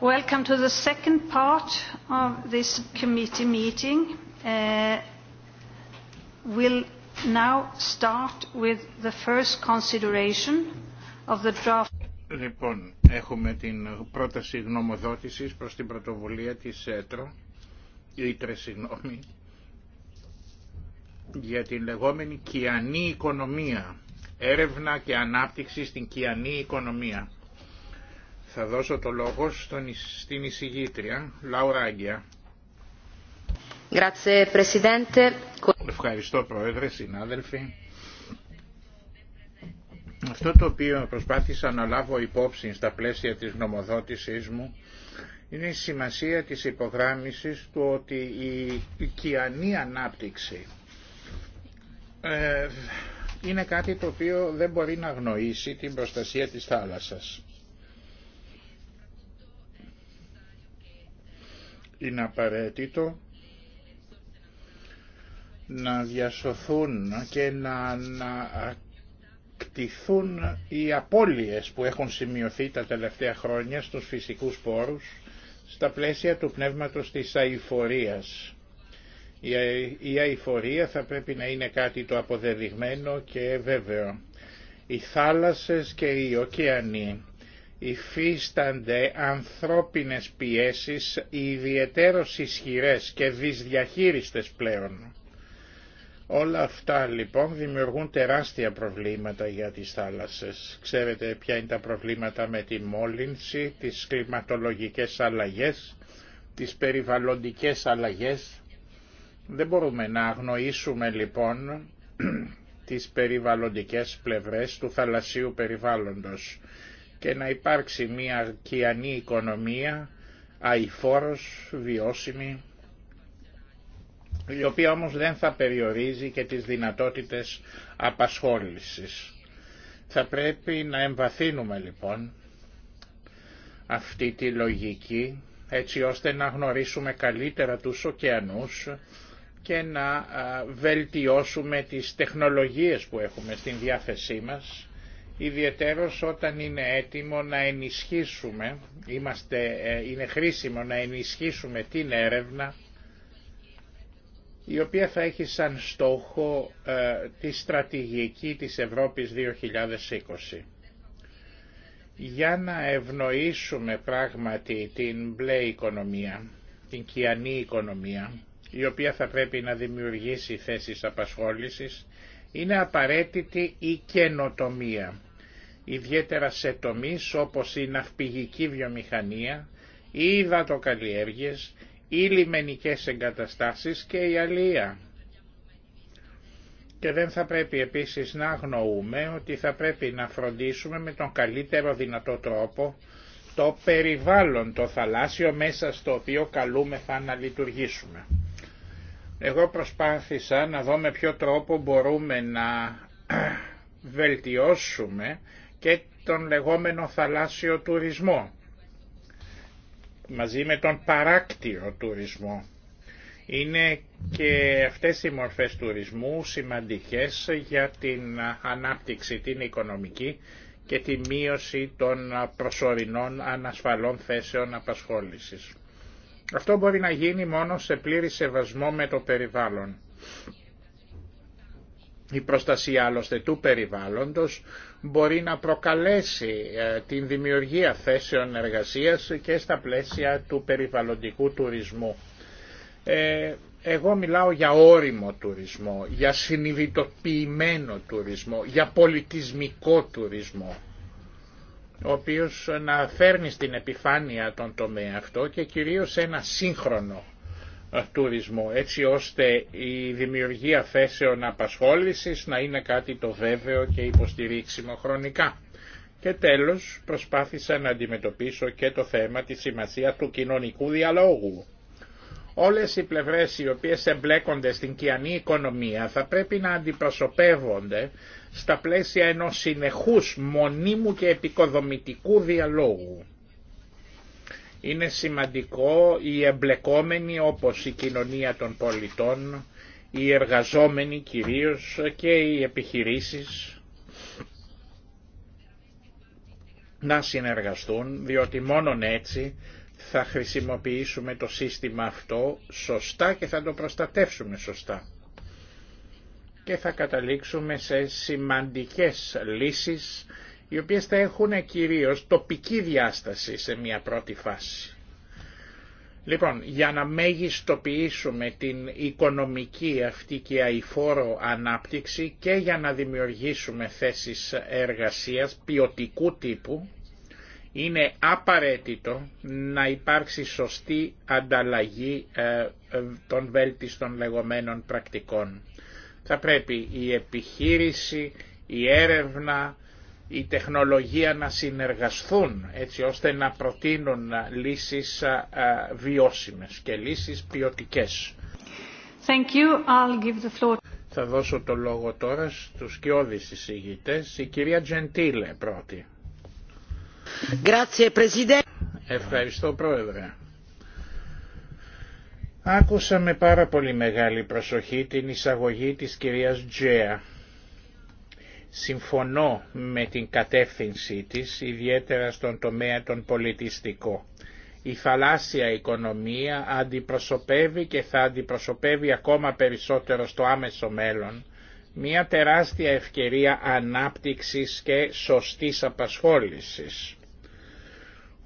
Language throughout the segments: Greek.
Welcome to the second part of this committee meeting. Uh, we'll now start with the first consideration of the draft. Λοιπόν, έχουμε την πρόταση γνωμοδότησης προς την πρωτοβουλία της ΕΤΡΑ, ΙΤΡΕ συγγνώμη, για την λεγόμενη κιανή οικονομία, έρευνα και ανάπτυξη στην κιανή οικονομία. Θα δώσω το λόγο στον, στην εισηγήτρια Λαουράγγια. Ευχαριστώ Πρόεδρε, συνάδελφοι. Αυτό το οποίο προσπάθησα να λάβω υπόψη στα πλαίσια της νομοδότησής μου είναι η σημασία της υπογράμμισης του ότι η οικιανή ανάπτυξη ε, είναι κάτι το οποίο δεν μπορεί να γνωρίσει την προστασία της θάλασσας. είναι απαραίτητο να διασωθούν και να, ανακτηθούν οι απώλειες που έχουν σημειωθεί τα τελευταία χρόνια στους φυσικούς πόρους στα πλαίσια του πνεύματος της αηφορίας. Η αηφορία θα πρέπει να είναι κάτι το αποδεδειγμένο και βέβαιο. Οι θάλασσες και οι ωκεανοί υφίστανται ανθρώπινες πιέσεις ιδιαιτέρως ισχυρές και δυσδιαχείριστες πλέον. Όλα αυτά λοιπόν δημιουργούν τεράστια προβλήματα για τις θάλασσες. Ξέρετε ποια είναι τα προβλήματα με τη μόλυνση, τις κλιματολογικές αλλαγές, τις περιβαλλοντικές αλλαγές. Δεν μπορούμε να αγνοήσουμε λοιπόν τις περιβαλλοντικές πλευρές του θαλασσίου περιβάλλοντος και να υπάρξει μια αρκιανή οικονομία, αηφόρος, βιώσιμη, η οποία όμως δεν θα περιορίζει και τις δυνατότητες απασχόλησης. Θα πρέπει να εμβαθύνουμε λοιπόν αυτή τη λογική έτσι ώστε να γνωρίσουμε καλύτερα τους ωκεανούς και να βελτιώσουμε τις τεχνολογίες που έχουμε στην διάθεσή μας ιδιαίτερος όταν είναι έτοιμο να ενισχύσουμε, είμαστε, ε, είναι χρήσιμο να ενισχύσουμε την έρευνα η οποία θα έχει σαν στόχο ε, τη στρατηγική της Ευρώπης 2020. Για να ευνοήσουμε πράγματι την μπλε οικονομία, την κιανή οικονομία, η οποία θα πρέπει να δημιουργήσει θέσεις απασχόλησης, είναι απαραίτητη η καινοτομία ιδιαίτερα σε τομείς όπως η ναυπηγική βιομηχανία, οι υδατοκαλλιέργειες, οι λιμενικές εγκαταστάσεις και η αλία. Και δεν θα πρέπει επίσης να αγνοούμε ότι θα πρέπει να φροντίσουμε με τον καλύτερο δυνατό τρόπο το περιβάλλον, το θαλάσσιο μέσα στο οποίο καλούμεθα να λειτουργήσουμε. Εγώ προσπάθησα να δω με ποιο τρόπο μπορούμε να βελτιώσουμε και τον λεγόμενο θαλάσσιο τουρισμό μαζί με τον παράκτιο τουρισμό. Είναι και αυτές οι μορφές τουρισμού σημαντικές για την ανάπτυξη την οικονομική και τη μείωση των προσωρινών ανασφαλών θέσεων απασχόλησης. Αυτό μπορεί να γίνει μόνο σε πλήρη σεβασμό με το περιβάλλον. Η προστασία άλλωστε του περιβάλλοντος μπορεί να προκαλέσει ε, την δημιουργία θέσεων εργασίας και στα πλαίσια του περιβαλλοντικού τουρισμού. Ε, εγώ μιλάω για όριμο τουρισμό, για συνειδητοποιημένο τουρισμό, για πολιτισμικό τουρισμό ο οποίος να φέρνει στην επιφάνεια τον τομέα αυτό και κυρίως ένα σύγχρονο έτσι ώστε η δημιουργία θέσεων απασχόλησης να είναι κάτι το βέβαιο και υποστηρίξιμο χρονικά. Και τέλος προσπάθησα να αντιμετωπίσω και το θέμα της σημασίας του κοινωνικού διαλόγου. Όλες οι πλευρές οι οποίες εμπλέκονται στην κοιανή οικονομία θα πρέπει να αντιπροσωπεύονται στα πλαίσια ενός συνεχούς μονίμου και επικοδομητικού διαλόγου. Είναι σημαντικό οι εμπλεκόμενοι όπως η κοινωνία των πολιτών, οι εργαζόμενοι κυρίως και οι επιχειρήσεις να συνεργαστούν, διότι μόνον έτσι θα χρησιμοποιήσουμε το σύστημα αυτό σωστά και θα το προστατεύσουμε σωστά. Και θα καταλήξουμε σε σημαντικές λύσεις οι οποίες θα έχουν κυρίως τοπική διάσταση σε μια πρώτη φάση. Λοιπόν, για να μέγιστοποιήσουμε την οικονομική αυτή και αηφόρο ανάπτυξη και για να δημιουργήσουμε θέσεις εργασίας ποιοτικού τύπου, είναι απαραίτητο να υπάρξει σωστή ανταλλαγή ε, των βέλτιστων λεγόμενων πρακτικών. Θα πρέπει η επιχείρηση, η έρευνα, η τεχνολογία να συνεργαστούν έτσι ώστε να προτείνουν λύσεις βιώσιμες και λύσεις ποιοτικές. Thank you. I'll give the floor. Θα δώσω το λόγο τώρα στους κοιόδης εισηγητές. Η κυρία Τζεντήλε πρώτη. Grazie, Ευχαριστώ πρόεδρε. Άκουσα με πάρα πολύ μεγάλη προσοχή την εισαγωγή της κυρίας Τζέα συμφωνώ με την κατεύθυνσή της, ιδιαίτερα στον τομέα τον πολιτιστικό. Η θαλάσσια οικονομία αντιπροσωπεύει και θα αντιπροσωπεύει ακόμα περισσότερο στο άμεσο μέλλον μια τεράστια ευκαιρία ανάπτυξης και σωστής απασχόλησης.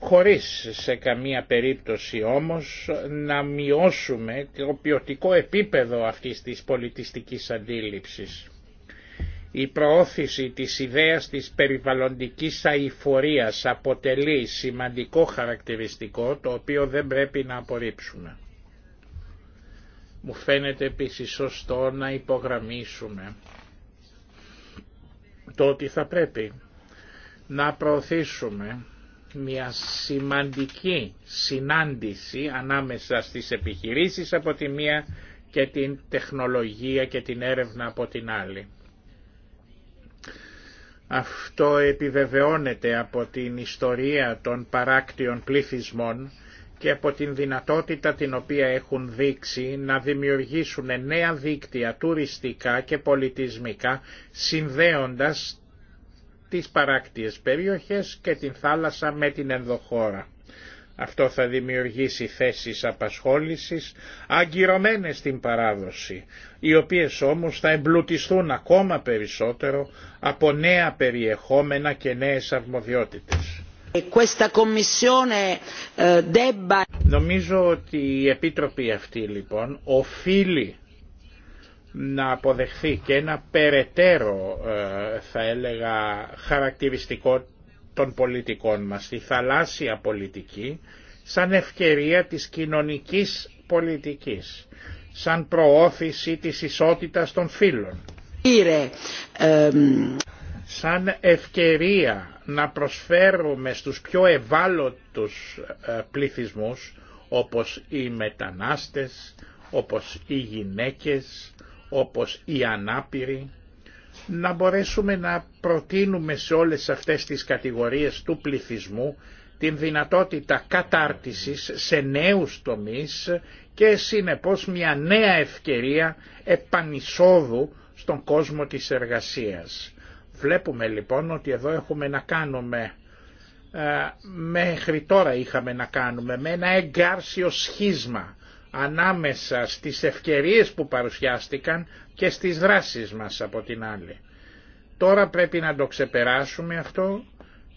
Χωρίς σε καμία περίπτωση όμως να μειώσουμε το ποιοτικό επίπεδο αυτής της πολιτιστικής αντίληψης. Η προώθηση της ιδέας της περιβαλλοντικής αηφορίας αποτελεί σημαντικό χαρακτηριστικό το οποίο δεν πρέπει να απορρίψουμε. Μου φαίνεται επίσης σωστό να υπογραμμίσουμε το ότι θα πρέπει να προωθήσουμε μια σημαντική συνάντηση ανάμεσα στις επιχειρήσεις από τη μία και την τεχνολογία και την έρευνα από την άλλη. Αυτό επιβεβαιώνεται από την ιστορία των παράκτιων πληθυσμών και από την δυνατότητα την οποία έχουν δείξει να δημιουργήσουν νέα δίκτυα τουριστικά και πολιτισμικά συνδέοντας τις παράκτιες περιοχές και την θάλασσα με την ενδοχώρα. Αυτό θα δημιουργήσει θέσεις απασχόλησης αγκυρωμένες στην παράδοση, οι οποίες όμως θα εμπλουτιστούν ακόμα περισσότερο από νέα περιεχόμενα και νέες αρμοδιότητες. Ε, Νομίζω ότι η Επίτροπη αυτή λοιπόν οφείλει να αποδεχθεί και ένα περαιτέρω ε, θα έλεγα χαρακτηριστικό των πολιτικών μας, τη θαλάσσια πολιτική, σαν ευκαιρία της κοινωνικής πολιτικής, σαν προώθηση της ισότητας των φύλων. Σαν ευκαιρία να προσφέρουμε στους πιο ευάλωτους ε, πληθυσμούς, όπως οι μετανάστες, όπως οι γυναίκες, όπως οι ανάπηροι, να μπορέσουμε να προτείνουμε σε όλες αυτές τις κατηγορίες του πληθυσμού την δυνατότητα κατάρτισης σε νέους τομείς και συνεπώς μια νέα ευκαιρία επανεισόδου στον κόσμο της εργασίας. Βλέπουμε λοιπόν ότι εδώ έχουμε να κάνουμε, ε, μέχρι τώρα είχαμε να κάνουμε με ένα εγκάρσιο σχίσμα ανάμεσα στις ευκαιρίες που παρουσιάστηκαν και στις δράσεις μας από την άλλη. Τώρα πρέπει να το ξεπεράσουμε αυτό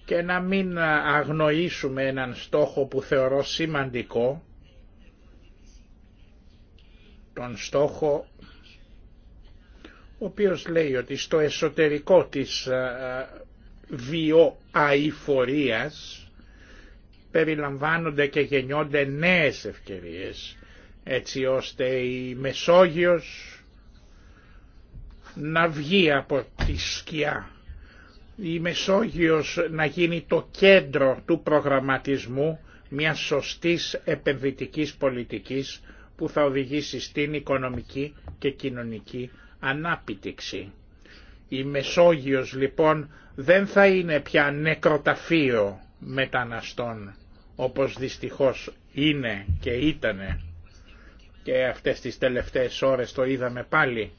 και να μην αγνοήσουμε έναν στόχο που θεωρώ σημαντικό, τον στόχο ο οποίος λέει ότι στο εσωτερικό της ε, βιοαϊφορίας περιλαμβάνονται και γεννιόνται νέες ευκαιρίες έτσι ώστε η Μεσόγειος να βγει από τη σκιά. Η Μεσόγειος να γίνει το κέντρο του προγραμματισμού μια σωστής επενδυτικής πολιτικής που θα οδηγήσει στην οικονομική και κοινωνική ανάπτυξη. Η Μεσόγειος λοιπόν δεν θα είναι πια νεκροταφείο μεταναστών όπως δυστυχώς είναι και ήτανε και αυτές τις τελευταίες ώρες το είδαμε πάλι,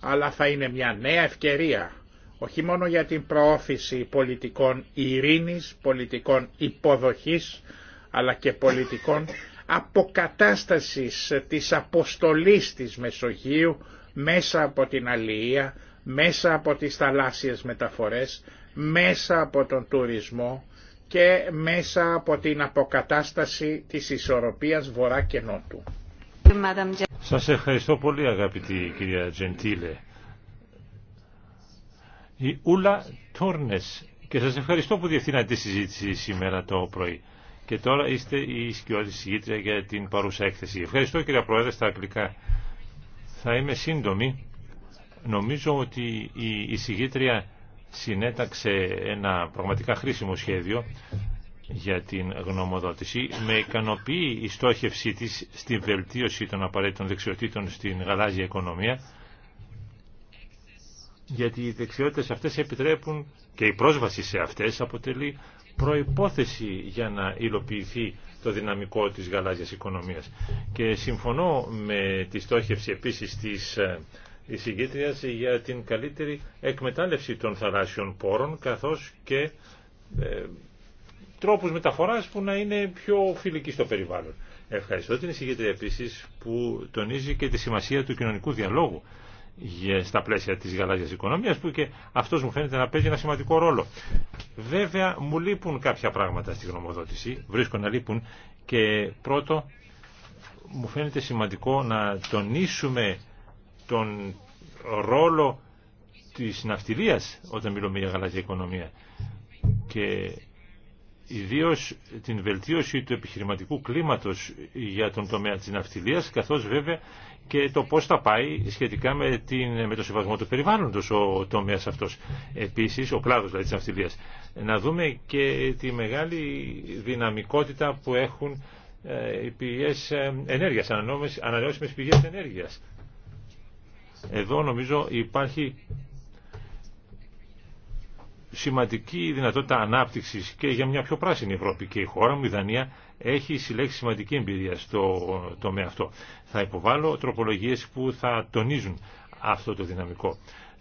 αλλά θα είναι μια νέα ευκαιρία, όχι μόνο για την προώθηση πολιτικών ειρήνης, πολιτικών υποδοχής, αλλά και πολιτικών αποκατάστασης της αποστολής της Μεσογείου μέσα από την αλληλεία, μέσα από τις θαλάσσιες μεταφορές, μέσα από τον τουρισμό και μέσα από την αποκατάσταση της ισορροπίας Βορρά και Νότου. Σας ευχαριστώ πολύ αγαπητή κυρία Τζεντήλε. Η Ούλα Τόρνες και σας ευχαριστώ που διευθύνατε τη συζήτηση σήμερα το πρωί. Και τώρα είστε η σκιώδη συγγήτρια για την παρούσα έκθεση. Ευχαριστώ κυρία Πρόεδρε στα αγγλικά. Θα είμαι σύντομη. Νομίζω ότι η συγγήτρια συνέταξε ένα πραγματικά χρήσιμο σχέδιο για την γνωμοδότηση. Με ικανοποιεί η στόχευσή της στη βελτίωση των απαραίτητων δεξιοτήτων στην γαλάζια οικονομία, γιατί οι δεξιότητες αυτές επιτρέπουν και η πρόσβαση σε αυτές αποτελεί προϋπόθεση για να υλοποιηθεί το δυναμικό της γαλάζιας οικονομίας. Και συμφωνώ με τη στόχευση επίσης της ε, συγκίτρια για την καλύτερη εκμετάλλευση των θαλάσσιων πόρων καθώς και ε, τρόπους μεταφοράς που να είναι πιο φιλικοί στο περιβάλλον. Ευχαριστώ την εισηγήτρια επίσης που τονίζει και τη σημασία του κοινωνικού διαλόγου στα πλαίσια της γαλάζιας οικονομίας που και αυτός μου φαίνεται να παίζει ένα σημαντικό ρόλο. Βέβαια μου λείπουν κάποια πράγματα στη γνωμοδότηση, βρίσκω να λείπουν και πρώτο μου φαίνεται σημαντικό να τονίσουμε τον ρόλο της ναυτιλίας όταν μιλούμε για γαλάζια οικονομία ιδίως την βελτίωση του επιχειρηματικού κλίματος για τον τομέα της ναυτιλίας, καθώς βέβαια και το πώς θα πάει σχετικά με, την, με το σεβασμό του περιβάλλοντος ο τομέας αυτός. Επίσης, ο κλάδος δηλαδή, της ναυτιλίας. Να δούμε και τη μεγάλη δυναμικότητα που έχουν ε, οι πηγές ε, ενέργειας, ανανεώσιμες πηγές ενέργειας. Εδώ νομίζω υπάρχει σημαντική δυνατότητα ανάπτυξης και για μια πιο πράσινη Ευρώπη και η χώρα μου, η Δανία, έχει συλλέξει σημαντική εμπειρία στο τομέα αυτό. Θα υποβάλω τροπολογίες που θα τονίζουν αυτό το δυναμικό.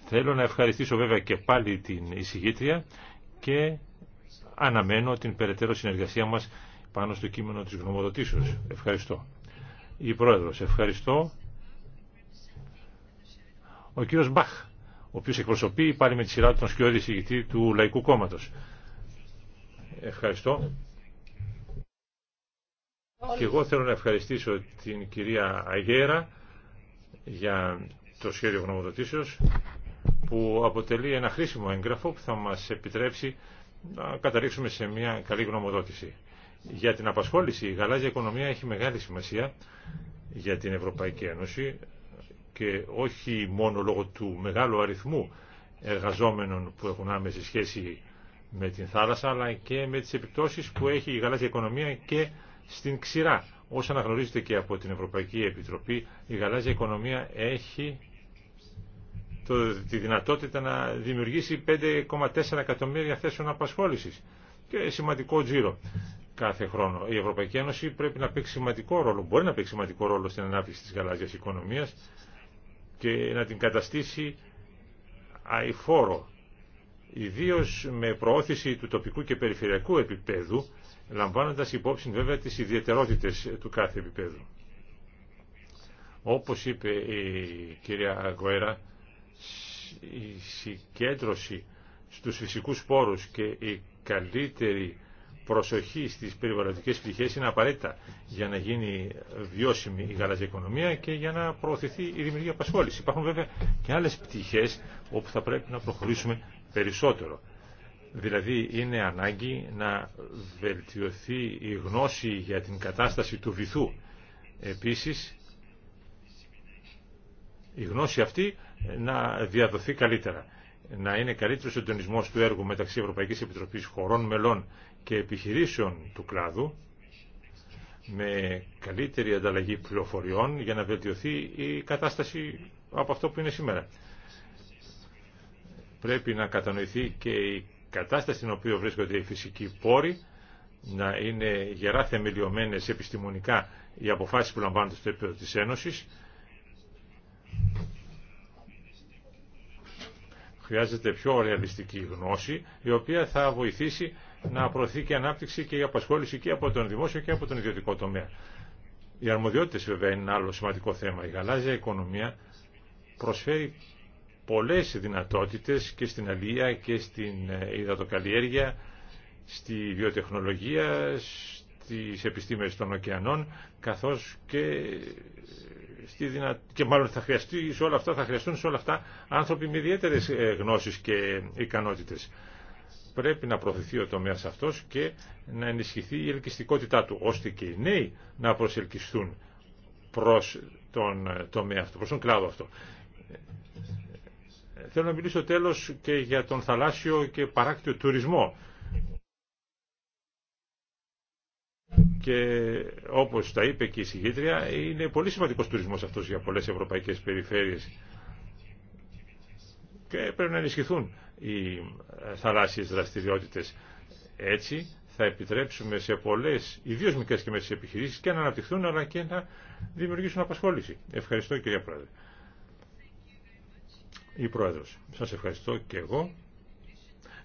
Θέλω να ευχαριστήσω βέβαια και πάλι την εισηγήτρια και αναμένω την περαιτέρω συνεργασία μας πάνω στο κείμενο της γνωμοδοτήσεως. Ευχαριστώ. Η Πρόεδρος, ευχαριστώ. Ο κύριος Μπαχ ο οποίος εκπροσωπεί πάλι με τη σειρά του τον σκιώδη συγητή του Λαϊκού Κόμματος. Ευχαριστώ. Και εγώ θέλω να ευχαριστήσω την κυρία Αγέρα για το σχέδιο γνωμοδοτήσεως που αποτελεί ένα χρήσιμο έγγραφο που θα μας επιτρέψει να καταλήξουμε σε μια καλή γνωμοδότηση. Για την απασχόληση η γαλάζια οικονομία έχει μεγάλη σημασία για την Ευρωπαϊκή Ένωση και όχι μόνο λόγω του μεγάλου αριθμού εργαζόμενων που έχουν άμεση σχέση με την θάλασσα αλλά και με τις επιπτώσεις που έχει η γαλάζια οικονομία και στην ξηρά. Όσο αναγνωρίζεται και από την Ευρωπαϊκή Επιτροπή, η γαλάζια οικονομία έχει το, τη δυνατότητα να δημιουργήσει 5,4 εκατομμύρια θέσεων απασχόλησης και σημαντικό τζίρο κάθε χρόνο. Η Ευρωπαϊκή Ένωση πρέπει να παίξει σημαντικό ρόλο, μπορεί να παίξει σημαντικό ρόλο στην ανάπτυξη της γαλάζιας οικονομίας και να την καταστήσει αηφόρο, ιδίως με προώθηση του τοπικού και περιφερειακού επίπεδου, λαμβάνοντας υπόψη βέβαια τις ιδιαιτερότητες του κάθε επίπεδου. Όπως είπε η κυρία Αγκοέρα, η συγκέντρωση στους φυσικούς πόρους και η καλύτερη προσοχή στις περιβαλλοντικές πτυχές είναι απαραίτητα για να γίνει βιώσιμη η γαλάζια οικονομία και για να προωθηθεί η δημιουργία απασχόληση. Υπάρχουν βέβαια και άλλες πτυχές όπου θα πρέπει να προχωρήσουμε περισσότερο. Δηλαδή είναι ανάγκη να βελτιωθεί η γνώση για την κατάσταση του βυθού. Επίσης η γνώση αυτή να διαδοθεί καλύτερα να είναι καλύτερο συντονισμό του έργου μεταξύ Ευρωπαϊκής Επιτροπή χωρών μελών και επιχειρήσεων του κλάδου με καλύτερη ανταλλαγή πληροφοριών για να βελτιωθεί η κατάσταση από αυτό που είναι σήμερα. Πρέπει να κατανοηθεί και η κατάσταση στην οποία βρίσκονται οι φυσικοί πόροι, να είναι γερά θεμελιωμένες επιστημονικά οι αποφάσεις που λαμβάνονται στο επίπεδο της Ένωσης Χρειάζεται πιο ρεαλιστική γνώση, η οποία θα βοηθήσει να προωθεί και ανάπτυξη και η απασχόληση και από τον δημόσιο και από τον ιδιωτικό τομέα. Οι αρμοδιότητες βέβαια είναι ένα άλλο σημαντικό θέμα. Η γαλάζια οικονομία προσφέρει πολλές δυνατότητες και στην αλληλεία και στην ε, υδατοκαλλιέργεια, στη βιοτεχνολογία, στις επιστήμες των ωκεανών, καθώς και και μάλλον θα χρειαστεί όλα αυτά, θα χρειαστούν σε όλα αυτά άνθρωποι με ιδιαίτερε ε, γνώσεις και ικανότητες. Πρέπει να προωθηθεί ο τομέα αυτό και να ενισχυθεί η ελκυστικότητά του, ώστε και οι νέοι να προσελκυστούν προς τον ε, τομέα αυτό, προ τον κλάδο αυτό. Ε, θέλω να μιλήσω τέλος και για τον θαλάσσιο και παράκτιο τουρισμό και όπως τα είπε και η συγχύτρια, είναι πολύ σημαντικός τουρισμός αυτός για πολλές ευρωπαϊκές περιφέρειες και πρέπει να ενισχυθούν οι ε, θαλάσσιες δραστηριότητες. Έτσι θα επιτρέψουμε σε πολλές, ιδίω μικρέ και μέσες επιχειρήσεις και να αναπτυχθούν αλλά και να δημιουργήσουν απασχόληση. Ευχαριστώ κυρία Πρόεδρε. Η Πρόεδρος, σας ευχαριστώ και εγώ.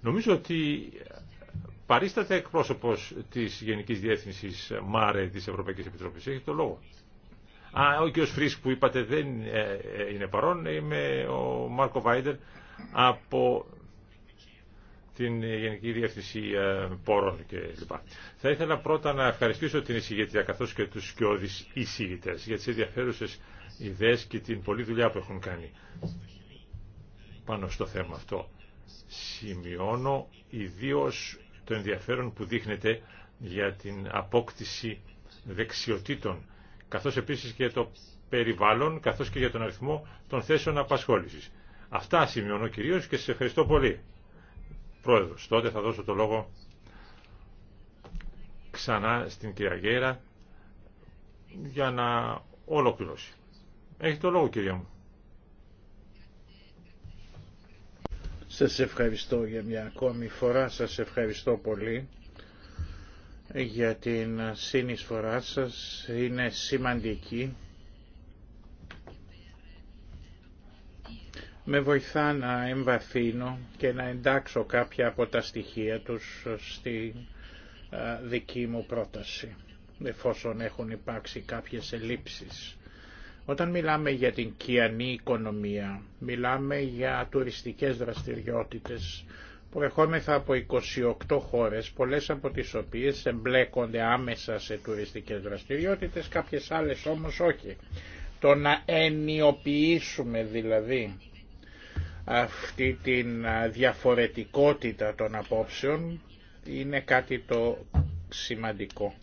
Νομίζω ότι Παρίσταται εκπρόσωπος της Γενικής Διεύθυνσης ΜΑΡΕ της Ευρωπαϊκής Επιτροπής. Έχει το λόγο. Α, ο κ. Φρίσκ που είπατε δεν ε, ε, είναι παρόν. Είμαι ο Μάρκο Βάιντερ από την Γενική Διεύθυνση ε, Πόρων κλπ. Θα ήθελα πρώτα να ευχαριστήσω την εισηγητία καθώς και τους σκιώδεις εισηγητές για τις ενδιαφέρουσες ιδέες και την πολλή δουλειά που έχουν κάνει πάνω στο θέμα αυτό. Σημειώνω ιδίως το ενδιαφέρον που δείχνεται για την απόκτηση δεξιοτήτων, καθώς επίσης και το περιβάλλον, καθώς και για τον αριθμό των θέσεων απασχόλησης. Αυτά σημειώνω κυρίως και σε ευχαριστώ πολύ. Πρόεδρος, τότε θα δώσω το λόγο ξανά στην κυρία για να ολοκληρώσει. Έχει το λόγο κυρία μου. Σας ευχαριστώ για μια ακόμη φορά, σας ευχαριστώ πολύ για την συνεισφορά σας, είναι σημαντική. Με βοηθά να εμβαθύνω και να εντάξω κάποια από τα στοιχεία τους στη δική μου πρόταση, εφόσον έχουν υπάρξει κάποιες ελλείψεις. Όταν μιλάμε για την κιανή οικονομία, μιλάμε για τουριστικές δραστηριότητες, προεχόμεθα από 28 χώρες, πολλές από τις οποίες εμπλέκονται άμεσα σε τουριστικές δραστηριότητες, κάποιες άλλες όμως όχι. Το να ενιοποιήσουμε δηλαδή αυτή την διαφορετικότητα των απόψεων είναι κάτι το σημαντικό.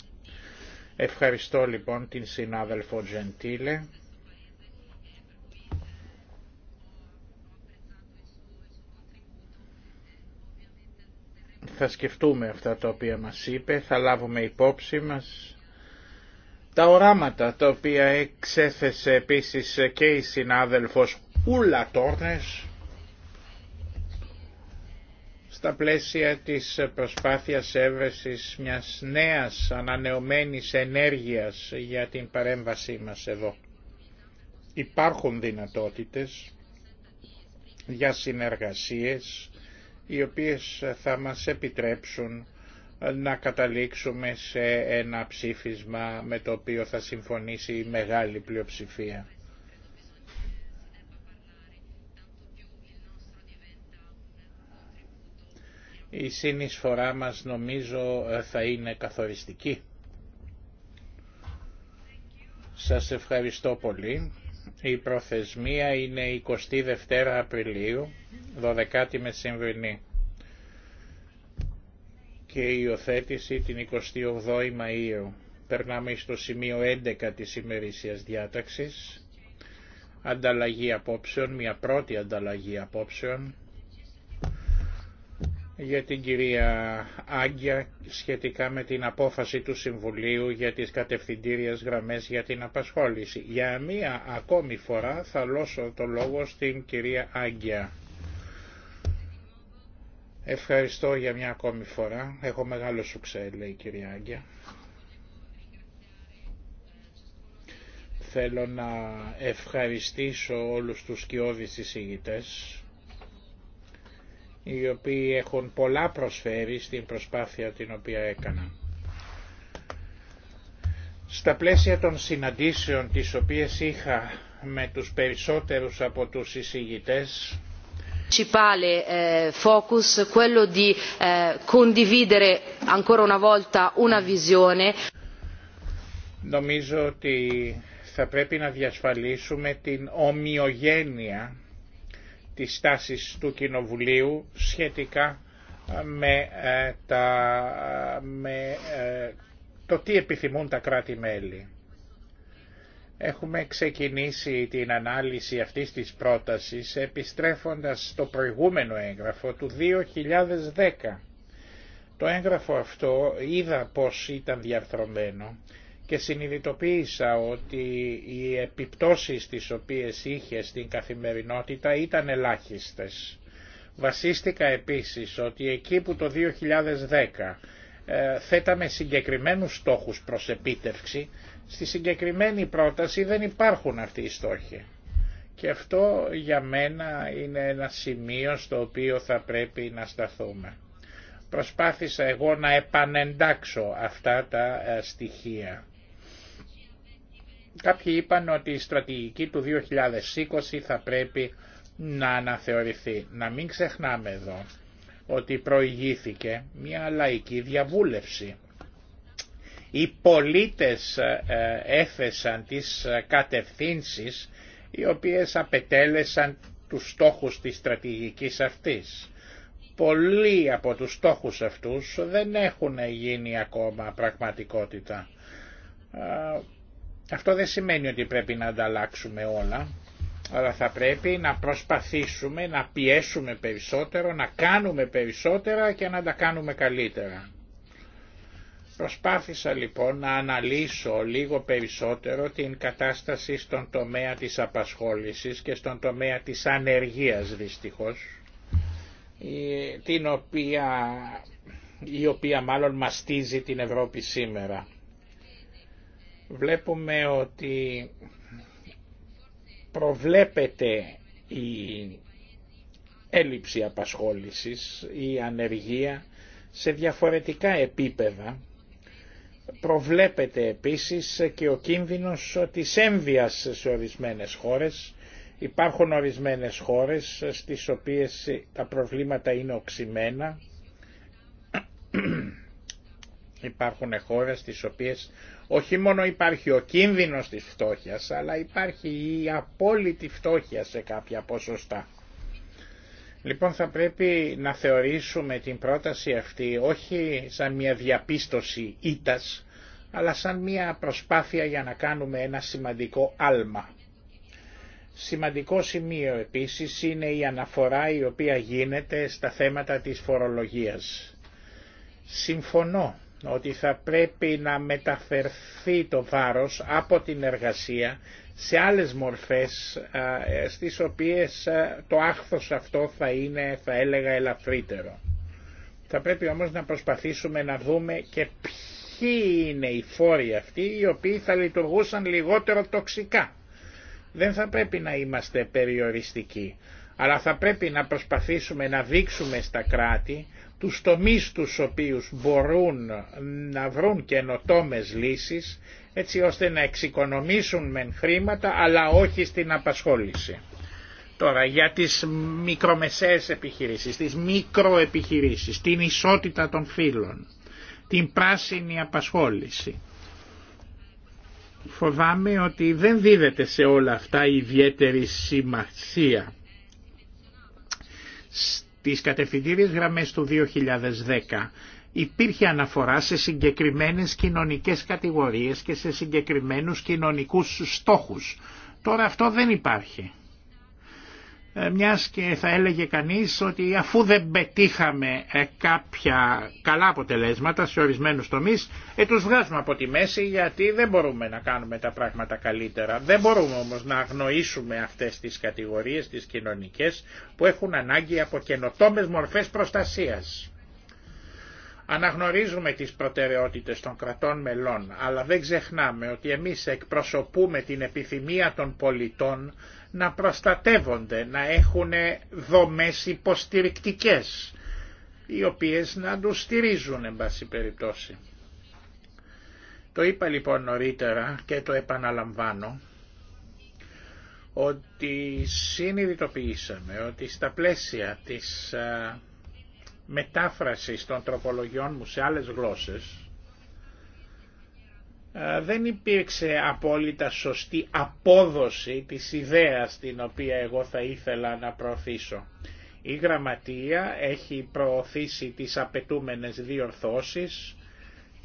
Ευχαριστώ λοιπόν την συνάδελφο Τζεντήλε θα σκεφτούμε αυτά τα οποία μας είπε, θα λάβουμε υπόψη μας τα οράματα τα οποία εξέθεσε επίσης και η συνάδελφος Ούλα Τόρνες στα πλαίσια της προσπάθειας έβρεσης μιας νέας ανανεωμένης ενέργειας για την παρέμβασή μας εδώ. Υπάρχουν δυνατότητες για συνεργασίες οι οποίες θα μας επιτρέψουν να καταλήξουμε σε ένα ψήφισμα με το οποίο θα συμφωνήσει η μεγάλη πλειοψηφία. Η συνεισφορά μας νομίζω θα είναι καθοριστική. Σας ευχαριστώ πολύ. Η προθεσμία είναι 22 Απριλίου, 12η Μεσημβρινή και η υιοθέτηση την 28η Μαΐου. Περνάμε στο σημείο 11 της ημερήσιας διάταξης. Ανταλλαγή απόψεων, μια πρώτη ανταλλαγή απόψεων για την κυρία Άγκια σχετικά με την απόφαση του Συμβουλίου για τις κατευθυντήριες γραμμές για την απασχόληση. Για μία ακόμη φορά θα λώσω το λόγο στην κυρία Άγκια. Ευχαριστώ για μια ακόμη φορά. Έχω μεγάλο σουξέ, λέει η κυρία Άγκια. Θέλω να ευχαριστήσω όλους τους σκιώδεις εισηγητές οι οποίοι έχουν πολλά προσφέρει στην προσπάθεια την οποία έκανα. Στα πλαίσια των συναντήσεων τις οποίες είχα με τους περισσότερους από τους εισηγητές, principale eh, focus quello di eh, ancora una volta una visione. Νομίζω ότι θα πρέπει να διασφαλίσουμε την ομοιογένεια τις τάσει του Κοινοβουλίου σχετικά ε, με, ε, τα, με ε, το τι επιθυμούν τα κράτη-μέλη. Έχουμε ξεκινήσει την ανάλυση αυτής της πρότασης επιστρέφοντας στο προηγούμενο έγγραφο του 2010. Το έγγραφο αυτό είδα πως ήταν διαρθρωμένο και συνειδητοποίησα ότι οι επιπτώσεις τις οποίες είχε στην καθημερινότητα ήταν ελάχιστες. Βασίστηκα επίσης ότι εκεί που το 2010 ε, θέταμε συγκεκριμένους στόχους προς επίτευξη, στη συγκεκριμένη πρόταση δεν υπάρχουν αυτοί οι στόχοι. Και αυτό για μένα είναι ένα σημείο στο οποίο θα πρέπει να σταθούμε. Προσπάθησα εγώ να επανεντάξω αυτά τα ε, στοιχεία Κάποιοι είπαν ότι η στρατηγική του 2020 θα πρέπει να αναθεωρηθεί. Να μην ξεχνάμε εδώ ότι προηγήθηκε μια λαϊκή διαβούλευση. Οι πολίτες ε, έθεσαν τις ε, κατευθύνσεις οι οποίες απετέλεσαν τους στόχους της στρατηγικής αυτής. Πολλοί από τους στόχους αυτούς δεν έχουν γίνει ακόμα πραγματικότητα αυτό δεν σημαίνει ότι πρέπει να ανταλλάξουμε όλα, αλλά θα πρέπει να προσπαθήσουμε να πιέσουμε περισσότερο, να κάνουμε περισσότερα και να τα κάνουμε καλύτερα. Προσπάθησα λοιπόν να αναλύσω λίγο περισσότερο την κατάσταση στον τομέα της απασχόλησης και στον τομέα της ανεργίας δυστυχώς, την οποία, η οποία μάλλον μαστίζει την Ευρώπη σήμερα βλέπουμε ότι προβλέπεται η έλλειψη απασχόλησης, η ανεργία σε διαφορετικά επίπεδα. Προβλέπεται επίσης και ο κίνδυνος της ένδυας σε ορισμένες χώρες. Υπάρχουν ορισμένες χώρες στις οποίες τα προβλήματα είναι οξυμένα Υπάρχουν χώρες στις οποίες όχι μόνο υπάρχει ο κίνδυνος της φτώχειας, αλλά υπάρχει η απόλυτη φτώχεια σε κάποια ποσοστά. Λοιπόν θα πρέπει να θεωρήσουμε την πρόταση αυτή όχι σαν μια διαπίστωση ήτας, αλλά σαν μια προσπάθεια για να κάνουμε ένα σημαντικό άλμα. Σημαντικό σημείο επίσης είναι η αναφορά η οποία γίνεται στα θέματα της φορολογίας. Συμφωνώ ότι θα πρέπει να μεταφερθεί το βάρος από την εργασία σε άλλες μορφές στις οποίες το άχθος αυτό θα είναι, θα έλεγα, ελαφρύτερο. Θα πρέπει όμως να προσπαθήσουμε να δούμε και ποιοι είναι οι φόροι αυτοί οι οποίοι θα λειτουργούσαν λιγότερο τοξικά. Δεν θα πρέπει να είμαστε περιοριστικοί, αλλά θα πρέπει να προσπαθήσουμε να δείξουμε στα κράτη τους τομείς τους οποίους μπορούν να βρουν καινοτόμες λύσεις έτσι ώστε να εξοικονομήσουν μεν χρήματα αλλά όχι στην απασχόληση. Τώρα για τις μικρομεσαίες επιχειρήσεις, τις μικροεπιχειρήσεις, την ισότητα των φύλων, την πράσινη απασχόληση. Φοβάμαι ότι δεν δίδεται σε όλα αυτά ιδιαίτερη σημασία τις κατευθυντήριες γραμμές του 2010 υπήρχε αναφορά σε συγκεκριμένες κοινωνικές κατηγορίες και σε συγκεκριμένους κοινωνικούς στόχους. Τώρα αυτό δεν υπάρχει. Ε, μιας και θα έλεγε κανείς ότι αφού δεν πετύχαμε ε, κάποια καλά αποτελέσματα σε ορισμένους τομείς, ε, τους βγάζουμε από τη μέση γιατί δεν μπορούμε να κάνουμε τα πράγματα καλύτερα. Δεν μπορούμε όμως να αγνοήσουμε αυτές τις κατηγορίες, τις κοινωνικές, που έχουν ανάγκη από καινοτόμες μορφές προστασίας. Αναγνωρίζουμε τις προτεραιότητες των κρατών μελών, αλλά δεν ξεχνάμε ότι εμείς εκπροσωπούμε την επιθυμία των πολιτών να προστατεύονται, να έχουν δομές υποστηρικτικές, οι οποίες να τους στηρίζουν εν πάση περιπτώσει. Το είπα λοιπόν νωρίτερα και το επαναλαμβάνω, ότι συνειδητοποιήσαμε ότι στα πλαίσια της ε, μετάφρασης των τροπολογιών μου σε άλλες γλώσσες, ε, δεν υπήρξε απόλυτα σωστή απόδοση της ιδέας την οποία εγώ θα ήθελα να προωθήσω. Η Γραμματεία έχει προωθήσει τις απαιτούμενες διορθώσεις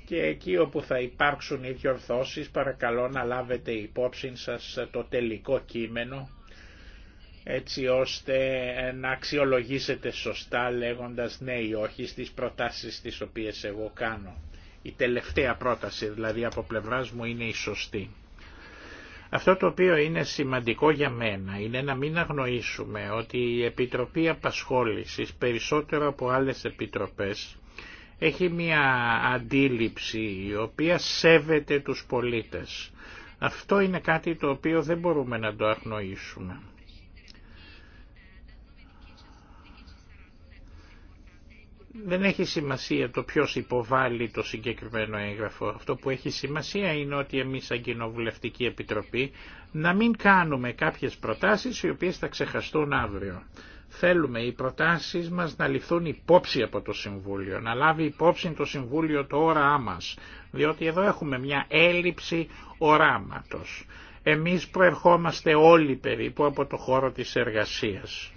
και εκεί όπου θα υπάρξουν οι διορθώσεις παρακαλώ να λάβετε υπόψη σας το τελικό κείμενο έτσι ώστε να αξιολογήσετε σωστά λέγοντας ναι ή όχι στις προτάσεις τις οποίες εγώ κάνω. Η τελευταία πρόταση δηλαδή από πλευρά μου είναι η σωστή. Αυτό το οποίο είναι σημαντικό για μένα είναι να μην αγνοήσουμε ότι η Επιτροπή Απασχόλησης περισσότερο από άλλες επιτροπές έχει μια αντίληψη η οποία σέβεται τους πολίτες. Αυτό είναι κάτι το οποίο δεν μπορούμε να το αγνοήσουμε. δεν έχει σημασία το ποιος υποβάλλει το συγκεκριμένο έγγραφο. Αυτό που έχει σημασία είναι ότι εμείς σαν Κοινοβουλευτική Επιτροπή να μην κάνουμε κάποιες προτάσεις οι οποίες θα ξεχαστούν αύριο. Θέλουμε οι προτάσεις μας να ληφθούν υπόψη από το Συμβούλιο, να λάβει υπόψη το Συμβούλιο το όραμά μας, διότι εδώ έχουμε μια έλλειψη οράματος. Εμείς προερχόμαστε όλοι περίπου από το χώρο της εργασίας.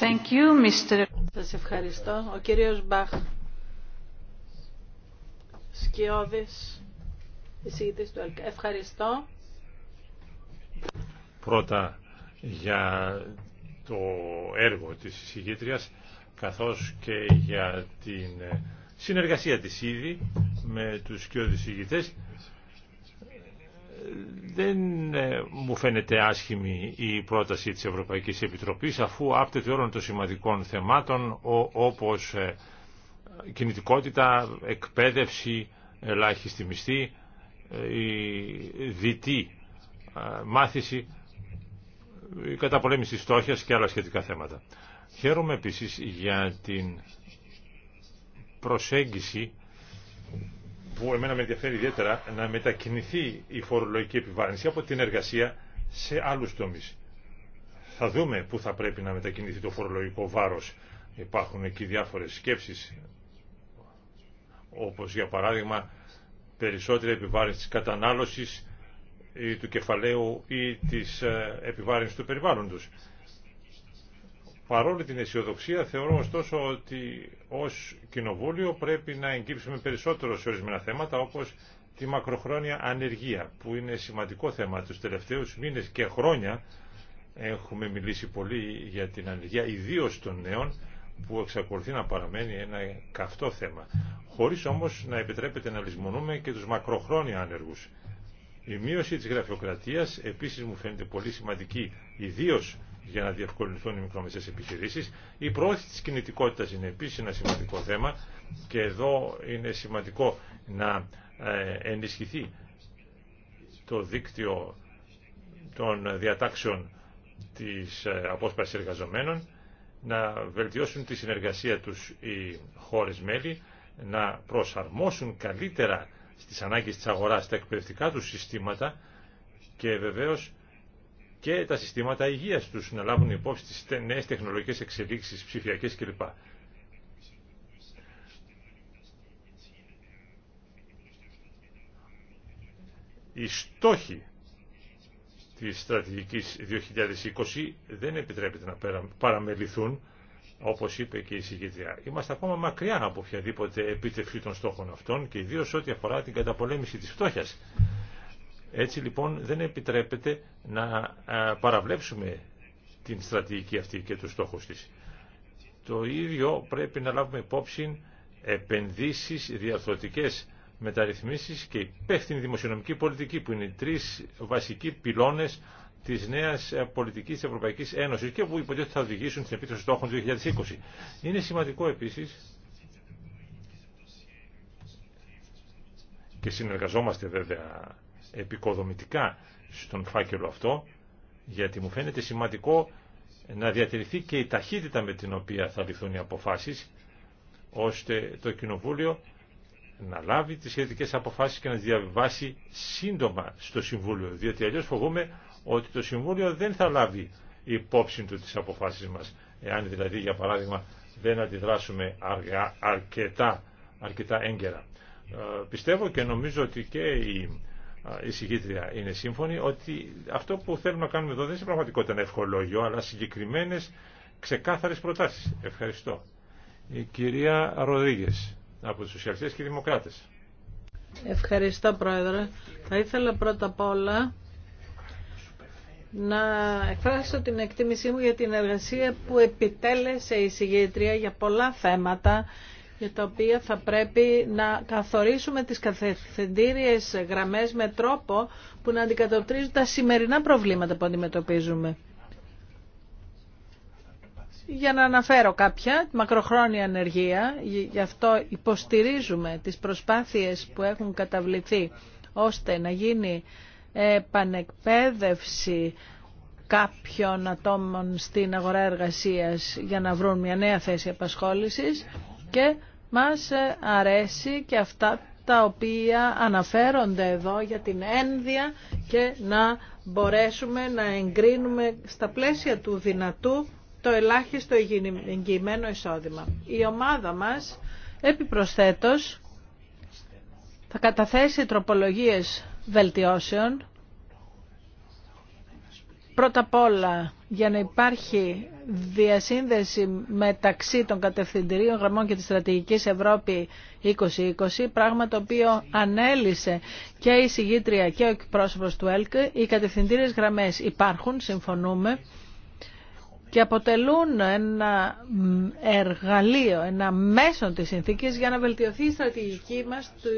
Thank Σας ευχαριστώ. Ο κύριος Μπαχ. Σκιώδης, εισηγητής του ΕΛΚΑ. Ευχαριστώ. Πρώτα για το έργο της εισηγήτριας, καθώς και για την συνεργασία της ήδη με τους σκιώδης εισηγητές δεν ε, μου φαίνεται άσχημη η πρόταση της Ευρωπαϊκής Επιτροπής αφού άπτεται όλων των σημαντικών θεμάτων όπως ε, κινητικότητα, εκπαίδευση, ελάχιστη μισθή, ε, η διτή μάθηση, η καταπολέμηση της και άλλα σχετικά θέματα. Χαίρομαι επίσης για την προσέγγιση που εμένα με ενδιαφέρει ιδιαίτερα να μετακινηθεί η φορολογική επιβάρυνση από την εργασία σε άλλους τομείς. Θα δούμε πού θα πρέπει να μετακινηθεί το φορολογικό βάρος. Υπάρχουν εκεί διάφορες σκέψεις, όπως για παράδειγμα περισσότερη επιβάρυνση της κατανάλωσης του κεφαλαίου ή της ε, επιβάρυνσης του περιβάλλοντος. Παρόλη την αισιοδοξία θεωρώ ωστόσο ότι ως κοινοβούλιο πρέπει να εγκύψουμε περισσότερο σε ορισμένα θέματα όπως τη μακροχρόνια ανεργία που είναι σημαντικό θέμα. Τους τελευταίους μήνες και χρόνια έχουμε μιλήσει πολύ για την ανεργία ιδίως των νέων που εξακολουθεί να παραμένει ένα καυτό θέμα. Χωρίς όμως να επιτρέπεται να λησμονούμε και τους μακροχρόνια άνεργους. Η μείωση της γραφειοκρατίας επίσης μου φαίνεται πολύ σημαντική, ιδίως για να διευκολυνθούν οι μικρομεσαίε επιχειρήσεις. Η προώθηση τη κινητικότητα είναι επίσης ένα σημαντικό θέμα και εδώ είναι σημαντικό να ε, ενισχυθεί το δίκτυο των διατάξεων της ε, απόσπασης εργαζομένων, να βελτιώσουν τη συνεργασία τους οι χώρες μέλη, να προσαρμόσουν καλύτερα στις ανάγκες της αγοράς τα εκπαιδευτικά του συστήματα και βεβαίως και τα συστήματα υγείας τους να λάβουν υπόψη τις νέες τεχνολογικές εξελίξεις, ψηφιακές κλπ. Οι στόχοι της στρατηγικής 2020 δεν επιτρέπεται να παραμεληθούν, όπως είπε και η συγκεκριά. Είμαστε ακόμα μακριά από οποιαδήποτε επίτευξη των στόχων αυτών και ιδίως ό,τι αφορά την καταπολέμηση της φτώχειας. Έτσι λοιπόν δεν επιτρέπεται να παραβλέψουμε την στρατηγική αυτή και τους στόχους της. Το ίδιο πρέπει να λάβουμε υπόψη επενδύσεις, διαρθρωτικές μεταρρυθμίσεις και υπεύθυνη δημοσιονομική πολιτική που είναι οι τρεις βασικοί πυλώνες της νέας πολιτικής Ευρωπαϊκής Ευρωπαϊκή Ένωση και που υποτίθεται θα οδηγήσουν στην επίτευξη στόχων του 2020. Είναι σημαντικό επίσης και συνεργαζόμαστε βέβαια επικοδομητικά στον φάκελο αυτό, γιατί μου φαίνεται σημαντικό να διατηρηθεί και η ταχύτητα με την οποία θα ληφθούν οι αποφάσεις, ώστε το Κοινοβούλιο να λάβει τις σχετικές αποφάσεις και να τις διαβιβάσει σύντομα στο Συμβούλιο, διότι αλλιώς φοβούμε ότι το Συμβούλιο δεν θα λάβει υπόψη του τις αποφάσεις μας, εάν δηλαδή για παράδειγμα δεν αντιδράσουμε αρκετά, αρκετά έγκαιρα. Ε, πιστεύω και νομίζω ότι και η η εισηγήτρια είναι σύμφωνη ότι αυτό που θέλουμε να κάνουμε εδώ δεν είναι πραγματικότητα ένα ευχολόγιο, αλλά συγκεκριμένε ξεκάθαρε προτάσει. Ευχαριστώ. Η κυρία Ροδρίγε από του Σοσιαλιστέ και Δημοκράτε. Ευχαριστώ, Πρόεδρε. Θα ήθελα πρώτα απ' όλα να εκφράσω την εκτίμησή μου για την εργασία που επιτέλεσε η συγγετρία για πολλά θέματα για τα οποία θα πρέπει να καθορίσουμε τις καθεντήριες γραμμές με τρόπο που να αντικατοπτρίζουν τα σημερινά προβλήματα που αντιμετωπίζουμε. Για να αναφέρω κάποια, μακροχρόνια ανεργία, γι' αυτό υποστηρίζουμε τις προσπάθειες που έχουν καταβληθεί ώστε να γίνει επανεκπαίδευση κάποιων ατόμων στην αγορά εργασίας για να βρουν μια νέα θέση απασχόλησης και μας ε, αρέσει και αυτά τα οποία αναφέρονται εδώ για την ένδια και να μπορέσουμε να εγκρίνουμε στα πλαίσια του δυνατού το ελάχιστο εγγυημένο εισόδημα. Η ομάδα μας επιπροσθέτως θα καταθέσει τροπολογίες βελτιώσεων. Πρώτα απ' όλα για να υπάρχει διασύνδεση μεταξύ των κατευθυντηρίων γραμμών και της στρατηγικής Ευρώπη 2020, πράγμα το οποίο ανέλησε και η συγγήτρια και ο εκπρόσωπος του ΕΛΚ. Οι κατευθυντήριες γραμμές υπάρχουν, συμφωνούμε, και αποτελούν ένα εργαλείο, ένα μέσο της συνθήκης για να βελτιωθεί η στρατηγική μας του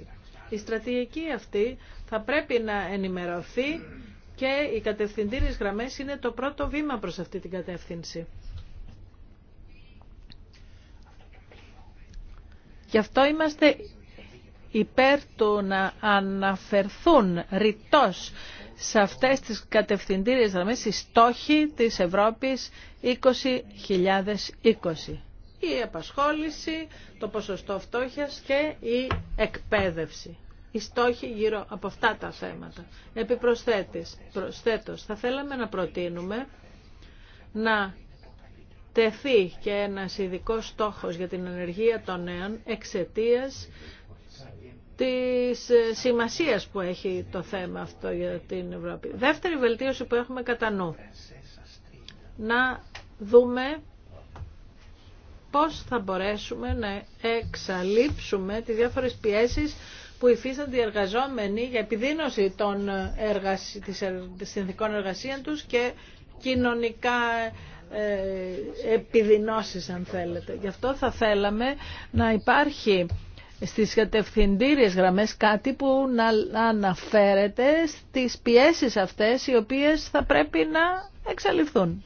2020. Η στρατηγική αυτή θα πρέπει να ενημερωθεί και οι κατευθυντήριες γραμμές είναι το πρώτο βήμα προς αυτή την κατεύθυνση. Γι' αυτό είμαστε υπέρ του να αναφερθούν ρητός σε αυτές τις κατευθυντήριες γραμμές οι στόχοι της Ευρώπης 2020. Η απασχόληση, το ποσοστό φτώχειας και η εκπαίδευση οι στόχοι γύρω από αυτά τα θέματα. Επιπροσθέτως, προσθέτως, θα θέλαμε να προτείνουμε να τεθεί και ένας ειδικό στόχος για την ενεργεία των νέων εξαιτίας της ε, σημασίας που έχει το θέμα αυτό για την Ευρώπη. Δεύτερη βελτίωση που έχουμε κατά νου. Να δούμε πώς θα μπορέσουμε να εξαλείψουμε τις διάφορες πιέσεις που υφίστανται οι εργαζόμενοι για επιδείνωση των εργασι... συνθηκών εργασία τους και κοινωνικά ε, επιδεινώσεις αν θέλετε. Γι' αυτό θα θέλαμε να υπάρχει στις κατευθυντήριες γραμμές κάτι που να αναφέρεται στις πιέσεις αυτές οι οποίες θα πρέπει να εξαλειφθούν.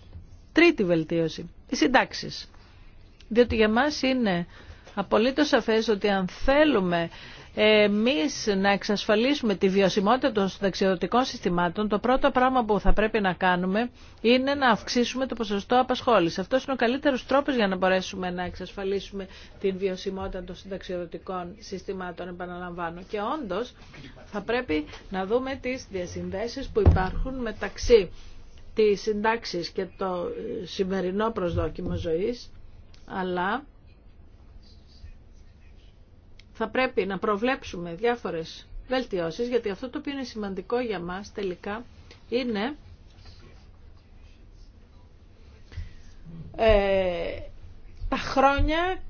Τρίτη βελτίωση, οι συντάξεις. Διότι για μας είναι απολύτως σαφές ότι αν θέλουμε Εμεί να εξασφαλίσουμε τη βιωσιμότητα των συνταξιοδοτικών συστημάτων, το πρώτο πράγμα που θα πρέπει να κάνουμε είναι να αυξήσουμε το ποσοστό απασχόληση. Αυτό είναι ο καλύτερος τρόπος για να μπορέσουμε να εξασφαλίσουμε τη βιωσιμότητα των συνταξιοδοτικών συστημάτων, επαναλαμβάνω. Και όντω θα πρέπει να δούμε τι διασυνδέσεις που υπάρχουν μεταξύ της συντάξης και το σημερινό προσδόκιμο ζωή, αλλά θα πρέπει να προβλέψουμε διάφορες βελτιώσεις, γιατί αυτό το οποίο είναι σημαντικό για μας τελικά είναι ε, τα χρόνια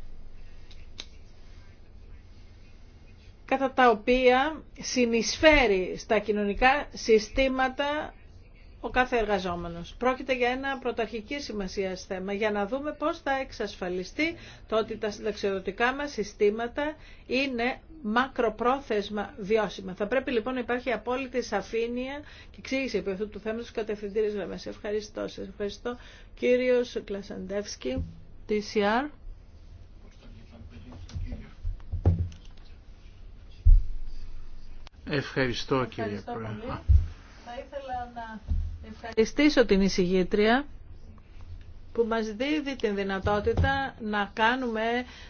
κατά τα οποία συνεισφέρει στα κοινωνικά συστήματα ο κάθε εργαζόμενος. Πρόκειται για ένα πρωταρχική σημασία θέμα για να δούμε πώς θα εξασφαλιστεί το ότι τα συνταξιοδοτικά μας συστήματα είναι μακροπρόθεσμα βιώσιμα. Θα πρέπει λοιπόν να υπάρχει απόλυτη σαφήνεια και εξήγηση επί αυτού του θέματος κατευθυντήρης Σε Ευχαριστώ. Σε ευχαριστώ. Κύριος Κλασαντεύσκη, TCR. Ευχαριστώ, Ευχαριστώ κύριε Πρόεδρε. Θα ήθελα να ευχαριστήσω την εισηγήτρια που μας δίδει την δυνατότητα να κάνουμε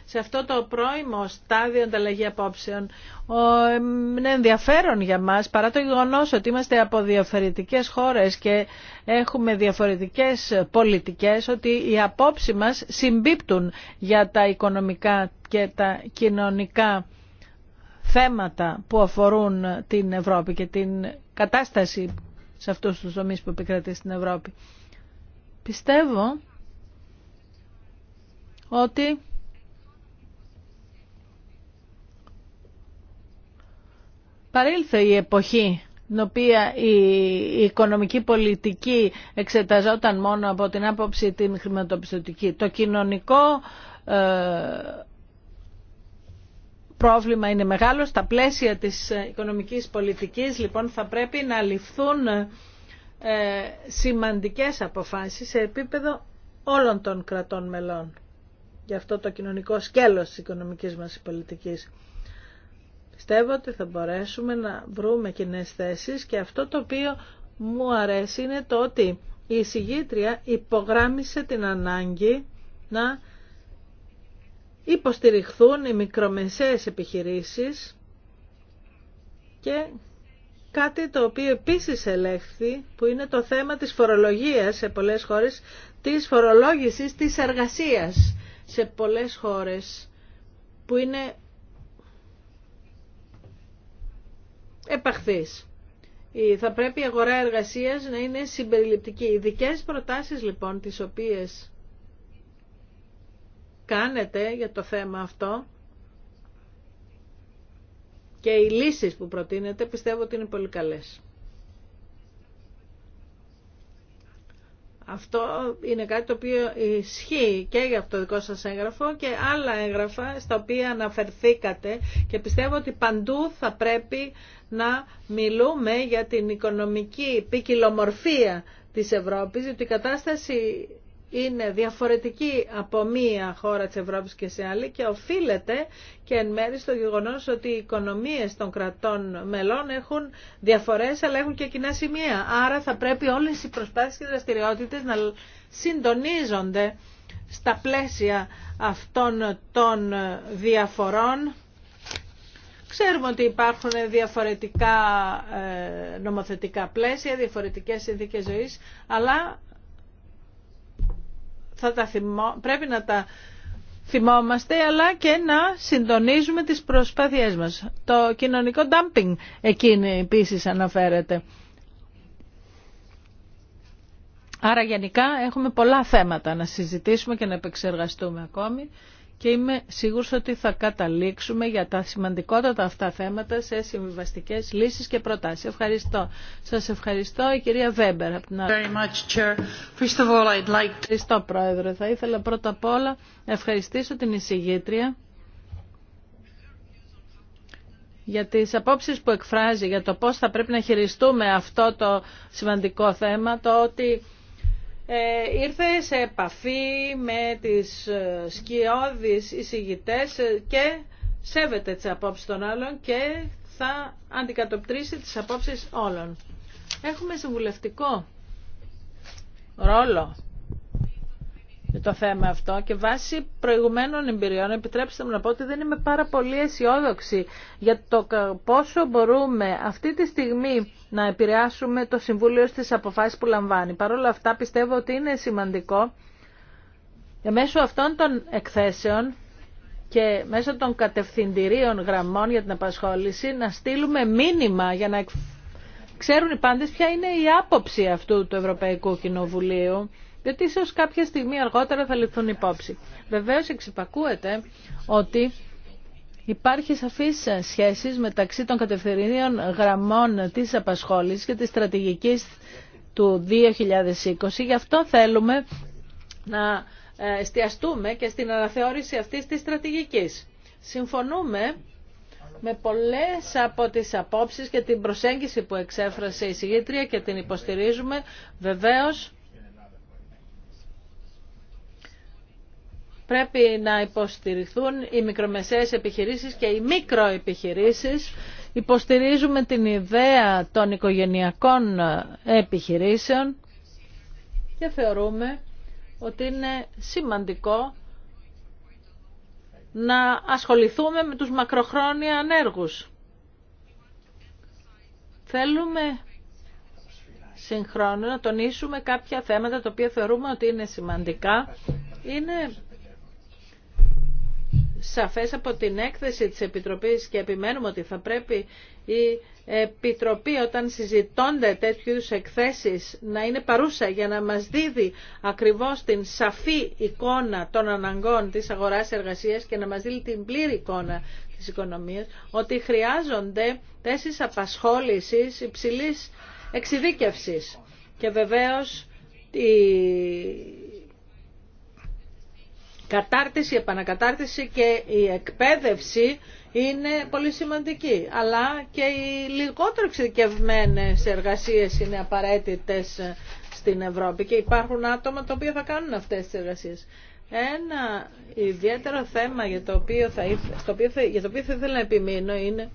σε αυτό το πρώιμο στάδιο ανταλλαγή απόψεων. Είναι ενδιαφέρον για μας, παρά το γεγονός ότι είμαστε από διαφορετικές χώρες και έχουμε διαφορετικές πολιτικές, ότι οι απόψει μας συμπίπτουν για τα οικονομικά και τα κοινωνικά θέματα που αφορούν την Ευρώπη και την κατάσταση σε αυτούς τους δομείς που επικρατεί στην Ευρώπη. Πιστεύω ότι παρήλθε η εποχή την οποία η οικονομική πολιτική εξεταζόταν μόνο από την άποψη την χρηματοπιστωτική. Το κοινωνικό ε, πρόβλημα είναι μεγάλο. Στα πλαίσια της ε, οικονομικής πολιτικής λοιπόν θα πρέπει να ληφθούν ε, ε, σημαντικές αποφάσεις σε επίπεδο όλων των κρατών μελών. Γι' αυτό το κοινωνικό σκέλος της οικονομικής μας πολιτικής. Πιστεύω ότι θα μπορέσουμε να βρούμε κοινέ θέσεις και αυτό το οποίο μου αρέσει είναι το ότι η συγγήτρια υπογράμμισε την ανάγκη να υποστηριχθούν οι μικρομεσαίες επιχειρήσεις και κάτι το οποίο επίσης ελέγχθη που είναι το θέμα της φορολογίας σε πολλές χώρες, της φορολόγησης της εργασίας σε πολλές χώρες που είναι επαχθής. Θα πρέπει η αγορά εργασίας να είναι συμπεριληπτική. Ειδικέ προτάσεις λοιπόν τις οποίες κάνετε για το θέμα αυτό και οι λύσεις που προτείνετε πιστεύω ότι είναι πολύ καλές. Αυτό είναι κάτι το οποίο ισχύει και για αυτό το δικό σας έγγραφο και άλλα έγγραφα στα οποία αναφερθήκατε και πιστεύω ότι παντού θα πρέπει να μιλούμε για την οικονομική ποικιλομορφία της Ευρώπης, γιατί η κατάσταση είναι διαφορετική από μία χώρα της Ευρώπης και σε άλλη και οφείλεται και εν μέρει στο γεγονός ότι οι οικονομίες των κρατών μελών έχουν διαφορές αλλά έχουν και κοινά σημεία. Άρα θα πρέπει όλες οι προσπάθειες και δραστηριότητες να συντονίζονται στα πλαίσια αυτών των διαφορών. Ξέρουμε ότι υπάρχουν διαφορετικά ε, νομοθετικά πλαίσια, διαφορετικές συνθήκες ζωής, αλλά θα τα πρέπει να τα θυμόμαστε αλλά και να συντονίζουμε τις προσπάθειές μας. Το κοινωνικό dumping εκείνη επίσης αναφέρεται. Άρα γενικά έχουμε πολλά θέματα να συζητήσουμε και να επεξεργαστούμε ακόμη και είμαι σίγουρος ότι θα καταλήξουμε για τα σημαντικότατα αυτά θέματα σε συμβιβαστικέ λύσεις και προτάσεις. Ευχαριστώ. Σας ευχαριστώ η κυρία Βέμπερ. Από Ευχαριστώ Πρόεδρε. Θα ήθελα πρώτα απ' όλα να ευχαριστήσω την εισηγήτρια για τις απόψεις που εκφράζει για το πώς θα πρέπει να χειριστούμε αυτό το σημαντικό θέμα, το ότι ε, ήρθε σε επαφή με τις ε, σκιώδεις εισηγητές ε, και σέβεται τις απόψεις των άλλων και θα αντικατοπτρίσει τις απόψεις όλων. Έχουμε συμβουλευτικό ρόλο το θέμα αυτό και βάσει προηγουμένων εμπειριών επιτρέψτε μου να πω ότι δεν είμαι πάρα πολύ αισιόδοξη για το πόσο μπορούμε αυτή τη στιγμή να επηρεάσουμε το Συμβούλιο στις αποφάσεις που λαμβάνει. Παρ' όλα αυτά πιστεύω ότι είναι σημαντικό μέσω αυτών των εκθέσεων και μέσω των κατευθυντηρίων γραμμών για την απασχόληση να στείλουμε μήνυμα για να ξέρουν οι πάντες ποια είναι η άποψη αυτού του Ευρωπαϊκού Κοινοβουλίου γιατί ίσω κάποια στιγμή αργότερα θα ληφθούν υπόψη. Βεβαίω εξυπακούεται ότι Υπάρχει σαφής σχέση μεταξύ των κατευθυντήριων γραμμών της απασχόλησης και της στρατηγικής του 2020. Γι' αυτό θέλουμε να ε, εστιαστούμε και στην αναθεώρηση αυτής της στρατηγικής. Συμφωνούμε με πολλές από τις απόψεις και την προσέγγιση που εξέφρασε η συγγήτρια και την υποστηρίζουμε βεβαίως Πρέπει να υποστηριχθούν οι μικρομεσαίες επιχειρήσεις και οι μικροεπιχειρήσεις. Υποστηρίζουμε την ιδέα των οικογενειακών επιχειρήσεων και θεωρούμε ότι είναι σημαντικό να ασχοληθούμε με τους μακροχρόνια ανέργους. Θέλουμε συγχρόνως να τονίσουμε κάποια θέματα τα οποία θεωρούμε ότι είναι σημαντικά. Είναι σαφές από την έκθεση της Επιτροπής και επιμένουμε ότι θα πρέπει η Επιτροπή όταν συζητώνται τέτοιου εκθέσεις να είναι παρούσα για να μας δίδει ακριβώς την σαφή εικόνα των αναγκών της αγοράς εργασίας και να μας δίνει την πλήρη εικόνα της οικονομίας, ότι χρειάζονται τέσεις απασχόλησης υψηλής εξειδίκευσης. Και βεβαίως η κατάρτιση, επανακατάρτιση και η εκπαίδευση είναι πολύ σημαντική. Αλλά και οι λιγότερο εξειδικευμένες εργασίες είναι απαραίτητες στην Ευρώπη και υπάρχουν άτομα τα οποία θα κάνουν αυτές τις εργασίες. Ένα ιδιαίτερο θέμα για το οποίο θα, στο οποίο για το οποίο θα ήθελα να επιμείνω είναι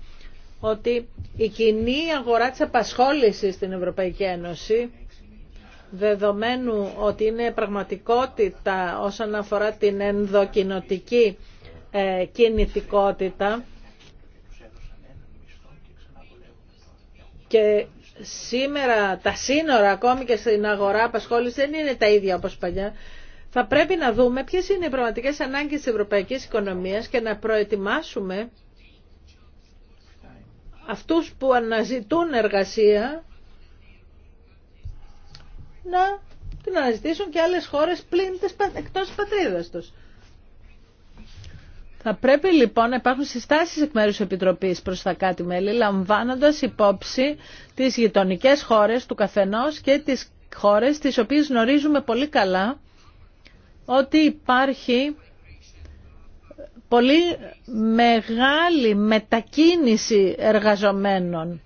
ότι η κοινή αγορά της απασχόλησης στην Ευρωπαϊκή Ένωση δεδομένου ότι είναι πραγματικότητα όσον αφορά την ενδοκινοτική ε, κινητικότητα και σήμερα τα σύνορα ακόμη και στην αγορά απασχόληση δεν είναι τα ίδια όπως παλιά. Θα πρέπει να δούμε ποιες είναι οι πραγματικές ανάγκες της ευρωπαϊκής οικονομίας και να προετοιμάσουμε αυτούς που αναζητούν εργασία να την αναζητήσουν και άλλες χώρες πλην της, εκτός της πατρίδας τους. Θα πρέπει λοιπόν να υπάρχουν συστάσεις εκ μέρους Επιτροπής προς τα κάτι μέλη, λαμβάνοντας υπόψη τις γειτονικές χώρες του καθενός και τις χώρες τις οποίες γνωρίζουμε πολύ καλά ότι υπάρχει πολύ μεγάλη μετακίνηση εργαζομένων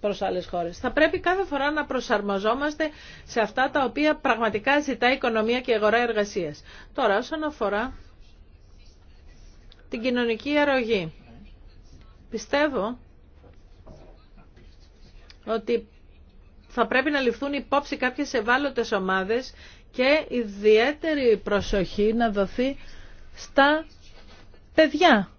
Προ άλλε Θα πρέπει κάθε φορά να προσαρμοζόμαστε σε αυτά τα οποία πραγματικά ζητά η οικονομία και η αγορά εργασία. Τώρα, όσον αφορά την κοινωνική αρρωγή, πιστεύω ότι θα πρέπει να ληφθούν υπόψη κάποιες ευάλωτες ομάδες και ιδιαίτερη προσοχή να δοθεί στα παιδιά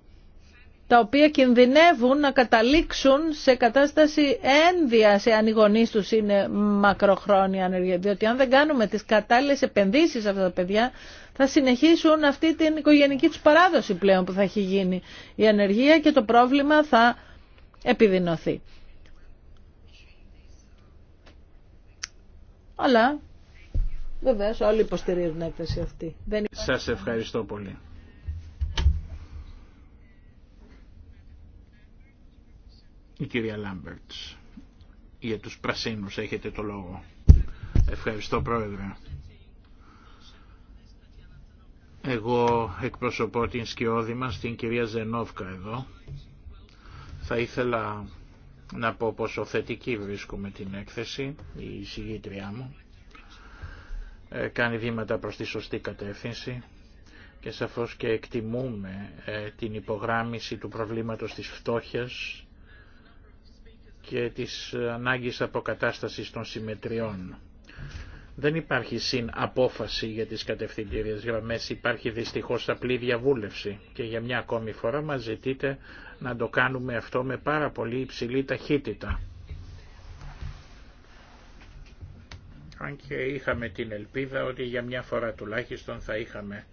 τα οποία κινδυνεύουν να καταλήξουν σε κατάσταση ένδυας εάν οι γονείς τους είναι μακροχρόνια ανεργία. Διότι αν δεν κάνουμε τις κατάλληλες επενδύσεις αυτά τα παιδιά θα συνεχίσουν αυτή την οικογενική τους παράδοση πλέον που θα έχει γίνει η ανεργία και το πρόβλημα θα επιδεινωθεί. Αλλά βεβαίως όλοι υποστηρίζουν έκθεση αυτή. Σας ευχαριστώ πολύ. Η κυρία Λάμπερτ. για τους πρασίνους έχετε το λόγο. Ευχαριστώ πρόεδρε. Εγώ εκπροσωπώ την σκιώδη μας, την κυρία Ζενόφκα εδώ. Θα ήθελα να πω πόσο θετική βρίσκουμε την έκθεση, η συγγήτριά μου. Ε, κάνει βήματα προς τη σωστή κατεύθυνση και σαφώς και εκτιμούμε ε, την υπογράμμιση του προβλήματος της φτώχειας και της ανάγκης αποκατάστασης των συμμετριών. Δεν υπάρχει συν απόφαση για τις κατευθυντήριες γραμμές, υπάρχει δυστυχώς απλή διαβούλευση και για μια ακόμη φορά μας ζητείτε να το κάνουμε αυτό με πάρα πολύ υψηλή ταχύτητα. Αν και είχαμε την ελπίδα ότι για μια φορά τουλάχιστον θα είχαμε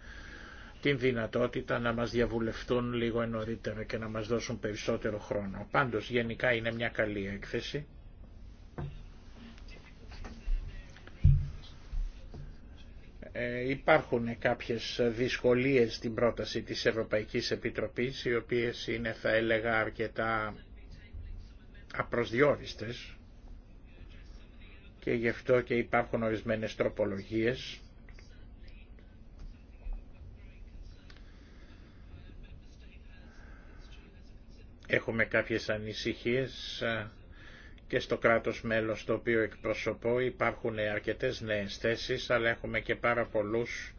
την δυνατότητα να μας διαβουλευτούν λίγο νωρίτερα και να μας δώσουν περισσότερο χρόνο. Πάντως γενικά είναι μια καλή έκθεση. Ε, υπάρχουν κάποιες δυσκολίες στην πρόταση της Ευρωπαϊκής Επιτροπής, οι οποίες είναι θα έλεγα αρκετά απροσδιόριστες και γι' αυτό και υπάρχουν ορισμένες τροπολογίες Έχουμε κάποιες ανησυχίες και στο κράτος μέλος το οποίο εκπροσωπώ υπάρχουν αρκετές νέες θέσεις, αλλά έχουμε και πάρα πολλούς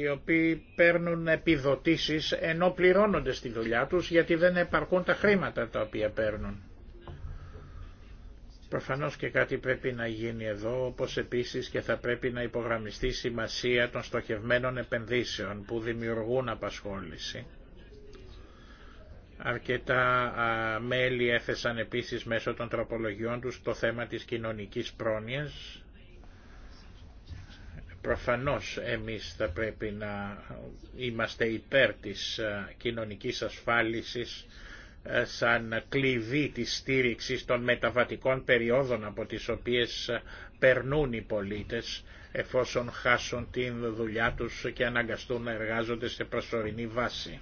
οι οποίοι παίρνουν επιδοτήσεις ενώ πληρώνονται στη δουλειά τους γιατί δεν επαρκούν τα χρήματα τα οποία παίρνουν. Προφανώς και κάτι πρέπει να γίνει εδώ, όπως επίσης και θα πρέπει να υπογραμμιστεί η σημασία των στοχευμένων επενδύσεων που δημιουργούν απασχόληση Αρκετά μέλη έθεσαν επίσης μέσω των τροπολογιών τους το θέμα της κοινωνικής πρόνοιας. Προφανώς εμείς θα πρέπει να είμαστε υπέρ της κοινωνικής ασφάλισης σαν κλειδί της στήριξης των μεταβατικών περιόδων από τις οποίες περνούν οι πολίτες εφόσον χάσουν την δουλειά τους και αναγκαστούν να εργάζονται σε προσωρινή βάση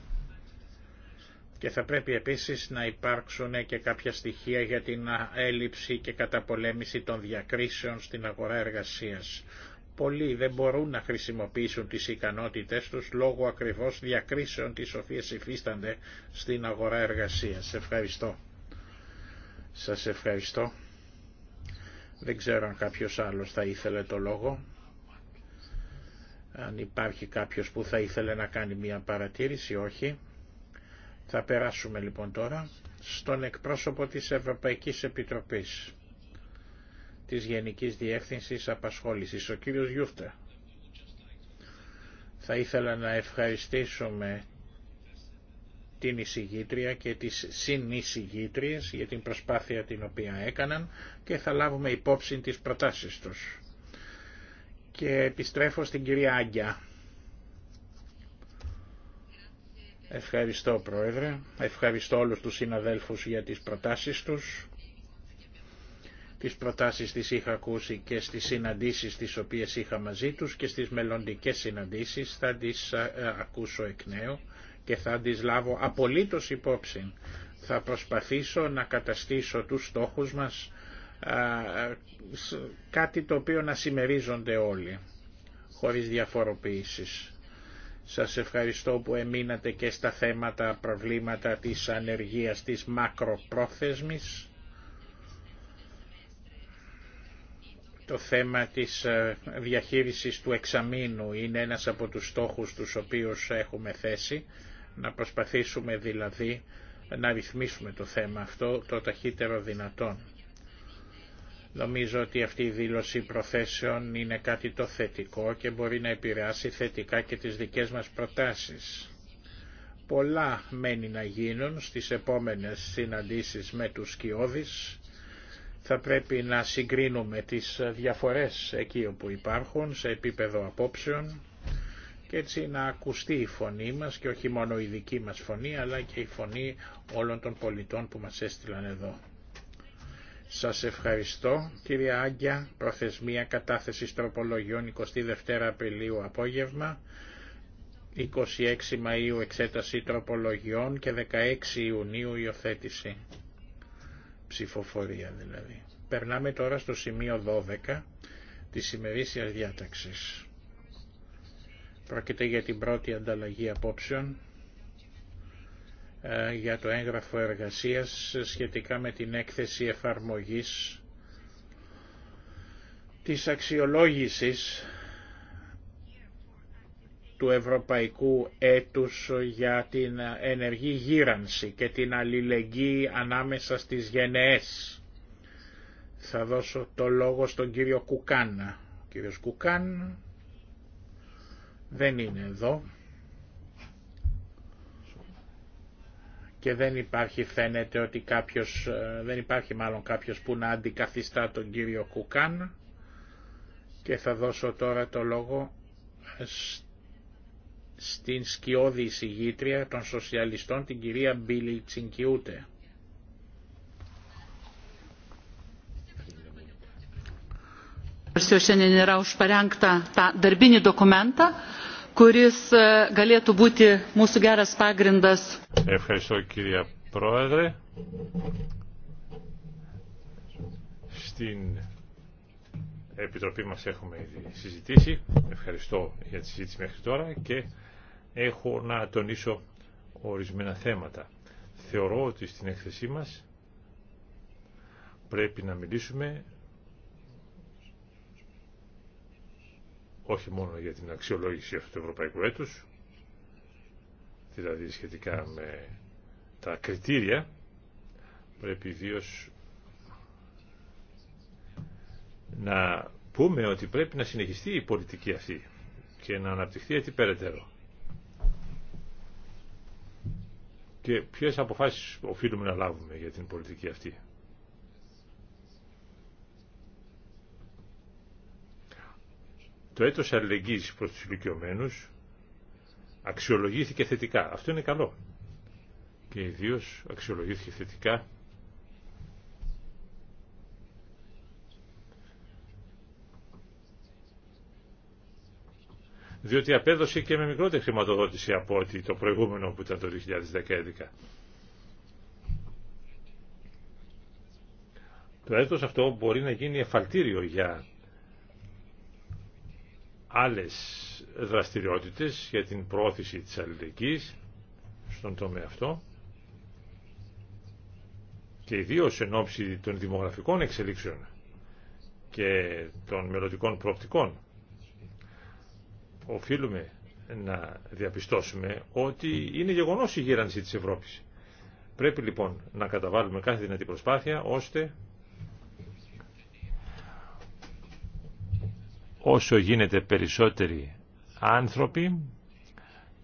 και θα πρέπει επίσης να υπάρξουν και κάποια στοιχεία για την έλλειψη και καταπολέμηση των διακρίσεων στην αγορά εργασίας. Πολλοί δεν μπορούν να χρησιμοποιήσουν τις ικανότητες τους λόγω ακριβώς διακρίσεων τις οποίες υφίστανται στην αγορά εργασίας. Ευχαριστώ. Σας ευχαριστώ. Δεν ξέρω αν κάποιος άλλος θα ήθελε το λόγο. Αν υπάρχει κάποιος που θα ήθελε να κάνει μία παρατήρηση, όχι. Θα περάσουμε λοιπόν τώρα στον εκπρόσωπο της Ευρωπαϊκής Επιτροπής της Γενικής Διεύθυνσης Απασχόλησης, ο κύριος Γιούφτα. Θα ήθελα να ευχαριστήσουμε την εισηγήτρια και τις συνεισηγήτριες για την προσπάθεια την οποία έκαναν και θα λάβουμε υπόψη τις προτάσεις τους. Και επιστρέφω στην κυρία Άγκια. Ευχαριστώ Πρόεδρε, ευχαριστώ όλους τους συναδέλφους για τις προτάσεις τους. Τις προτάσεις τις είχα ακούσει και στις συναντήσεις τις οποίες είχα μαζί τους και στις μελλοντικές συναντήσεις θα τις ε, ε, ακούσω εκ νέου και θα τις λάβω απολύτως υπόψη. Θα προσπαθήσω να καταστήσω τους στόχους μας ε, κάτι το οποίο να συμμερίζονται όλοι, χωρίς διαφοροποίησεις. Σας ευχαριστώ που εμείνατε και στα θέματα, προβλήματα της ανεργίας της μακροπρόθεσμης. Το θέμα της ε, διαχείρισης του εξαμήνου είναι ένας από τους στόχους τους οποίους έχουμε θέσει. Να προσπαθήσουμε δηλαδή να ρυθμίσουμε το θέμα αυτό το ταχύτερο δυνατόν. Νομίζω ότι αυτή η δήλωση προθέσεων είναι κάτι το θετικό και μπορεί να επηρεάσει θετικά και τις δικές μας προτάσεις. Πολλά μένει να γίνουν στις επόμενες συναντήσεις με τους κοιόδης. Θα πρέπει να συγκρίνουμε τις διαφορές εκεί όπου υπάρχουν σε επίπεδο απόψεων και έτσι να ακουστεί η φωνή μας και όχι μόνο η δική μας φωνή αλλά και η φωνή όλων των πολιτών που μας έστειλαν εδώ. Σας ευχαριστώ κυρία Άγκια, προθεσμία κατάθεσης τροπολογιών 22 Απριλίου απόγευμα, 26 Μαΐου εξέταση τροπολογιών και 16 Ιουνίου υιοθέτηση, ψηφοφορία δηλαδή. Περνάμε τώρα στο σημείο 12 της ημερήσιας διάταξης. Πρόκειται για την πρώτη ανταλλαγή απόψεων ε, για το έγγραφο εργασίας σχετικά με την έκθεση εφαρμογής της αξιολόγησης του Ευρωπαϊκού Έτους για την ενεργή γύρανση και την αλληλεγγύη ανάμεσα στις γενναίες. Θα δώσω το λόγο στον κύριο Κουκάν. Ο κύριος Κουκάν δεν είναι εδώ. και δεν υπάρχει φαίνεται ότι κάποιος, ε, δεν υπάρχει μάλλον κάποιος που να αντικαθιστά τον κύριο Κουκάν και θα δώσω τώρα το λόγο στην σκιώδη εισηγήτρια των σοσιαλιστών την κυρία Μπίλη Τσινκιούτε kuris e, galėtų būti mūsų geras pagrindas. Ευχαριστώ κυρία Πρόεδρε. Στην Επιτροπή μας έχουμε ήδη συζητήσει. Ευχαριστώ για τη συζήτηση μέχρι τώρα και έχω να τονίσω ορισμένα θέματα. Θεωρώ ότι στην έκθεσή μας πρέπει να μιλήσουμε όχι μόνο για την αξιολόγηση αυτού του ευρωπαϊκού έτους, δηλαδή σχετικά με τα κριτήρια, πρέπει ιδίω να πούμε ότι πρέπει να συνεχιστεί η πολιτική αυτή και να αναπτυχθεί έτσι περαιτέρω. Και ποιες αποφάσεις οφείλουμε να λάβουμε για την πολιτική αυτή. Το έτος αλληλεγγύης προς τους ηλικιωμένους αξιολογήθηκε θετικά. Αυτό είναι καλό. Και ιδίω αξιολογήθηκε θετικά διότι απέδωσε και με μικρότερη χρηματοδότηση από ότι το προηγούμενο που ήταν το 2011. Το έτος αυτό μπορεί να γίνει εφαλτήριο για άλλες δραστηριότητες για την πρόθεση της αλληλεγγύης στον τομέα αυτό και ιδίω εν ώψη των δημογραφικών εξελίξεων και των μελλοντικών προοπτικών οφείλουμε να διαπιστώσουμε ότι είναι γεγονός η γύρανση της Ευρώπης. Πρέπει λοιπόν να καταβάλουμε κάθε δυνατή προσπάθεια ώστε όσο γίνεται περισσότεροι άνθρωποι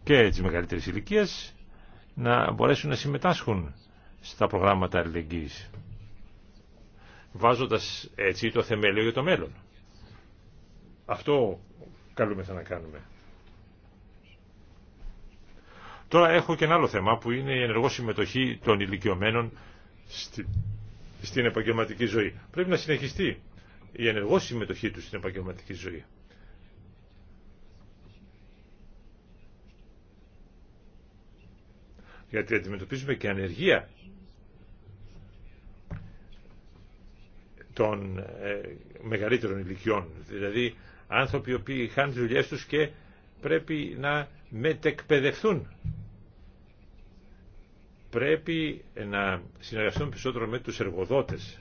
και τις μεγαλύτερη ηλικία να μπορέσουν να συμμετάσχουν στα προγράμματα αλληλεγγύης βάζοντας έτσι το θεμέλιο για το μέλλον. Αυτό καλούμεθα να κάνουμε. Τώρα έχω και ένα άλλο θέμα που είναι η ενεργό συμμετοχή των ηλικιωμένων στην επαγγελματική ζωή. Πρέπει να συνεχιστεί η ενεργό συμμετοχή του στην επαγγελματική ζωή. Γιατί αντιμετωπίζουμε και ανεργία των ε, μεγαλύτερων ηλικιών. Δηλαδή άνθρωποι οι οποίοι χάνουν τις δουλειές τους και πρέπει να μετεκπαιδευτούν. Πρέπει να συνεργαστούν περισσότερο με τους εργοδότες,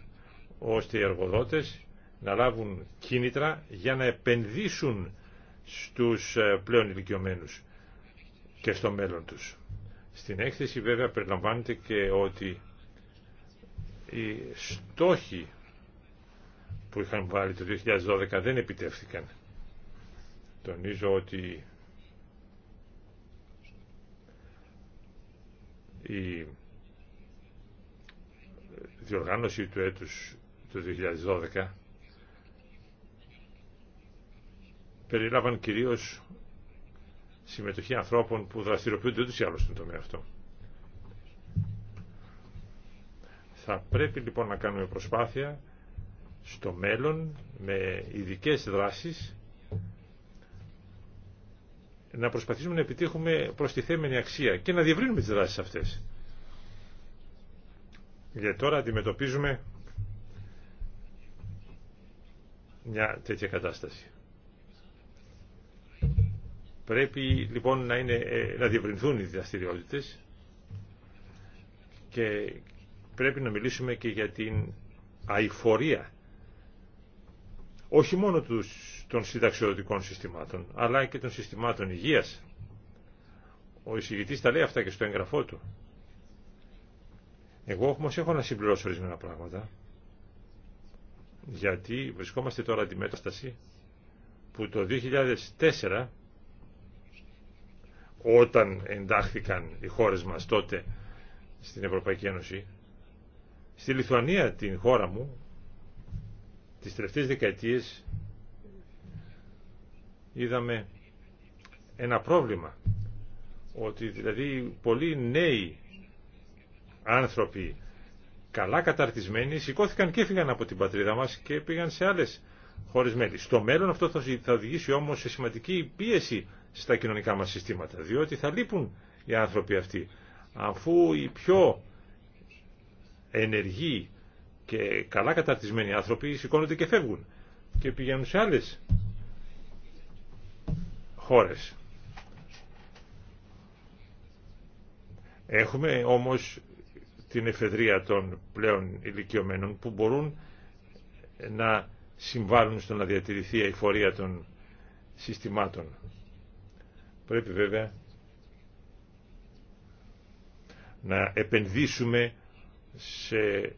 ώστε οι εργοδότες να λάβουν κίνητρα για να επενδύσουν στους ε, πλέον ηλικιωμένου και στο μέλλον τους. Στην έκθεση βέβαια περιλαμβάνεται και ότι οι στόχοι που είχαν βάλει το 2012 δεν επιτεύχθηκαν. Τονίζω ότι η διοργάνωση του έτους το 2012 περιλάβαν κυρίως συμμετοχή ανθρώπων που δραστηριοποιούνται ούτως ή άλλως στον τομέα αυτό. Θα πρέπει λοιπόν να κάνουμε προσπάθεια στο μέλλον με ειδικέ δράσεις να προσπαθήσουμε να επιτύχουμε προστιθέμενη αξία και να διευρύνουμε τις δράσεις αυτές. Γιατί τώρα αντιμετωπίζουμε μια τέτοια κατάσταση. Πρέπει λοιπόν να, είναι, ε, να διευρυνθούν οι δραστηριότητε και πρέπει να μιλήσουμε και για την αηφορία όχι μόνο τους, των συνταξιοδοτικών συστημάτων αλλά και των συστημάτων υγείας. Ο εισηγητής τα λέει αυτά και στο εγγραφό του. Εγώ όμως έχω να συμπληρώσω ορισμένα πράγματα γιατί βρισκόμαστε τώρα μετάσταση που το 2004 όταν εντάχθηκαν οι χώρες μας τότε στην Ευρωπαϊκή Ένωση. Στη Λιθουανία, την χώρα μου, τις τελευταίες δεκαετίες είδαμε ένα πρόβλημα. Ότι δηλαδή πολλοί νέοι άνθρωποι καλά καταρτισμένοι σηκώθηκαν και έφυγαν από την πατρίδα μας και πήγαν σε άλλες χώρες μέλη. Στο μέλλον αυτό θα οδηγήσει όμως σε σημαντική πίεση στα κοινωνικά μας συστήματα, διότι θα λείπουν οι άνθρωποι αυτοί. Αφού οι πιο ενεργοί και καλά καταρτισμένοι άνθρωποι σηκώνονται και φεύγουν και πηγαίνουν σε άλλες χώρες. Έχουμε όμως την εφεδρεία των πλέον ηλικιωμένων που μπορούν να συμβάλλουν στο να διατηρηθεί η φορεία των συστημάτων. Πρέπει βέβαια να επενδύσουμε σε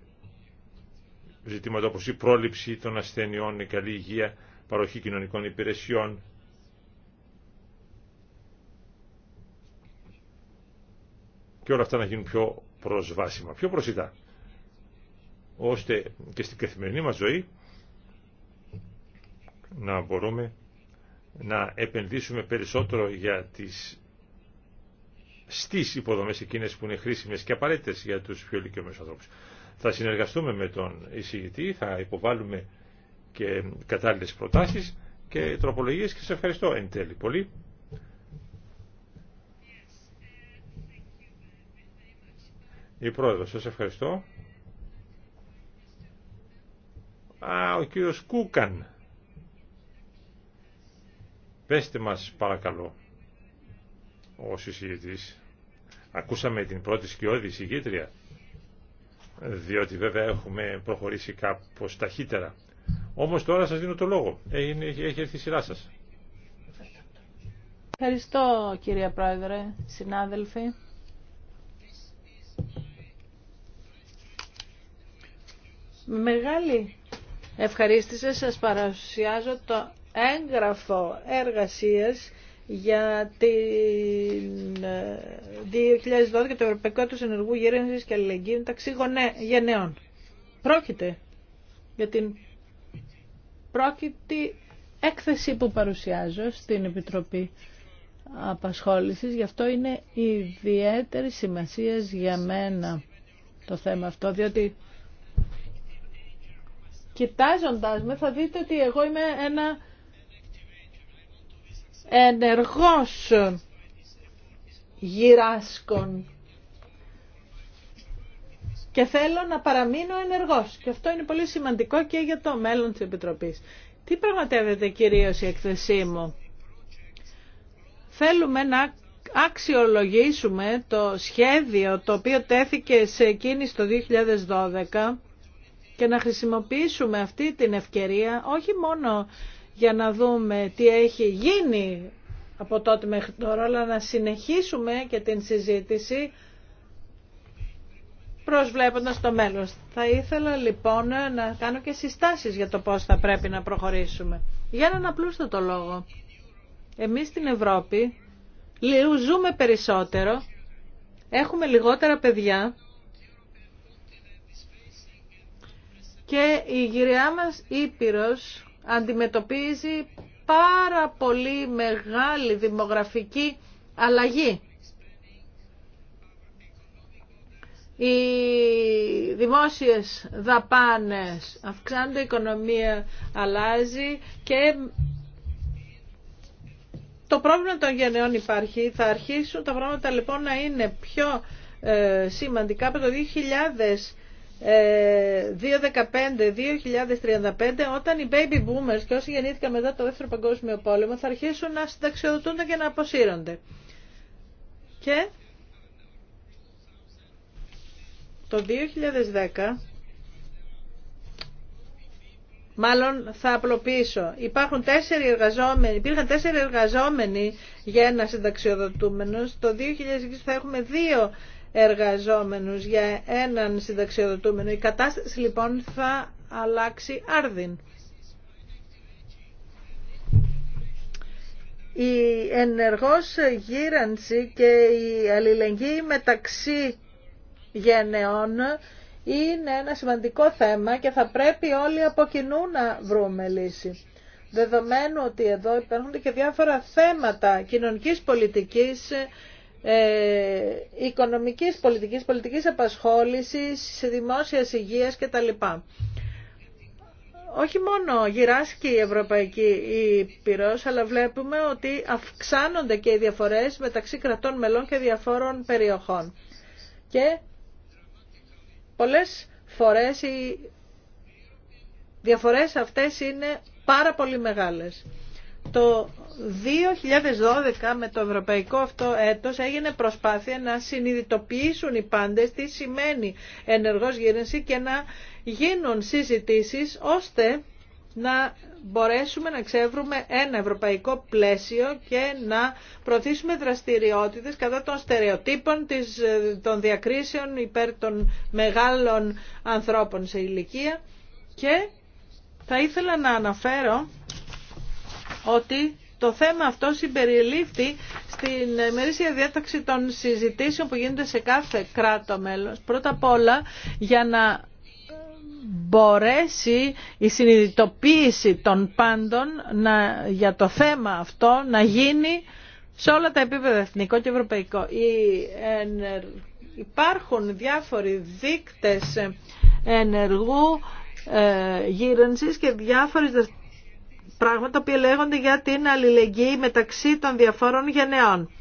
ζητήματα όπως η πρόληψη των ασθενειών, η καλή υγεία, παροχή κοινωνικών υπηρεσιών. Και όλα αυτά να γίνουν πιο προσβάσιμα, πιο προσιτά. Ώστε και στην καθημερινή μας ζωή να μπορούμε να επενδύσουμε περισσότερο για τις στις υποδομές εκείνες που είναι χρήσιμες και απαραίτητες για τους πιο ηλικιωμένους ανθρώπους. Θα συνεργαστούμε με τον εισηγητή, θα υποβάλουμε και κατάλληλες προτάσεις και τροπολογίες και σε ευχαριστώ εν τέλει πολύ. Η πρόεδρο, σας ευχαριστώ. Α, ο κύριος Κούκαν. Πέστε μας παρακαλώ, ο συζητητής, ακούσαμε την πρώτη σκιώδη εισηγήτρια διότι βέβαια έχουμε προχωρήσει κάπως ταχύτερα. Όμως τώρα σας δίνω το λόγο. Ε, έχει έρθει η σειρά σας. Ευχαριστώ κυρία Πρόεδρε, συνάδελφοι. μεγάλη ευχαρίστηση σας παρουσιάζω το έγγραφο εργασίας για την 2012 ε, το Ευρωπαϊκό του Ενεργού Γέρνησης και Αλληλεγγύη μεταξύ γενναίων. Πρόκειται για την πρόκειται έκθεση που παρουσιάζω στην Επιτροπή Απασχόλησης. Γι' αυτό είναι ιδιαίτερη σημασία για μένα το θέμα αυτό, διότι κοιτάζοντάς με θα δείτε ότι εγώ είμαι ένα ενεργός γυράσκων και θέλω να παραμείνω ενεργός και αυτό είναι πολύ σημαντικό και για το μέλλον της Επιτροπής. Τι πραγματεύεται κυρίως η εκθεσή μου. Θέλουμε να αξιολογήσουμε το σχέδιο το οποίο τέθηκε σε εκείνη το 2012 και να χρησιμοποιήσουμε αυτή την ευκαιρία όχι μόνο για να δούμε τι έχει γίνει από τότε μέχρι τώρα, αλλά να συνεχίσουμε και την συζήτηση προσβλέποντας το μέλλον. Θα ήθελα λοιπόν να κάνω και συστάσεις για το πώς θα πρέπει να προχωρήσουμε. Για να απλούστο το λόγο. Εμείς στην Ευρώπη ζούμε περισσότερο, έχουμε λιγότερα παιδιά και η γυριά μας Ήπειρος αντιμετωπίζει πάρα πολύ μεγάλη δημογραφική αλλαγή. Οι δημόσιες δαπάνες αυξάνονται, η οικονομία αλλάζει και το πρόβλημα των γενεών υπάρχει. Θα αρχίσουν τα πράγματα λοιπόν να είναι πιο ε, σημαντικά από το 2000 2015-2035 ε, όταν οι baby boomers και όσοι γεννήθηκαν μετά το δεύτερο παγκόσμιο πόλεμο θα αρχίσουν να συνταξιοδοτούνται και να αποσύρονται. Και το 2010 Μάλλον θα απλοποιήσω. Υπάρχουν τέσσερι εργαζόμενοι, υπήρχαν τέσσερι εργαζόμενοι για ένα συνταξιοδοτούμενο. Το 2020 θα έχουμε δύο εργαζόμενους για έναν συνταξιοδοτούμενο. Η κατάσταση λοιπόν θα αλλάξει άρδιν. Η ενεργός γύρανση και η αλληλεγγύη μεταξύ γενεών είναι ένα σημαντικό θέμα και θα πρέπει όλοι από κοινού να βρούμε λύση. Δεδομένου ότι εδώ υπάρχουν και διάφορα θέματα κοινωνικής πολιτικής ε, οικονομικής πολιτικής, πολιτικής απασχόλησης, δημόσιας υγείας κτλ. Όχι μόνο γυράσκει η Ευρωπαϊκή πυρός, αλλά βλέπουμε ότι αυξάνονται και οι διαφορές μεταξύ κρατών μελών και διαφόρων περιοχών. Και πολλές φορές οι διαφορές αυτές είναι πάρα πολύ μεγάλες το 2012 με το ευρωπαϊκό αυτό έτος έγινε προσπάθεια να συνειδητοποιήσουν οι πάντες τι σημαίνει ενεργός γύρενση και να γίνουν συζητήσεις ώστε να μπορέσουμε να ξεύρουμε ένα ευρωπαϊκό πλαίσιο και να προωθήσουμε δραστηριότητες κατά των στερεοτύπων, της, των διακρίσεων υπέρ των μεγάλων ανθρώπων σε ηλικία και θα ήθελα να αναφέρω ότι το θέμα αυτό συμπεριλήφθη στην μερίσια διάταξη των συζητήσεων που γίνονται σε κάθε κράτο μέλος. Πρώτα απ' όλα για να μπορέσει η συνειδητοποίηση των πάντων να, για το θέμα αυτό να γίνει σε όλα τα επίπεδα εθνικό και ευρωπαϊκό. Υπάρχουν διάφοροι δείκτες ενεργού ε, γύρενσης και διάφορες πράγματα που λέγονται για την αλληλεγγύη μεταξύ των διαφόρων γενεών.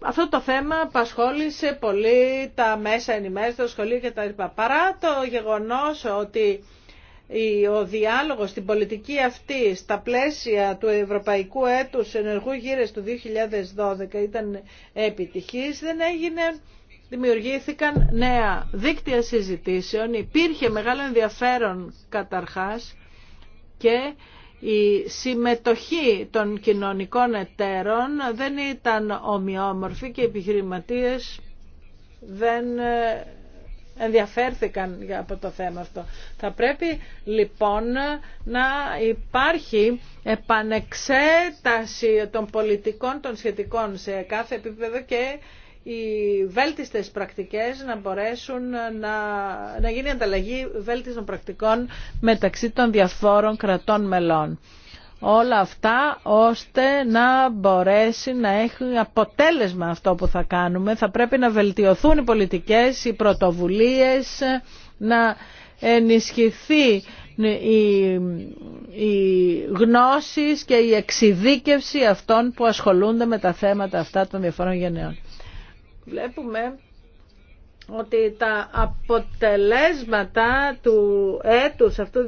Αυτό το θέμα απασχόλησε πολύ τα μέσα ενημέρωση, το σχολείο κτλ. Παρά το γεγονός ότι ο διάλογος στην πολιτική αυτή στα πλαίσια του Ευρωπαϊκού Έτους Ενεργού Γύρες του 2012 ήταν επιτυχής, δεν έγινε δημιουργήθηκαν νέα δίκτυα συζητήσεων, υπήρχε μεγάλο ενδιαφέρον καταρχάς και η συμμετοχή των κοινωνικών εταίρων δεν ήταν ομοιόμορφη και οι επιχειρηματίες δεν ε, ενδιαφέρθηκαν από το θέμα αυτό. Θα πρέπει λοιπόν να υπάρχει επανεξέταση των πολιτικών των σχετικών σε κάθε επίπεδο και οι βέλτιστες πρακτικές να μπορέσουν να, να γίνει ανταλλαγή βέλτιστων πρακτικών μεταξύ των διαφόρων κρατών μελών. Όλα αυτά ώστε να μπορέσει να έχει αποτέλεσμα αυτό που θα κάνουμε. Θα πρέπει να βελτιωθούν οι πολιτικές, οι πρωτοβουλίες, να ενισχυθεί η, η γνώση και η εξειδίκευση αυτών που ασχολούνται με τα θέματα αυτά των διαφορών γενναιών βλέπουμε ότι τα αποτελέσματα του έτους αυτού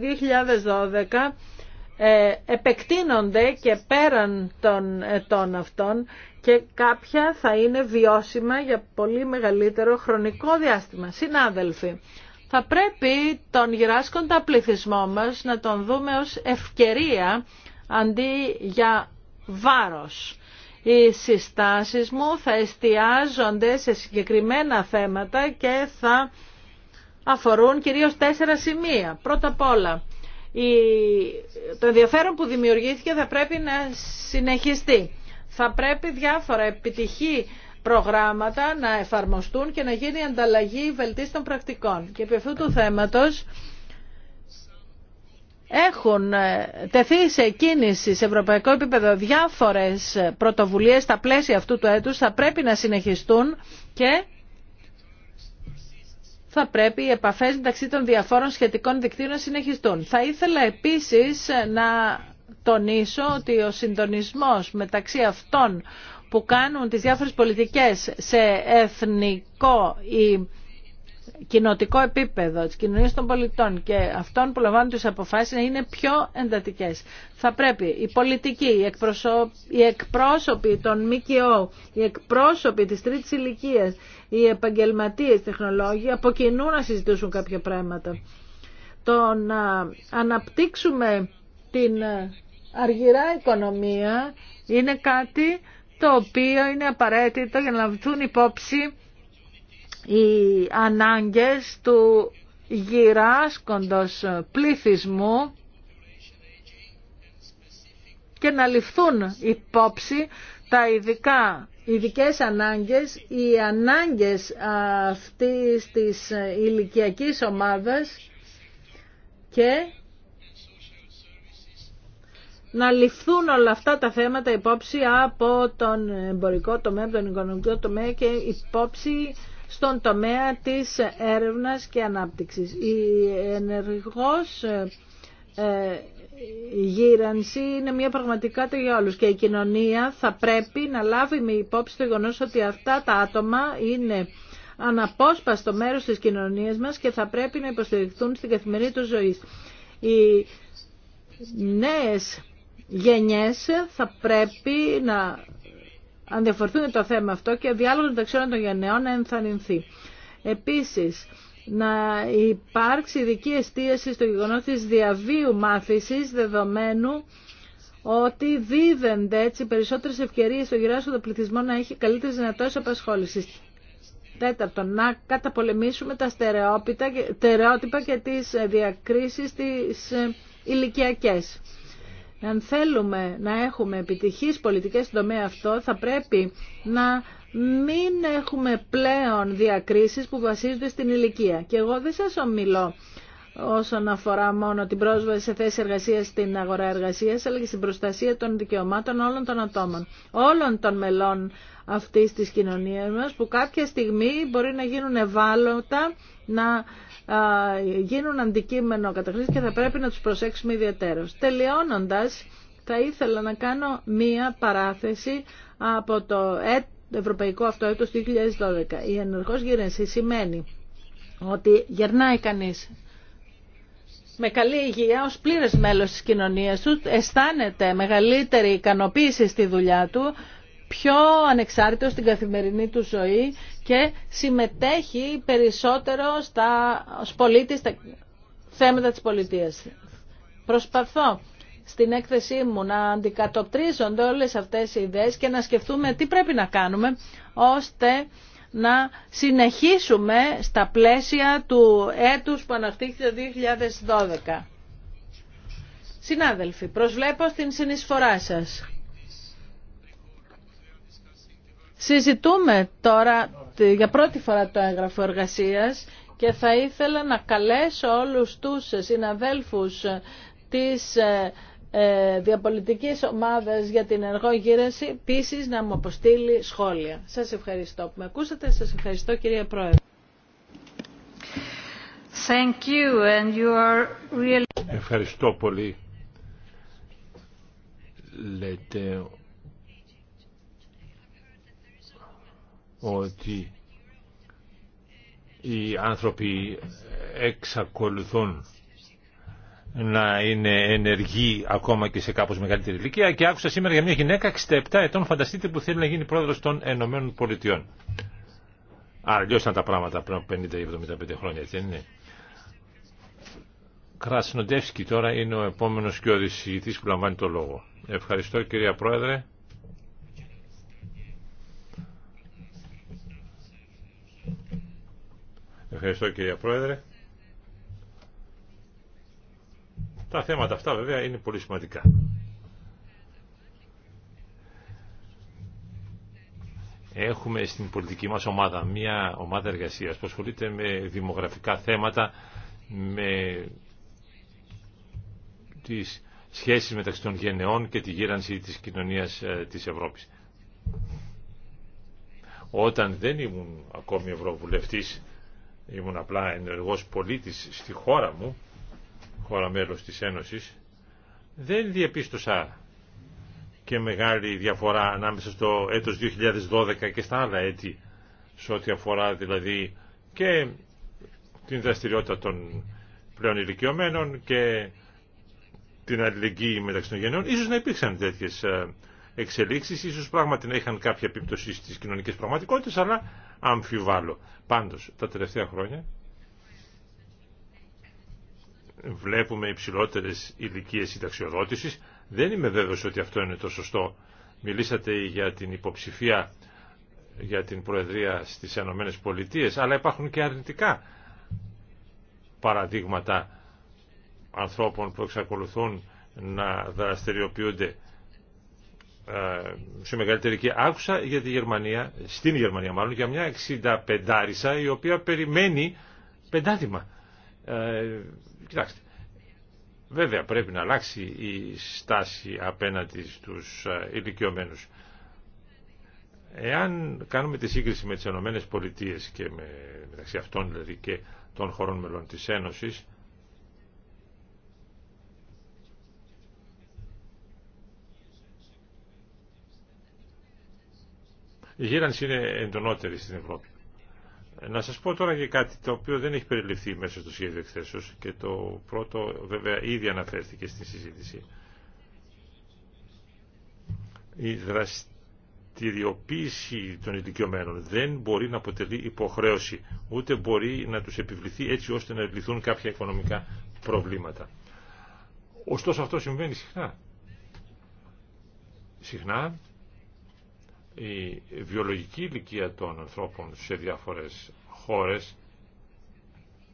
2012 ε, επεκτείνονται και πέραν των ετών αυτών και κάποια θα είναι βιώσιμα για πολύ μεγαλύτερο χρονικό διάστημα. Συνάδελφοι, θα πρέπει τον γυράσκοντα πληθυσμό μας να τον δούμε ως ευκαιρία αντί για βάρος οι συστάσεις μου θα εστιάζονται σε συγκεκριμένα θέματα και θα αφορούν κυρίως τέσσερα σημεία. Πρώτα απ' όλα, το ενδιαφέρον που δημιουργήθηκε θα πρέπει να συνεχιστεί. Θα πρέπει διάφορα επιτυχή προγράμματα να εφαρμοστούν και να γίνει ανταλλαγή βελτίστων πρακτικών. Και επί αυτού του θέματος έχουν ε, τεθεί σε κίνηση σε ευρωπαϊκό επίπεδο διάφορες πρωτοβουλίες στα πλαίσια αυτού του έτους θα πρέπει να συνεχιστούν και θα πρέπει οι επαφές μεταξύ των διαφόρων σχετικών δικτύων να συνεχιστούν. Θα ήθελα επίσης να τονίσω ότι ο συντονισμός μεταξύ αυτών που κάνουν τις διάφορες πολιτικές σε εθνικό ή κοινοτικό επίπεδο της κοινωνίας των πολιτών και αυτών που λαμβάνουν τις αποφάσεις να είναι πιο εντατικές. Θα πρέπει οι πολιτικοί, οι, εκπρόσωποι των ΜΚΟ, οι εκπρόσωποι της τρίτης ηλικία, οι επαγγελματίες τεχνολόγοι από κοινού να συζητήσουν κάποια πράγματα. Το να αναπτύξουμε την αργυρά οικονομία είναι κάτι το οποίο είναι απαραίτητο για να λαμβάνουν υπόψη οι ανάγκες του γυράσκοντος πληθυσμού και να ληφθούν υπόψη τα ειδικά, ειδικές ανάγκες, οι ανάγκες αυτής της ηλικιακής ομάδας και να ληφθούν όλα αυτά τα θέματα υπόψη από τον εμπορικό τομέα, από τον οικονομικό τομέα και υπόψη στον τομέα της έρευνας και ανάπτυξης. Η ενεργός ε, ε, γύρανση είναι μια πραγματικά για όλους και η κοινωνία θα πρέπει να λάβει με υπόψη το γεγονό ότι αυτά τα άτομα είναι αναπόσπαστο μέρος της κοινωνίας μας και θα πρέπει να υποστηριχθούν στην καθημερινή του ζωή. Οι νέες γενιές θα πρέπει να αν διαφορθούν το θέμα αυτό και ο διάλογος μεταξύ όλων των γενναιών να ενθαρρυνθεί. Επίσης, να υπάρξει ειδική εστίαση στο γεγονός της διαβίου μάθησης δεδομένου ότι δίδενται έτσι περισσότερες ευκαιρίες στο του πληθυσμό να έχει καλύτερες δυνατότητες απασχόλησης. Τέταρτον, να καταπολεμήσουμε τα στερεότυπα και τις διακρίσεις τις ε, ηλικιακές. Αν θέλουμε να έχουμε επιτυχείς πολιτικές στον τομέα αυτό, θα πρέπει να μην έχουμε πλέον διακρίσεις που βασίζονται στην ηλικία. Και εγώ δεν σας ομιλώ όσον αφορά μόνο την πρόσβαση σε θέση εργασίας στην αγορά εργασίας, αλλά και στην προστασία των δικαιωμάτων όλων των ατόμων, όλων των μελών αυτής της κοινωνίας μας, που κάποια στιγμή μπορεί να γίνουν ευάλωτα, να γίνουν αντικείμενο καταχρήσης και θα πρέπει να τους προσέξουμε ιδιαίτερως. Τελειώνοντας, θα ήθελα να κάνω μία παράθεση από το Ευρωπαϊκό Αυτό έτος 2012. Η ενεργός γύρενση σημαίνει ότι γερνάει κανείς με καλή υγεία ως πλήρες μέλος της κοινωνίας του, αισθάνεται μεγαλύτερη ικανοποίηση στη δουλειά του, πιο ανεξάρτητος στην καθημερινή του ζωή και συμμετέχει περισσότερο στα στα θέματα της πολιτείας. Προσπαθώ στην έκθεσή μου να αντικατοπτρίζονται όλες αυτές οι ιδέες και να σκεφτούμε τι πρέπει να κάνουμε ώστε να συνεχίσουμε στα πλαίσια του έτους που αναπτύχθηκε το 2012. Συνάδελφοι, προσβλέπω στην συνεισφορά σας. Συζητούμε τώρα για πρώτη φορά το έγγραφο εργασίας και θα ήθελα να καλέσω όλους τους συναδέλφους της ε, ε, διαπολιτικής ομάδας για την ενεργό γύρεση επίση να μου αποστείλει σχόλια. Σας ευχαριστώ που με ακούσατε. Σας ευχαριστώ κυρία Πρόεδρε. Thank you and you are really... Ευχαριστώ πολύ. Λέτε ότι οι άνθρωποι εξακολουθούν να είναι ενεργοί ακόμα και σε κάπως μεγαλύτερη ηλικία και άκουσα σήμερα για μια γυναίκα 67 ετών φανταστείτε που θέλει να γίνει πρόεδρος των Ενωμένων Πολιτειών. Αλλιώ ήταν τα πράγματα πριν από 50 ή 75 χρόνια, έτσι δεν είναι. Κρασνοντεύσκη τώρα είναι ο επόμενος και ο που λαμβάνει το λόγο. Ευχαριστώ κυρία Πρόεδρε. Ευχαριστώ κύριε Πρόεδρε. Τα θέματα αυτά βέβαια είναι πολύ σημαντικά. Έχουμε στην πολιτική μας ομάδα μια ομάδα εργασίας που ασχολείται με δημογραφικά θέματα, με τις σχέσεις μεταξύ των γενεών και τη γύρανση της κοινωνίας ε, της Ευρώπης. Όταν δεν ήμουν ακόμη Ευρωβουλευτής ήμουν απλά ενεργός πολίτης στη χώρα μου, χώρα μέλος της Ένωσης, δεν διεπίστωσα και μεγάλη διαφορά ανάμεσα στο έτος 2012 και στα άλλα έτη, σε ό,τι αφορά δηλαδή και την δραστηριότητα των πλέον ηλικιωμένων και την αλληλεγγύη μεταξύ των γενναιών. Ίσως να υπήρξαν τέτοιες ε, εξελίξεις ίσως πράγματι να είχαν κάποια επίπτωση στις κοινωνικές πραγματικότητες αλλά αμφιβάλλω. Πάντως τα τελευταία χρόνια βλέπουμε υψηλότερε ηλικίε συνταξιοδότηση. Δεν είμαι βέβαιος ότι αυτό είναι το σωστό. Μιλήσατε για την υποψηφία για την Προεδρία στις ΗΠΑ, Πολιτείες, αλλά υπάρχουν και αρνητικά παραδείγματα ανθρώπων που εξακολουθούν να δραστηριοποιούνται ε, σε μεγαλύτερη και άκουσα για τη Γερμανία, στην Γερμανία μάλλον, για μια 65 άρισα η οποία περιμένει πεντάτημα. Ε, κοιτάξτε, βέβαια πρέπει να αλλάξει η στάση απέναντι στους ε, ηλικιωμένους. Εάν κάνουμε τη σύγκριση με τις ΗΠΑ και με, μεταξύ αυτών δηλαδή και των χωρών μελών της Ένωσης, Η γύρανση είναι εντονότερη στην Ευρώπη. Να σας πω τώρα για κάτι το οποίο δεν έχει περιληφθεί μέσα στο σχέδιο εκθέσεως και το πρώτο βέβαια ήδη αναφέρθηκε στην συζήτηση. Η δραστηριοποίηση των ηλικιωμένων δεν μπορεί να αποτελεί υποχρέωση, ούτε μπορεί να τους επιβληθεί έτσι ώστε να λυθούν κάποια οικονομικά προβλήματα. Ωστόσο αυτό συμβαίνει συχνά. Συχνά η βιολογική ηλικία των ανθρώπων σε διάφορες χώρες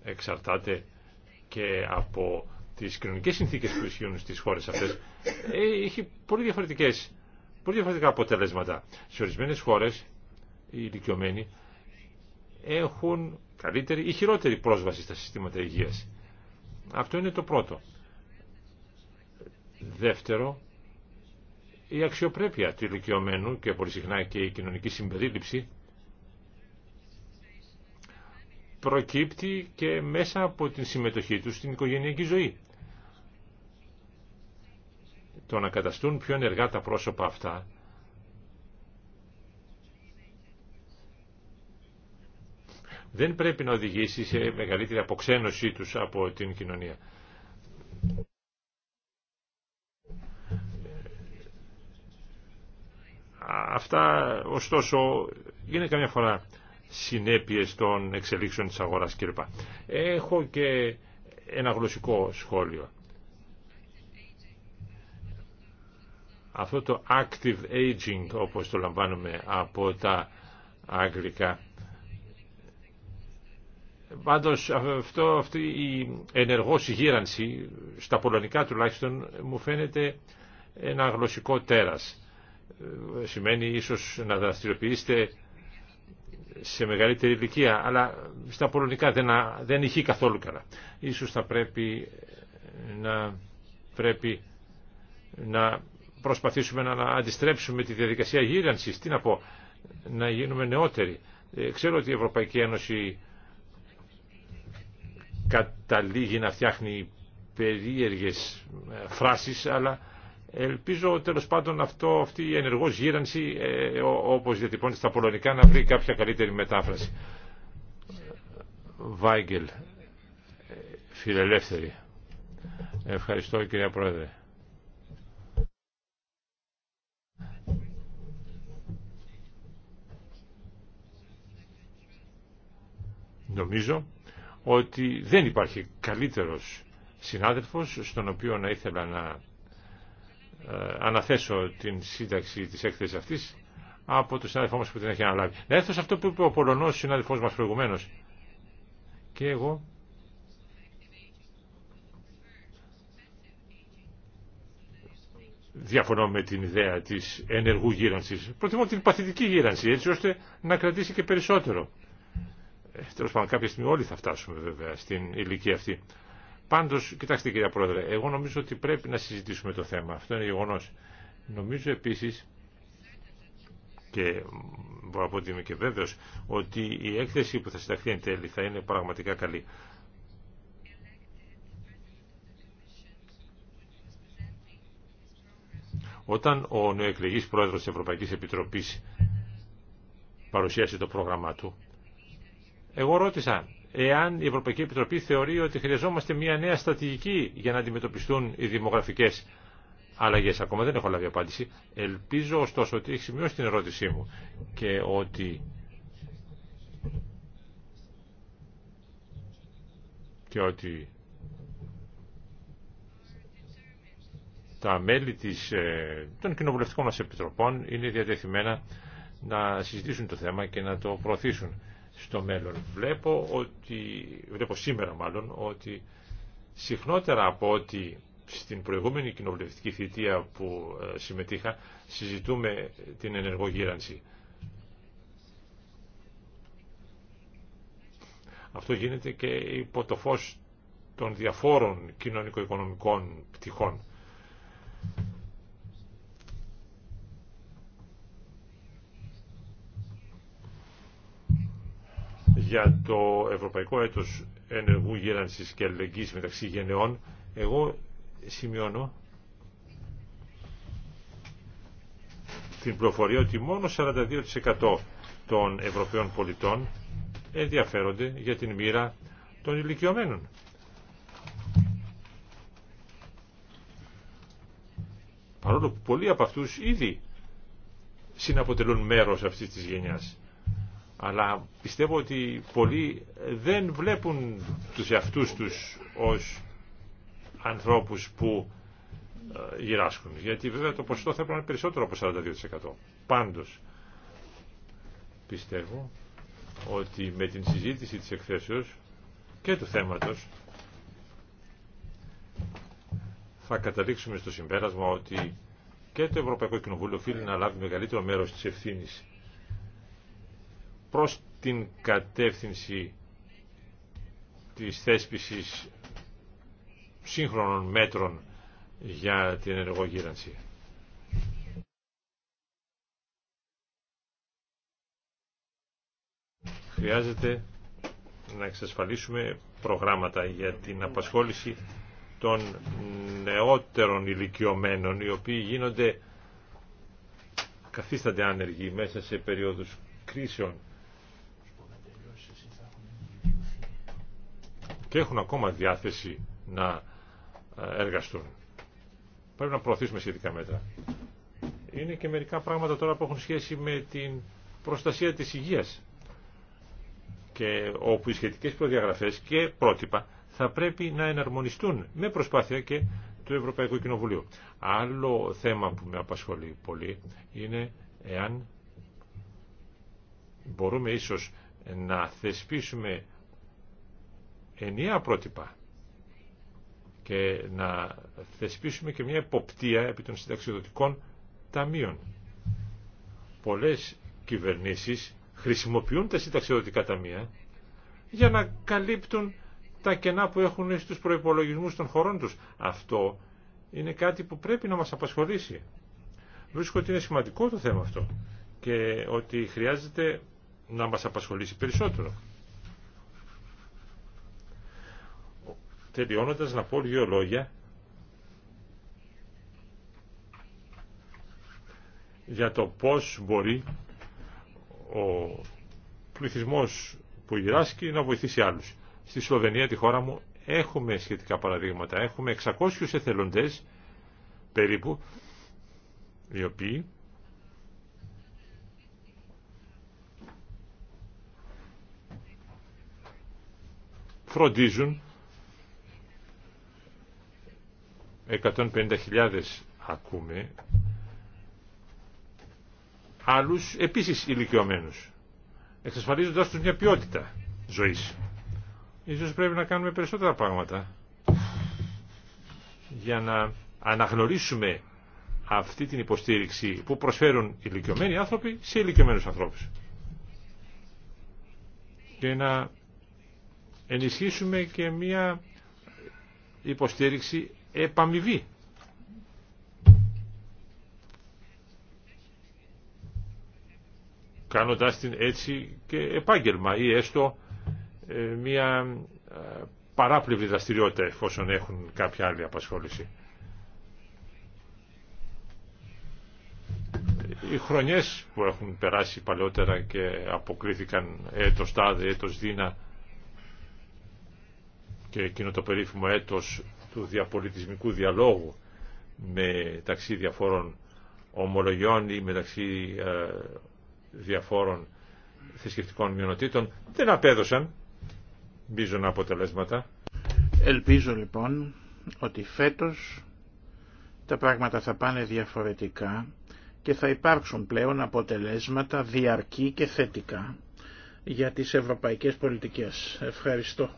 εξαρτάται και από τις κοινωνικές συνθήκες που ισχύουν στις χώρες αυτές ε, έχει πολύ, διαφορετικές, πολύ διαφορετικά αποτελέσματα. Σε ορισμένες χώρες οι ηλικιωμένοι έχουν καλύτερη ή χειρότερη πρόσβαση στα συστήματα υγείας. Αυτό είναι το πρώτο. Δεύτερο, η αξιοπρέπεια του ηλικιωμένου και πολύ συχνά και η κοινωνική συμπερίληψη προκύπτει και μέσα από την συμμετοχή τους στην οικογενειακή ζωή. Το να καταστούν πιο ενεργά τα πρόσωπα αυτά δεν πρέπει να οδηγήσει σε μεγαλύτερη αποξένωσή τους από την κοινωνία. Αυτά ωστόσο είναι καμιά φορά συνέπειες των εξελίξεων της αγοράς κλπ. Έχω και ένα γλωσσικό σχόλιο. Αυτό το active aging όπως το λαμβάνουμε από τα αγγλικά. Πάντως αυτό, αυτή η ενεργός γύρανση στα πολωνικά τουλάχιστον μου φαίνεται ένα γλωσσικό τέρας. Ε, σημαίνει ίσως να δραστηριοποιήσετε σε μεγαλύτερη ηλικία, αλλά στα πολωνικά δεν, δεν ηχεί καθόλου καλά. Ίσως θα πρέπει ε, να, πρέπει να προσπαθήσουμε να αντιστρέψουμε τη διαδικασία γύριανσης. Τι να πω, να γίνουμε νεότεροι. Ε, ξέρω ότι η Ευρωπαϊκή Ένωση καταλήγει να φτιάχνει περίεργες φράσεις, αλλά Ελπίζω τέλο πάντων αυτό, αυτή η ενεργό γύρανση, ε, όπω διατυπώνεται στα πολωνικά, να βρει κάποια καλύτερη μετάφραση. Βάγκελ, ε, φιλελεύθερη. Ευχαριστώ κυρία Πρόεδρε. Νομίζω ότι δεν υπάρχει καλύτερος συνάδελφος στον οποίο να ήθελα να ε, αναθέσω την σύνταξη της έκθεσης αυτής από τον συνάδελφό μας που την έχει αναλάβει. Να έρθω σε αυτό που είπε ο Πολωνός συνάδελφός μας προηγουμένως. Και εγώ διαφωνώ με την ιδέα της ενεργού γύρανσης. Προτιμώ την παθητική γύρανση, έτσι ώστε να κρατήσει και περισσότερο. Ε, τέλος πάντων κάποια στιγμή όλοι θα φτάσουμε βέβαια στην ηλικία αυτή. Πάντω κοιτάξτε κυρία Πρόεδρε, εγώ νομίζω ότι πρέπει να συζητήσουμε το θέμα. Αυτό είναι γεγονό. Νομίζω επίσης και μπορώ να πω ότι είμαι και βέβαιος ότι η έκθεση που θα συνταχθεί εν τέλει θα είναι πραγματικά καλή. Όταν ο νεοεκλεγή πρόεδρος τη Ευρωπαϊκής Επιτροπής παρουσίασε το πρόγραμμά του, εγώ ρώτησα εάν η Ευρωπαϊκή Επιτροπή θεωρεί ότι χρειαζόμαστε μια νέα στρατηγική για να αντιμετωπιστούν οι δημογραφικές αλλαγές. Ακόμα δεν έχω λάβει απάντηση. Ελπίζω ωστόσο ότι έχει σημειώσει την ερώτησή μου και ότι και ότι τα μέλη της, ε, των κοινοβουλευτικών μας επιτροπών είναι διατεθειμένα να συζητήσουν το θέμα και να το προωθήσουν στο μέλλον. Βλέπω, ότι, βλέπω σήμερα μάλλον ότι συχνότερα από ότι στην προηγούμενη κοινοβουλευτική θητεία που ε, συμμετείχα συζητούμε την ενεργογύρανση. Αυτό γίνεται και υπό το φως των διαφόρων κοινωνικο-οικονομικών πτυχών. για το Ευρωπαϊκό Έτος Ενεργού Γέρανσης και Αλληλεγγύης μεταξύ γενεών, εγώ σημειώνω την πληροφορία ότι μόνο 42% των Ευρωπαίων πολιτών ενδιαφέρονται για την μοίρα των ηλικιωμένων. Παρόλο που πολλοί από αυτούς ήδη συναποτελούν μέρος αυτής της γενιάς αλλά πιστεύω ότι πολλοί δεν βλέπουν τους εαυτούς τους ως ανθρώπους που ε, γυράσκουν. Γιατί βέβαια το ποσοστό θα έπρεπε να είναι περισσότερο από 42%. Πάντως, πιστεύω ότι με την συζήτηση της εκθέσεως και του θέματος θα καταλήξουμε στο συμπέρασμα ότι και το Ευρωπαϊκό Κοινοβούλιο οφείλει να λάβει μεγαλύτερο μέρος της ευθύνης προς την κατεύθυνση της θέσπισης σύγχρονων μέτρων για την ενεργογύρανση. Χρειάζεται να εξασφαλίσουμε προγράμματα για την απασχόληση των νεότερων ηλικιωμένων οι οποίοι γίνονται καθίστανται άνεργοι μέσα σε περίοδους κρίσεων και έχουν ακόμα διάθεση να ε, εργαστούν. Πρέπει να προωθήσουμε σχετικά μέτρα. Είναι και μερικά πράγματα τώρα που έχουν σχέση με την προστασία της υγείας και όπου οι σχετικές προδιαγραφές και πρότυπα θα πρέπει να εναρμονιστούν με προσπάθεια και του Ευρωπαϊκού Κοινοβουλίου. Άλλο θέμα που με απασχολεί πολύ είναι εάν μπορούμε ίσως να θεσπίσουμε ενιαία πρότυπα και να θεσπίσουμε και μια εποπτεία επί των συνταξιδοτικών ταμείων. Πολλές κυβερνήσεις χρησιμοποιούν τα συνταξιδοτικά ταμεία για να καλύπτουν τα κενά που έχουν στους προϋπολογισμούς των χωρών τους. Αυτό είναι κάτι που πρέπει να μας απασχολήσει. Βρίσκω ότι είναι σημαντικό το θέμα αυτό και ότι χρειάζεται να μας απασχολήσει περισσότερο. Τελειώνοντας να πω δύο λόγια για το πώς μπορεί ο πληθυσμός που γυράσκει να βοηθήσει άλλους. Στη Σλοβενία, τη χώρα μου, έχουμε σχετικά παραδείγματα. Έχουμε 600 εθελοντές περίπου, οι οποίοι φροντίζουν 150.000 ακούμε, άλλους επίσης ηλικιωμένους, εξασφαλίζοντας τους μια ποιότητα ζωής. Ίσως πρέπει να κάνουμε περισσότερα πράγματα για να αναγνωρίσουμε αυτή την υποστήριξη που προσφέρουν ηλικιωμένοι άνθρωποι σε ηλικιωμένους ανθρώπους. Και να ενισχύσουμε και μια υποστήριξη επαμοιβή. Κάνοντας την έτσι και επάγγελμα ή έστω ε, μια ε, παράπλευρη δραστηριότητα εφόσον έχουν κάποια άλλη απασχόληση. Οι χρονιές που έχουν περάσει παλαιότερα και αποκρίθηκαν έτος τάδε, έτος δίνα και εκείνο το περίφημο έτος του διαπολιτισμικού διαλόγου μεταξύ διαφόρων ομολογιών ή μεταξύ ε, διαφόρων θρησκευτικών μειονοτήτων δεν απέδωσαν μπίζωνα αποτελέσματα. Ελπίζω λοιπόν ότι φέτος τα πράγματα θα πάνε διαφορετικά και θα υπάρξουν πλέον αποτελέσματα διαρκή και θετικά για τις ευρωπαϊκές πολιτικές. Ευχαριστώ.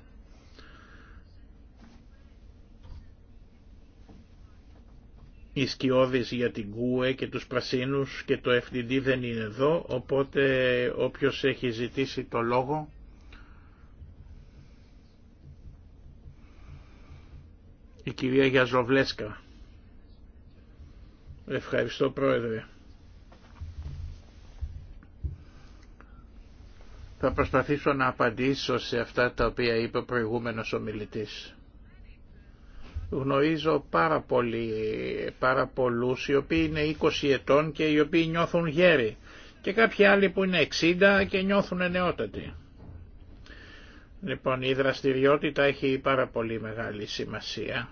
οι σκιώδεις για την ΚΟΕ και τους Πρασίνους και το FDD δεν είναι εδώ, οπότε όποιος έχει ζητήσει το λόγο... Η κυρία Γιαζοβλέσκα. Ευχαριστώ πρόεδρε. Θα προσπαθήσω να απαντήσω σε αυτά τα οποία είπε ο προηγούμενος ομιλητής. Γνωρίζω πάρα, πολύ, πάρα πολλούς οι οποίοι είναι 20 ετών και οι οποίοι νιώθουν γέροι και κάποιοι άλλοι που είναι 60 και νιώθουν νεότατοι. Λοιπόν, η δραστηριότητα έχει πάρα πολύ μεγάλη σημασία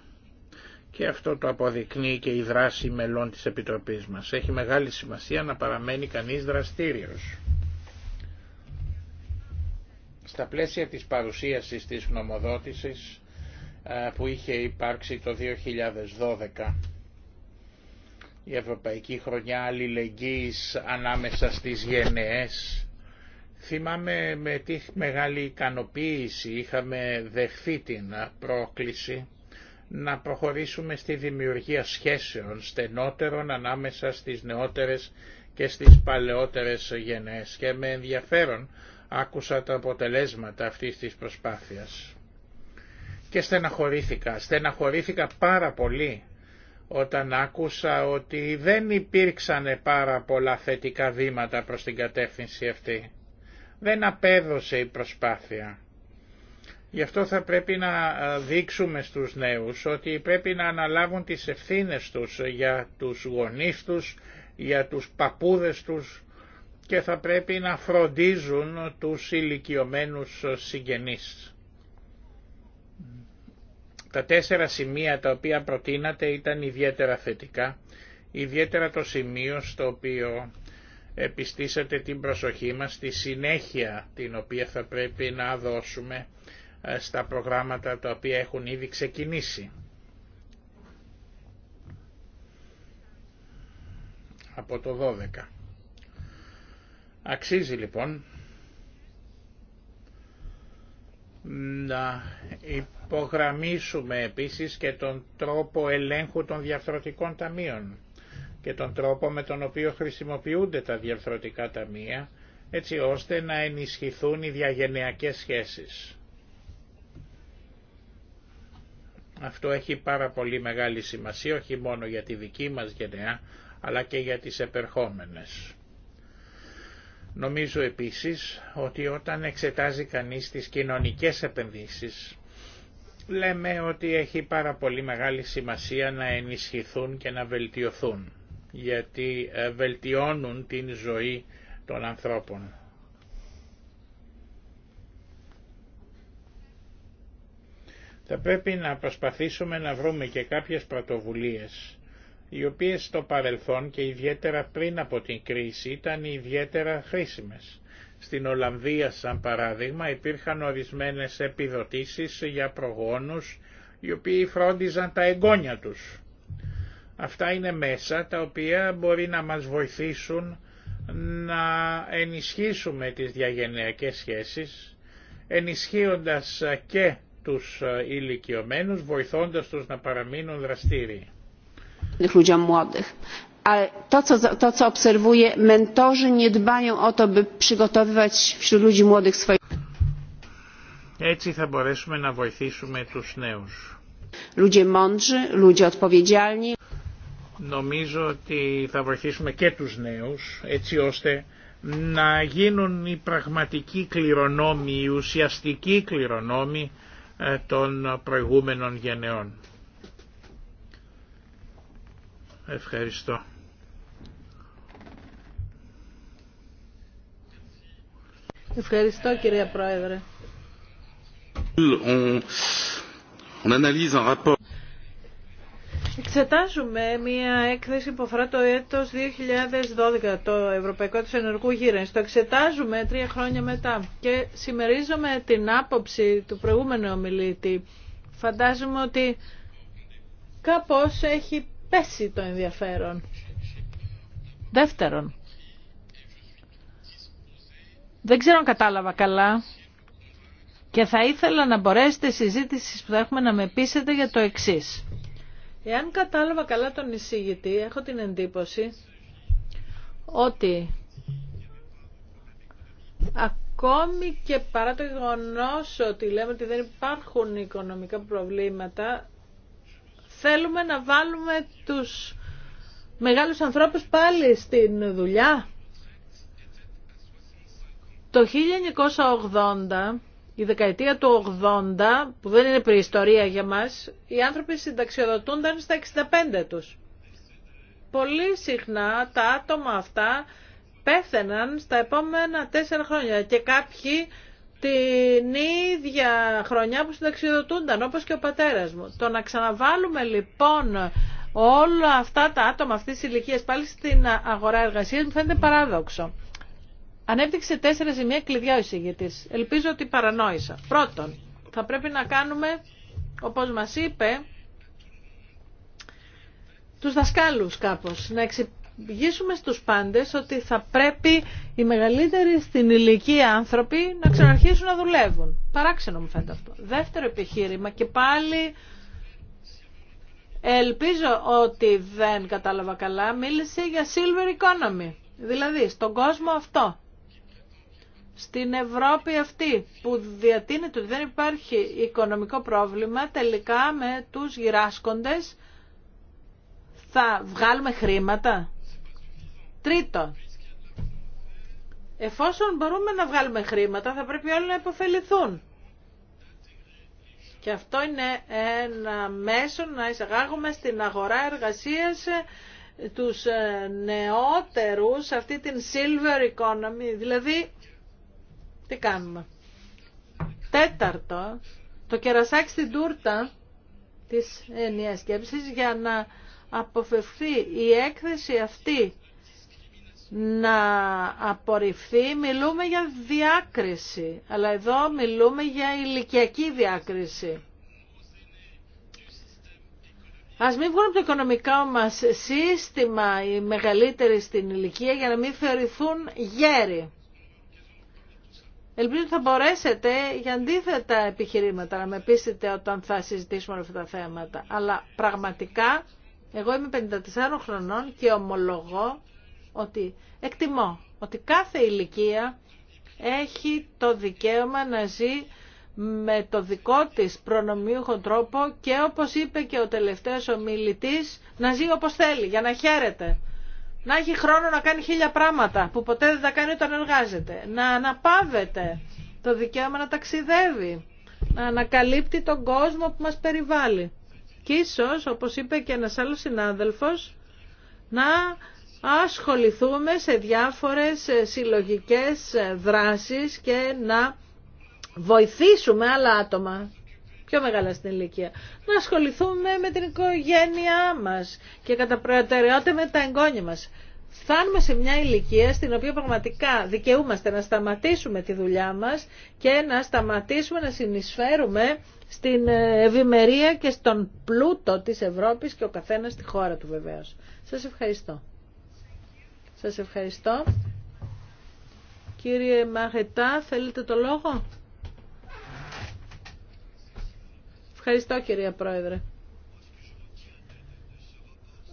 και αυτό το αποδεικνύει και η δράση μελών της Επιτροπής μας. Έχει μεγάλη σημασία να παραμένει κανείς δραστήριος. Στα πλαίσια της παρουσίασης της γνωμοδότησης ε, που είχε υπάρξει το 2012. Η Ευρωπαϊκή Χρονιά Αλληλεγγύης ανάμεσα στις γενναίες. Θυμάμαι με τι μεγάλη ικανοποίηση είχαμε δεχθεί την πρόκληση να προχωρήσουμε στη δημιουργία σχέσεων στενότερων ανάμεσα στις νεότερες και στις παλαιότερες γενναίες και με ενδιαφέρον άκουσα τα αποτελέσματα αυτής της προσπάθειας και στεναχωρήθηκα. Στεναχωρήθηκα πάρα πολύ όταν άκουσα ότι δεν υπήρξαν πάρα πολλά θετικά βήματα προς την κατεύθυνση αυτή. Δεν απέδωσε η προσπάθεια. Γι' αυτό θα πρέπει να δείξουμε στους νέους ότι πρέπει να αναλάβουν τις ευθύνες τους για τους γονείς τους, για τους παππούδες τους και θα πρέπει να φροντίζουν τους ηλικιωμένους συγγενείς. Τα τέσσερα σημεία τα οποία προτείνατε ήταν ιδιαίτερα θετικά, ιδιαίτερα το σημείο στο οποίο επιστήσατε την προσοχή μας στη συνέχεια την οποία θα πρέπει να δώσουμε ε, στα προγράμματα τα οποία έχουν ήδη ξεκινήσει. Από το 12. Αξίζει λοιπόν να υπογραμμίσουμε επίσης και τον τρόπο ελέγχου των διαρθρωτικών ταμείων και τον τρόπο με τον οποίο χρησιμοποιούνται τα διαρθρωτικά ταμεία έτσι ώστε να ενισχυθούν οι διαγενειακές σχέσεις. Αυτό έχει πάρα πολύ μεγάλη σημασία όχι μόνο για τη δική μας γενεά αλλά και για τις επερχόμενες. Νομίζω επίσης ότι όταν εξετάζει κανείς τις κοινωνικές επενδύσεις, λέμε ότι έχει πάρα πολύ μεγάλη σημασία να ενισχυθούν και να βελτιωθούν, γιατί ε, βελτιώνουν την ζωή των ανθρώπων. Θα πρέπει να προσπαθήσουμε να βρούμε και κάποιες πρωτοβουλίες οι οποίες στο παρελθόν και ιδιαίτερα πριν από την κρίση ήταν ιδιαίτερα χρήσιμες. Στην Ολλανδία, σαν παράδειγμα, υπήρχαν ορισμένες επιδοτήσεις για προγόνους, οι οποίοι φρόντιζαν τα εγγόνια τους. Αυτά είναι μέσα τα οποία μπορεί να μας βοηθήσουν να ενισχύσουμε τις διαγενειακές σχέσεις, ενισχύοντας και τους ηλικιωμένους, βοηθώντας τους να παραμείνουν δραστήριοι ludziom młodych ale to co obserwuję mentorzy nie dbają o to by przygotowywać wśród ludzi młodych swoich Έτσι θα μπορέσουμε να βοηθήσουμε τους νέους. Ludzie mądrzy, ludzie odpowiedzialni. Νομίζω ότι θα βοηθήσουμε και τους νέους έτσι ώστε να γίνουν οι πραγματικοί κληρονόμοι, οι ουσιαστικοί κληρονόμοι ε, των προηγούμενων γενεών. Ευχαριστώ. Ευχαριστώ κυρία Πρόεδρε. Εξετάζουμε μια έκθεση που αφορά το έτος 2012, το Ευρωπαϊκό του Ενεργού Γύρανση. Το εξετάζουμε τρία χρόνια μετά και συμμερίζομαι την άποψη του προηγούμενου ομιλήτη. Φαντάζομαι ότι κάπως έχει πέσει το ενδιαφέρον. Δεύτερον, δεν ξέρω αν κατάλαβα καλά και θα ήθελα να μπορέσετε συζήτηση που θα έχουμε να με πείσετε για το εξής. Εάν κατάλαβα καλά τον εισηγητή, έχω την εντύπωση ότι ακόμη και παρά το γεγονό ότι λέμε ότι δεν υπάρχουν οικονομικά προβλήματα, Θέλουμε να βάλουμε τους μεγάλους ανθρώπους πάλι στην δουλειά. Το 1980, η δεκαετία του 80, που δεν είναι προϊστορία για μας, οι άνθρωποι συνταξιοδοτούνταν στα 65 τους. Πολύ συχνά τα άτομα αυτά πέθαιναν στα επόμενα τέσσερα χρόνια και κάποιοι την ίδια χρονιά που συνταξιδοτούνταν, όπως και ο πατέρας μου. Το να ξαναβάλουμε λοιπόν όλα αυτά τα άτομα αυτής της ηλικίας πάλι στην αγορά εργασίας μου φαίνεται παράδοξο. Ανέπτυξε τέσσερα ζημία κλειδιά ο εισηγητής. Ελπίζω ότι παρανόησα. Πρώτον, θα πρέπει να κάνουμε, όπως μας είπε, τους δασκάλους κάπως, να εξυπηρετήσουμε Βγήσουμε στους πάντες ότι θα πρέπει οι μεγαλύτεροι στην ηλικία άνθρωποι να ξαναρχίσουν να δουλεύουν. Παράξενο μου φαίνεται αυτό. Δεύτερο επιχείρημα και πάλι ελπίζω ότι δεν κατάλαβα καλά μίλησε για silver economy. Δηλαδή στον κόσμο αυτό. Στην Ευρώπη αυτή που διατείνεται ότι δεν υπάρχει οικονομικό πρόβλημα τελικά με τους γυράσκοντες θα βγάλουμε χρήματα. Τρίτον, εφόσον μπορούμε να βγάλουμε χρήματα, θα πρέπει όλοι να υποφεληθούν. Και αυτό είναι ένα μέσο να εισαγάγουμε στην αγορά εργασίας τους νεότερους, αυτή την silver economy, δηλαδή τι κάνουμε. Τέταρτο, το κερασάκι στην τούρτα της ενιαίας σκέψης για να αποφευθεί η έκθεση αυτή να απορριφθεί, μιλούμε για διάκριση. Αλλά εδώ μιλούμε για ηλικιακή διάκριση. Ας μην βγουν από το οικονομικό μας σύστημα οι μεγαλύτεροι στην ηλικία για να μην θεωρηθούν γέροι. Ελπίζω ότι θα μπορέσετε για αντίθετα επιχειρήματα να με πείσετε όταν θα συζητήσουμε αυτά τα θέματα. Αλλά πραγματικά εγώ είμαι 54 χρονών και ομολογώ ότι εκτιμώ ότι κάθε ηλικία έχει το δικαίωμα να ζει με το δικό της προνομιούχο τρόπο και όπως είπε και ο τελευταίος ομιλητής να ζει όπως θέλει για να χαίρεται. Να έχει χρόνο να κάνει χίλια πράγματα που ποτέ δεν τα κάνει όταν εργάζεται. Να αναπαύεται το δικαίωμα να ταξιδεύει. Να ανακαλύπτει τον κόσμο που μας περιβάλλει. Και ίσως, όπως είπε και ένας άλλος συνάδελφος, να ασχοληθούμε σε διάφορες συλλογικές δράσεις και να βοηθήσουμε άλλα άτομα πιο μεγάλα στην ηλικία. Να ασχοληθούμε με την οικογένειά μας και κατά προτεραιότητα με τα εγγόνια μας. Φτάνουμε σε μια ηλικία στην οποία πραγματικά δικαιούμαστε να σταματήσουμε τη δουλειά μας και να σταματήσουμε να συνεισφέρουμε στην ευημερία και στον πλούτο της Ευρώπης και ο καθένας στη χώρα του βεβαίως. Σας ευχαριστώ. Σας ευχαριστώ. Κύριε Μαγετά, θέλετε το λόγο. Ευχαριστώ κυρία Πρόεδρε.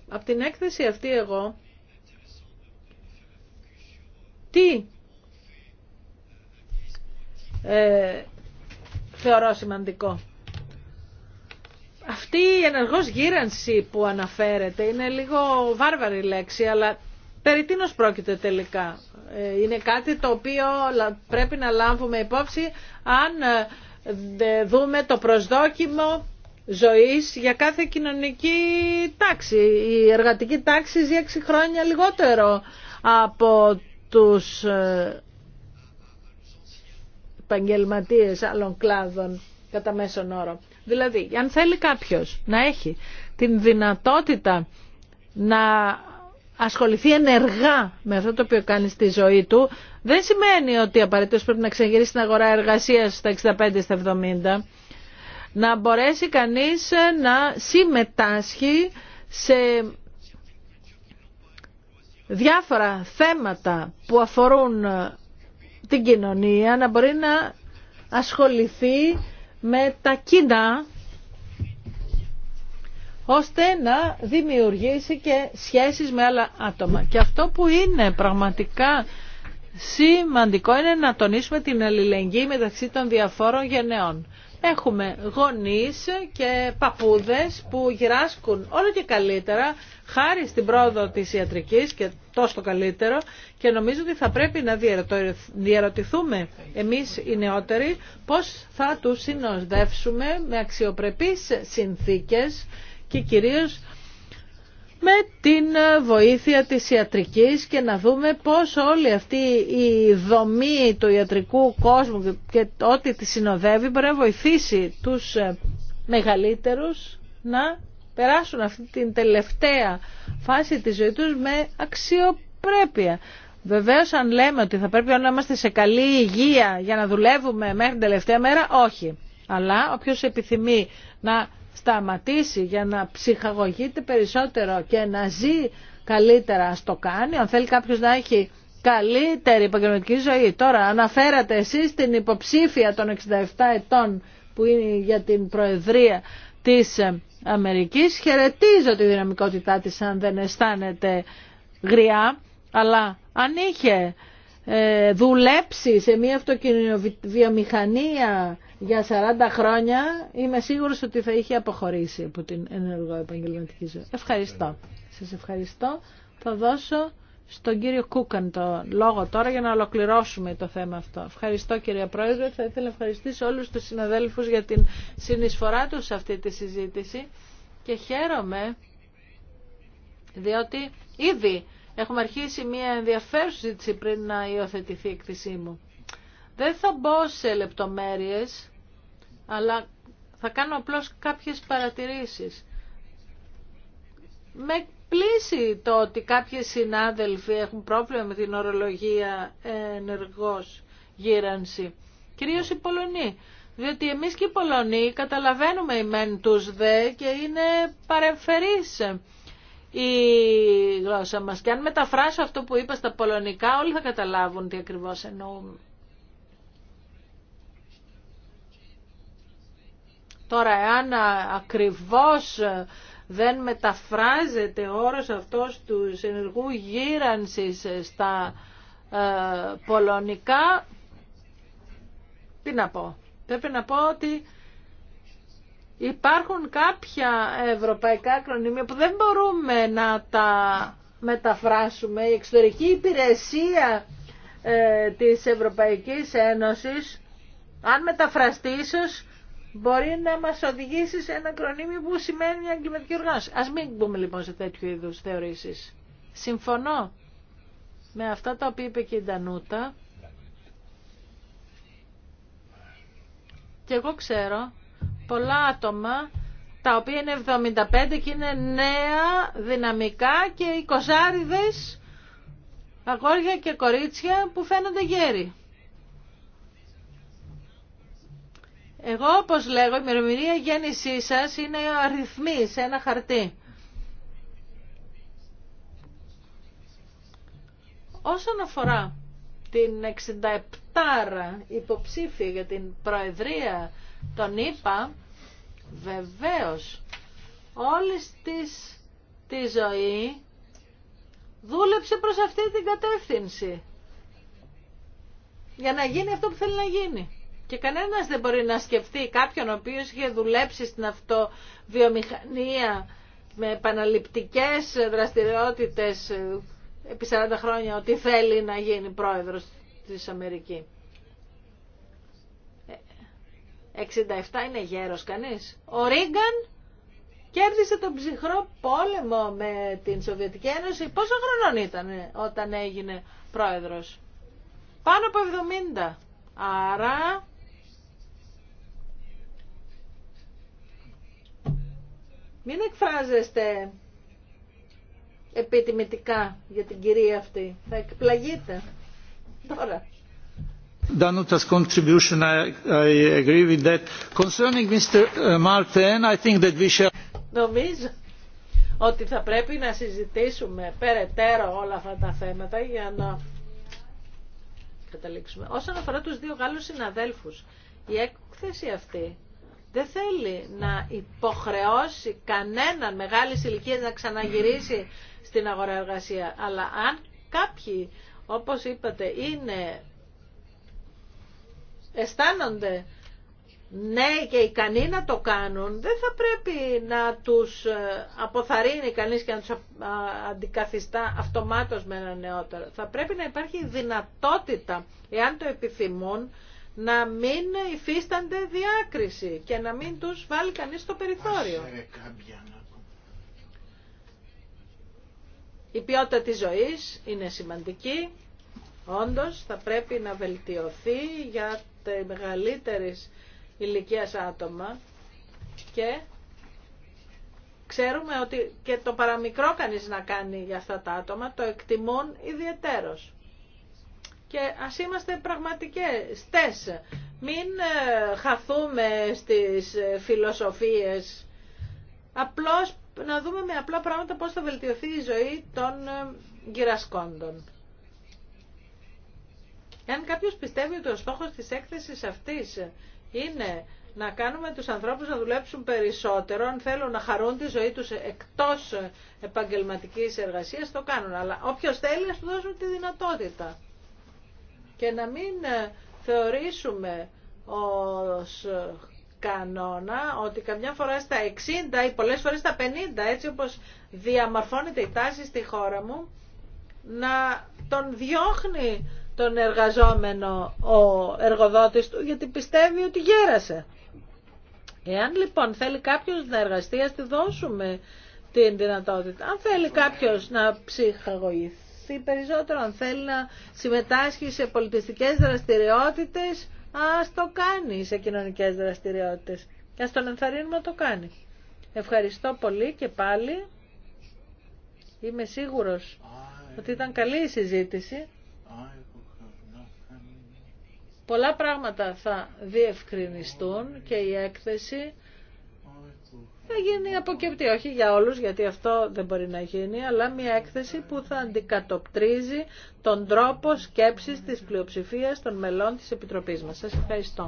Από την έκθεση αυτή εγώ, τι ε, θεωρώ σημαντικό. Αυτή η ενεργός γύρανση που αναφέρεται είναι λίγο βάρβαρη λέξη, αλλά Περί πρόκειται τελικά. Ε, είναι κάτι το οποίο πρέπει να λάβουμε υπόψη αν ε, δούμε το προσδόκιμο ζωής για κάθε κοινωνική τάξη. Η εργατική τάξη ζει έξι χρόνια λιγότερο από τους ε, επαγγελματίε άλλων κλάδων κατά μέσον όρο. Δηλαδή, αν θέλει κάποιος να έχει την δυνατότητα να ασχοληθεί ενεργά με αυτό το οποίο κάνει στη ζωή του, δεν σημαίνει ότι απαραίτητο πρέπει να ξεγυρίσει στην αγορά εργασία στα 65 στα 70. Να μπορέσει κανείς να συμμετάσχει σε διάφορα θέματα που αφορούν την κοινωνία, να μπορεί να ασχοληθεί με τα κοινά ώστε να δημιουργήσει και σχέσεις με άλλα άτομα. Και αυτό που είναι πραγματικά σημαντικό είναι να τονίσουμε την αλληλεγγύη μεταξύ των διαφόρων γενεών. Έχουμε γονείς και παππούδες που γυράσκουν όλο και καλύτερα χάρη στην πρόοδο της ιατρικής και τόσο καλύτερο και νομίζω ότι θα πρέπει να διαρωτηθούμε εμείς οι νεότεροι πώς θα τους συνοδεύσουμε με αξιοπρεπείς συνθήκες και κυρίως με την βοήθεια της ιατρικής και να δούμε πώς όλη αυτή η δομή του ιατρικού κόσμου και ό,τι τη συνοδεύει μπορεί να βοηθήσει τους ε, μεγαλύτερους να περάσουν αυτή την τελευταία φάση της ζωής τους με αξιοπρέπεια. Βεβαίω, αν λέμε ότι θα πρέπει να είμαστε σε καλή υγεία για να δουλεύουμε μέχρι την τελευταία μέρα, όχι. Αλλά όποιος επιθυμεί να σταματήσει για να ψυχαγωγείται περισσότερο και να ζει καλύτερα στο το κάνει. Αν θέλει κάποιος να έχει καλύτερη επαγγελματική ζωή. Τώρα αναφέρατε εσείς την υποψήφια των 67 ετών που είναι για την Προεδρία της Αμερικής. Χαιρετίζω τη δυναμικότητά της αν δεν αισθάνεται γριά, αλλά αν είχε ε, δουλέψει σε μια αυτοκινητοβιομηχανία για 40 χρόνια είμαι σίγουρος ότι θα είχε αποχωρήσει από την ενεργό επαγγελματική ζωή. Ευχαριστώ. Σας ευχαριστώ. Θα δώσω στον κύριο Κούκαν το λόγο τώρα για να ολοκληρώσουμε το θέμα αυτό. Ευχαριστώ κύριε Πρόεδρε. Θα ήθελα να ευχαριστήσω όλους τους συναδέλφους για την συνεισφορά τους σε αυτή τη συζήτηση και χαίρομαι διότι ήδη έχουμε αρχίσει μια ενδιαφέρουσα συζήτηση πριν να υιοθετηθεί η εκθεσή μου. Δεν θα μπω σε λεπτομέρειες αλλά θα κάνω απλώς κάποιες παρατηρήσεις. Με πλήσει το ότι κάποιοι συνάδελφοι έχουν πρόβλημα με την ορολογία ενεργός γύρανση. Κυρίως οι Πολωνοί. Διότι εμείς και οι Πολωνοί καταλαβαίνουμε οι μεν τους δε και είναι παρεμφερείς η γλώσσα μας. Και αν μεταφράσω αυτό που είπα στα πολωνικά όλοι θα καταλάβουν τι ακριβώς εννοούμε. Τώρα, εάν ακριβώς δεν μεταφράζεται ο όρος αυτός του συνεργού γύρανσης στα πολωνικά, τι να πω. Πρέπει να πω ότι υπάρχουν κάποια ευρωπαϊκά κρονίμια που δεν μπορούμε να τα μεταφράσουμε. Η εξωτερική υπηρεσία ε, της Ευρωπαϊκής Ένωσης, αν μεταφραστεί ίσως, μπορεί να μας οδηγήσει σε ένα κρονίμι που σημαίνει αγκληματική οργάνωση. Ας μην μπούμε λοιπόν σε τέτοιου είδους θεωρήσεις. Συμφωνώ με αυτά τα οποία είπε και η Ντανούτα. Και εγώ ξέρω πολλά άτομα τα οποία είναι 75 και είναι νέα, δυναμικά και οι αγόρια και κορίτσια που φαίνονται γέροι. Εγώ όπως λέγω η μερομηνία γέννησή σας είναι αριθμή σε ένα χαρτί. Όσον αφορά την 67 υποψήφια για την Προεδρία των ΗΠΑ, βεβαίως όλη της τη ζωή δούλεψε προς αυτή την κατεύθυνση για να γίνει αυτό που θέλει να γίνει. Και κανένας δεν μπορεί να σκεφτεί κάποιον ο οποίος είχε δουλέψει στην αυτοβιομηχανία με επαναληπτικές δραστηριότητες ε, επί 40 χρόνια ότι θέλει να γίνει πρόεδρος της Αμερική. 67 ε, είναι γέρος κανείς. Ο Ρίγκαν κέρδισε τον ψυχρό πόλεμο με την Σοβιετική Ένωση. Πόσο χρονών ήταν ε, όταν έγινε πρόεδρος. Πάνω από 70. Άρα Μην εκφράζεστε επιτιμητικά για την κυρία αυτή. Θα εκπλαγείτε. Τώρα. Danuta's contribution, I, agree with that. Concerning Mr. Uh, Martin, I think that we shall... Νομίζω ότι θα πρέπει να συζητήσουμε περαιτέρω όλα αυτά τα θέματα για να καταλήξουμε. Όσον αφορά τους δύο Γάλλους συναδέλφους, η έκθεση αυτή δεν θέλει να υποχρεώσει κανέναν μεγάλη ηλικία να ξαναγυρίσει στην αγορά εργασία. Αλλά αν κάποιοι, όπως είπατε, είναι, αισθάνονται ναι και ικανοί να το κάνουν, δεν θα πρέπει να τους ε, αποθαρρύνει κανείς και να τους ε, αντικαθιστά αυτομάτως με ένα νεότερο. Θα πρέπει να υπάρχει δυνατότητα, εάν το επιθυμούν, να μην υφίστανται διάκριση και να μην τους βάλει κανείς στο περιθώριο. Η ποιότητα της ζωής είναι σημαντική. Όντως θα πρέπει να βελτιωθεί για τα μεγαλύτερη ηλικία άτομα και ξέρουμε ότι και το παραμικρό κανείς να κάνει για αυτά τα άτομα το εκτιμούν ιδιαιτέρως και ας είμαστε πραγματικές στες. Μην ε, χαθούμε στις ε, φιλοσοφίες. Απλώς να δούμε με απλά πράγματα πώς θα βελτιωθεί η ζωή των ε, γυρασκόντων. Εάν κάποιος πιστεύει ότι ο στόχος της έκθεσης αυτής είναι να κάνουμε τους ανθρώπους να δουλέψουν περισσότερο, αν θέλουν να χαρούν τη ζωή τους εκτός επαγγελματικής εργασίας, το κάνουν. Αλλά όποιος θέλει του δώσουν τη δυνατότητα και να μην ε, θεωρήσουμε ως ε, κανόνα ότι καμιά φορά στα 60 ή πολλές φορές στα 50 έτσι όπως διαμορφώνεται η τάση στη χώρα μου να τον διώχνει τον εργαζόμενο ο εργοδότης του γιατί πιστεύει ότι γέρασε. Εάν λοιπόν θέλει κάποιος να εργαστεί ας τη δώσουμε την δυνατότητα. Αν θέλει κάποιος να ψυχαγωγηθεί ή περισσότερο. Αν θέλει να συμμετάσχει σε πολιτιστικές δραστηριότητες, ας το κάνει σε κοινωνικές δραστηριότητες. Και ας τον ενθαρρύνουμε να το κάνει. Ευχαριστώ πολύ και πάλι. Είμαι σίγουρος ότι ήταν καλή η συζήτηση. Πολλά πράγματα θα διευκρινιστούν και η έκθεση θα γίνει αποκεπτή. Όχι για όλους, γιατί αυτό δεν μπορεί να γίνει, αλλά μια έκθεση που θα αντικατοπτρίζει τον τρόπο σκέψης της πλειοψηφίας των μελών της Επιτροπής μας. Σας ευχαριστώ.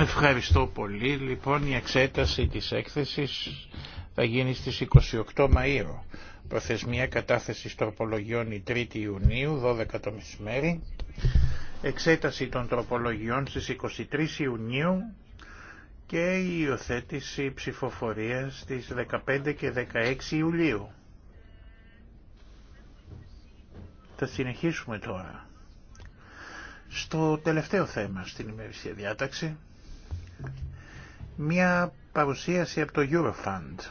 Ευχαριστώ πολύ. Λοιπόν, η εξέταση της έκθεσης θα γίνει στις 28 Μαΐου. Προθεσμία κατάθεση τροπολογιών η 3η Ιουνίου, 12 το μεσημέρι. Εξέταση των τροπολογιών στις 23 Ιουνίου και η υιοθέτηση ψηφοφορίας στις 15 και 16 Ιουλίου. Θα συνεχίσουμε τώρα. Στο τελευταίο θέμα στην ημερησία διάταξη, μία παρουσίαση από το Eurofund.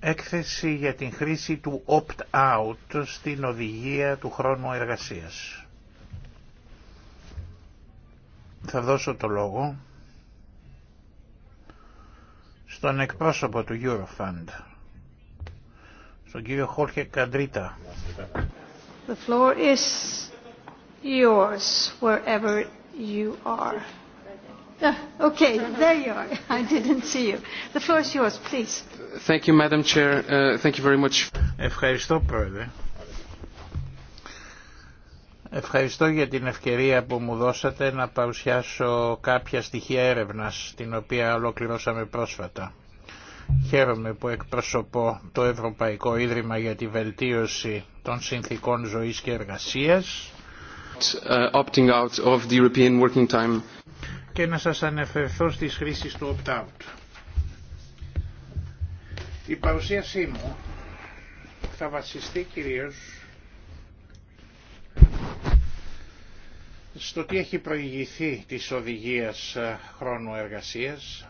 Έκθεση για την χρήση του opt-out στην οδηγία του χρόνου εργασίας. Θα δώσω το λόγο στον εκπρόσωπο του Eurofund, στον κύριο Χόρχε Καντρίτα. The floor is yours wherever you are. Okay, there you are. I didn't see you. The floor is yours, please. Thank you, Madam Chair. Uh, thank you very much. Ευχαριστώ, Πρόεδρε. Ευχαριστώ για την ευκαιρία που μου δώσατε να παρουσιάσω κάποια στοιχεία έρευνας, την οποία ολοκληρώσαμε πρόσφατα. Χαίρομαι που εκπροσωπώ το Ευρωπαϊκό Ίδρυμα για τη Βελτίωση των Συνθήκων Ζωής και Εργασίας uh, of the European και να σας ανεφερθώ στις χρήσεις του opt-out. Η παρουσίασή μου θα βασιστεί κυρίως στο τι έχει προηγηθεί της οδηγίας ε, χρόνου εργασίας,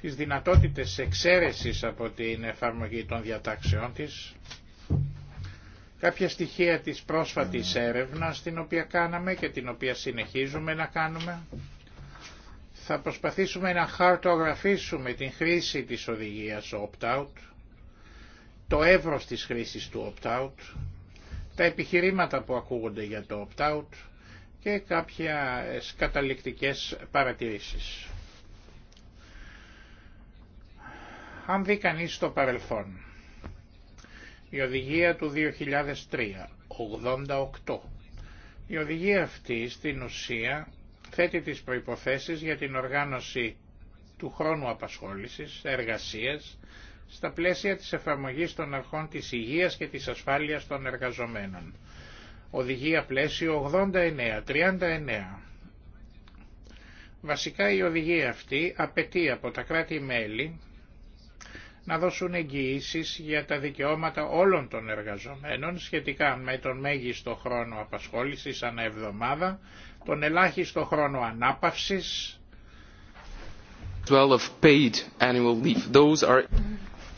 τις δυνατότητες εξαίρεσης από την εφαρμογή των διατάξεών της, κάποια στοιχεία της πρόσφατης έρευνας την οποία κάναμε και την οποία συνεχίζουμε να κάνουμε. Θα προσπαθήσουμε να χαρτογραφήσουμε την χρήση της οδηγίας opt-out, το εύρος της χρήσης του opt-out, τα επιχειρήματα που ακούγονται για το opt-out, και κάποιες καταληκτικές παρατηρήσεις. Αν δει κανεί το παρελθόν, η οδηγία του 2003, 88, η οδηγία αυτή στην ουσία θέτει τις προϋποθέσεις για την οργάνωση του χρόνου απασχόλησης, εργασίας, στα πλαίσια της εφαρμογής των αρχών της υγείας και της ασφάλειας των εργαζομένων. Οδηγία πλαίσιο 89, 39. Βασικά η οδηγία αυτή απαιτεί από τα κράτη-μέλη να δώσουν εγγυήσεις για τα δικαιώματα όλων των εργαζομένων σχετικά με τον μέγιστο χρόνο απασχόλησης ανά εβδομάδα, τον ελάχιστο χρόνο ανάπαυσης,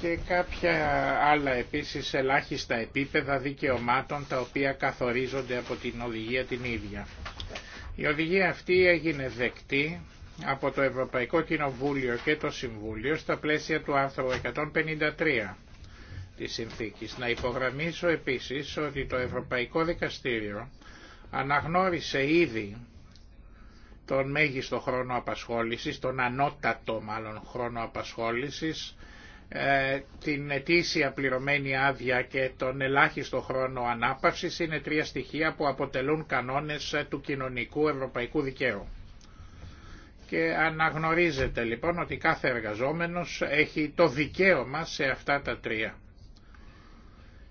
και κάποια άλλα επίσης ελάχιστα επίπεδα δικαιωμάτων τα οποία καθορίζονται από την οδηγία την ίδια. Η οδηγία αυτή έγινε δεκτή από το Ευρωπαϊκό Κοινοβούλιο και το Συμβούλιο στα πλαίσια του άρθρου 153 της συνθήκης. Να υπογραμμίσω επίσης ότι το Ευρωπαϊκό Δικαστήριο αναγνώρισε ήδη τον μέγιστο χρόνο απασχόλησης, τον ανώτατο μάλλον χρόνο απασχόλησης ε, την ετήσια πληρωμένη άδεια και τον ελάχιστο χρόνο ανάπαυσης είναι τρία στοιχεία που αποτελούν κανόνες ε, του κοινωνικού ευρωπαϊκού δικαίου. Και αναγνωρίζεται λοιπόν ότι κάθε εργαζόμενος έχει το δικαίωμα σε αυτά τα τρία.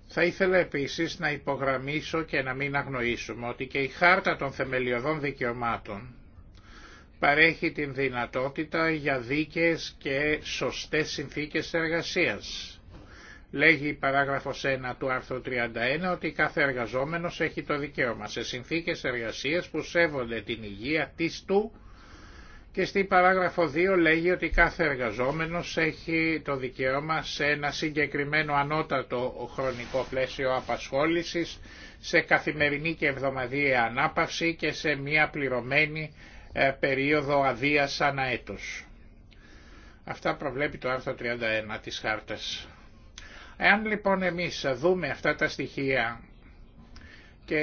Θα ήθελα επίσης να υπογραμμίσω και να μην αγνοήσουμε ότι και η Χάρτα των Θεμελιωδών Δικαιωμάτων παρέχει την δυνατότητα για δίκαιες και σωστές συνθήκες εργασίας. Λέγει η παράγραφος 1 του άρθρου 31 ότι κάθε εργαζόμενος έχει το δικαίωμα σε συνθήκες εργασίας που σέβονται την υγεία της του και στη παράγραφο 2 λέγει ότι κάθε εργαζόμενος έχει το δικαίωμα σε ένα συγκεκριμένο ανώτατο χρονικό πλαίσιο απασχόλησης, σε καθημερινή και εβδομαδιαία ανάπαυση και σε μια πληρωμένη ε, περίοδο αδείας ανά έτος. Αυτά προβλέπει το άρθρο 31 της χάρτας. Εάν λοιπόν εμείς δούμε αυτά τα στοιχεία και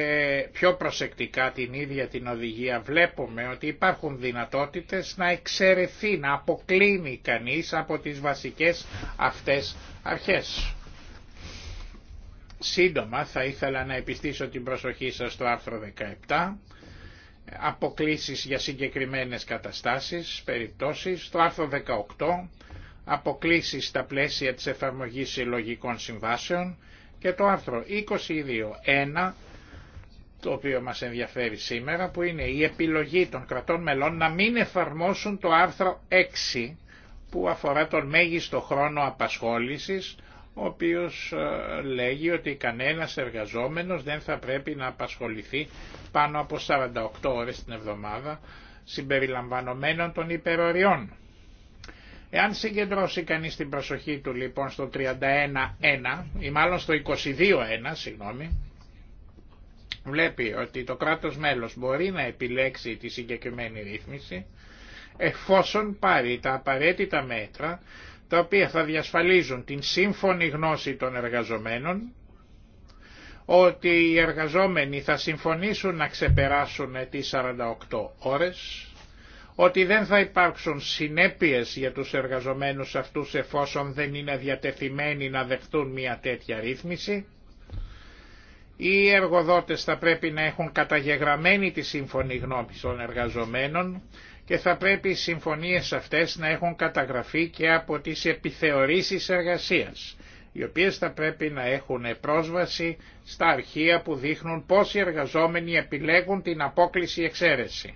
πιο προσεκτικά την ίδια την οδηγία βλέπουμε ότι υπάρχουν δυνατότητες να εξαιρεθεί, να αποκλίνει κανείς από τις βασικές αυτές αρχές. Σύντομα θα ήθελα να επιστήσω την προσοχή σας στο άρθρο 17 αποκλήσεις για συγκεκριμένες καταστάσεις, περιπτώσεις. Το άρθρο 18, αποκλήσεις στα πλαίσια της εφαρμογής συλλογικών συμβάσεων. Και το άρθρο 22.1, το οποίο μας ενδιαφέρει σήμερα, που είναι η επιλογή των κρατών μελών να μην εφαρμόσουν το άρθρο 6, που αφορά τον μέγιστο χρόνο απασχόλησης, ο οποίος ε, λέγει ότι κανένας εργαζόμενος δεν θα πρέπει να απασχοληθεί πάνω από 48 ώρες την εβδομάδα συμπεριλαμβανομένων των υπεροριών. Εάν συγκεντρώσει κανείς την προσοχή του λοιπόν στο 31.1 ή μάλλον στο 22.1 συγγνώμη, βλέπει ότι το κράτος μέλος μπορεί να επιλέξει τη συγκεκριμένη ρύθμιση εφόσον πάρει τα απαραίτητα μέτρα τα οποία θα διασφαλίζουν την σύμφωνη γνώση των εργαζομένων, ότι οι εργαζόμενοι θα συμφωνήσουν να ξεπεράσουν τις 48 ώρες, ότι δεν θα υπάρξουν συνέπειες για τους εργαζομένους αυτούς εφόσον δεν είναι διατεθειμένοι να δεχτούν μια τέτοια ρύθμιση. Οι εργοδότες θα πρέπει να έχουν καταγεγραμμένη τη σύμφωνη γνώμη των εργαζομένων και θα πρέπει οι συμφωνίες αυτές να έχουν καταγραφεί και από τις επιθεωρήσεις εργασίας, οι οποίες θα πρέπει να έχουν πρόσβαση στα αρχεία που δείχνουν πόσοι εργαζόμενοι επιλέγουν την απόκληση εξαίρεση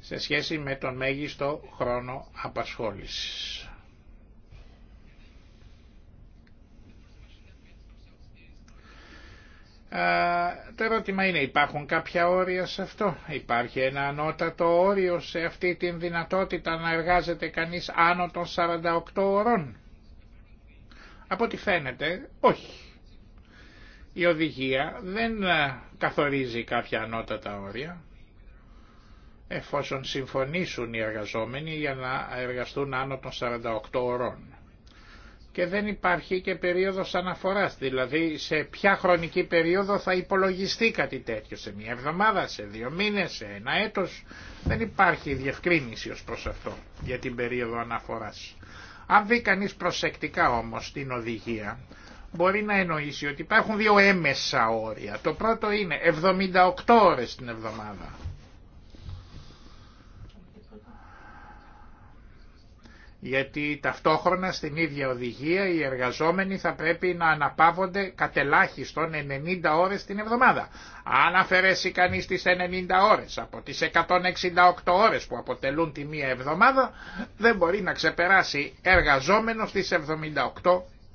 σε σχέση με τον μέγιστο χρόνο απασχόλησης. το ερώτημα είναι υπάρχουν κάποια όρια σε αυτό. Υπάρχει ένα ανώτατο όριο σε αυτή την δυνατότητα να εργάζεται κανείς άνω των 48 ώρων. Από ό,τι φαίνεται όχι. Η οδηγία δεν καθορίζει κάποια ανώτατα όρια εφόσον συμφωνήσουν οι εργαζόμενοι για να εργαστούν άνω των 48 ώρων και δεν υπάρχει και περίοδος αναφοράς, δηλαδή σε ποια χρονική περίοδο θα υπολογιστεί κάτι τέτοιο, σε μια εβδομάδα, σε δύο μήνες, σε ένα έτος. Δεν υπάρχει διευκρίνηση ως προς αυτό για την περίοδο αναφοράς. Αν δει κανείς προσεκτικά όμως την οδηγία, μπορεί να εννοήσει ότι υπάρχουν δύο έμεσα όρια. Το πρώτο είναι 78 ώρες την εβδομάδα. γιατί ταυτόχρονα στην ίδια οδηγία οι εργαζόμενοι θα πρέπει να αναπαύονται κατελάχιστον 90 ώρες την εβδομάδα. Αν αφαιρέσει κανείς τις 90 ώρες από τις 168 ώρες που αποτελούν τη μία εβδομάδα, δεν μπορεί να ξεπεράσει εργαζόμενος τις 78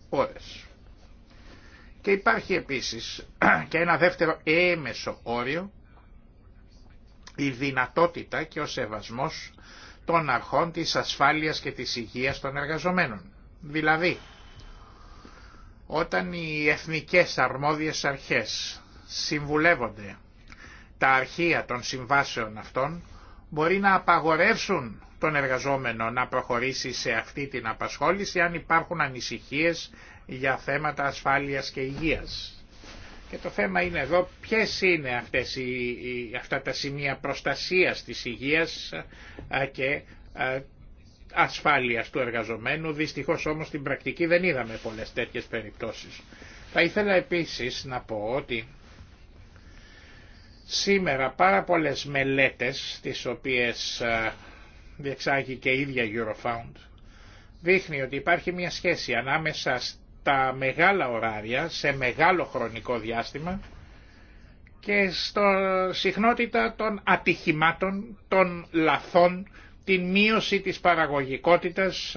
ώρες. Και υπάρχει επίσης και ένα δεύτερο έμεσο όριο, η δυνατότητα και ο σεβασμός των αρχών της ασφάλειας και της υγείας των εργαζομένων. Δηλαδή, όταν οι εθνικές αρμόδιες αρχές συμβουλεύονται τα αρχεία των συμβάσεων αυτών, μπορεί να απαγορεύσουν τον εργαζόμενο να προχωρήσει σε αυτή την απασχόληση αν υπάρχουν ανησυχίες για θέματα ασφάλειας και υγείας. Και το θέμα είναι εδώ ποιες είναι αυτές οι, αυτά τα σημεία προστασίας της υγείας και ασφάλειας του εργαζομένου. Δυστυχώς όμως στην πρακτική δεν είδαμε πολλές τέτοιες περιπτώσεις. Θα ήθελα επίσης να πω ότι σήμερα πάρα πολλές μελέτες τις οποίες διεξάγει και η ίδια Eurofound δείχνει ότι υπάρχει μια σχέση ανάμεσα τα μεγάλα ωράρια σε μεγάλο χρονικό διάστημα και στο συχνότητα των ατυχημάτων, των λαθών, την μείωση της παραγωγικότητας,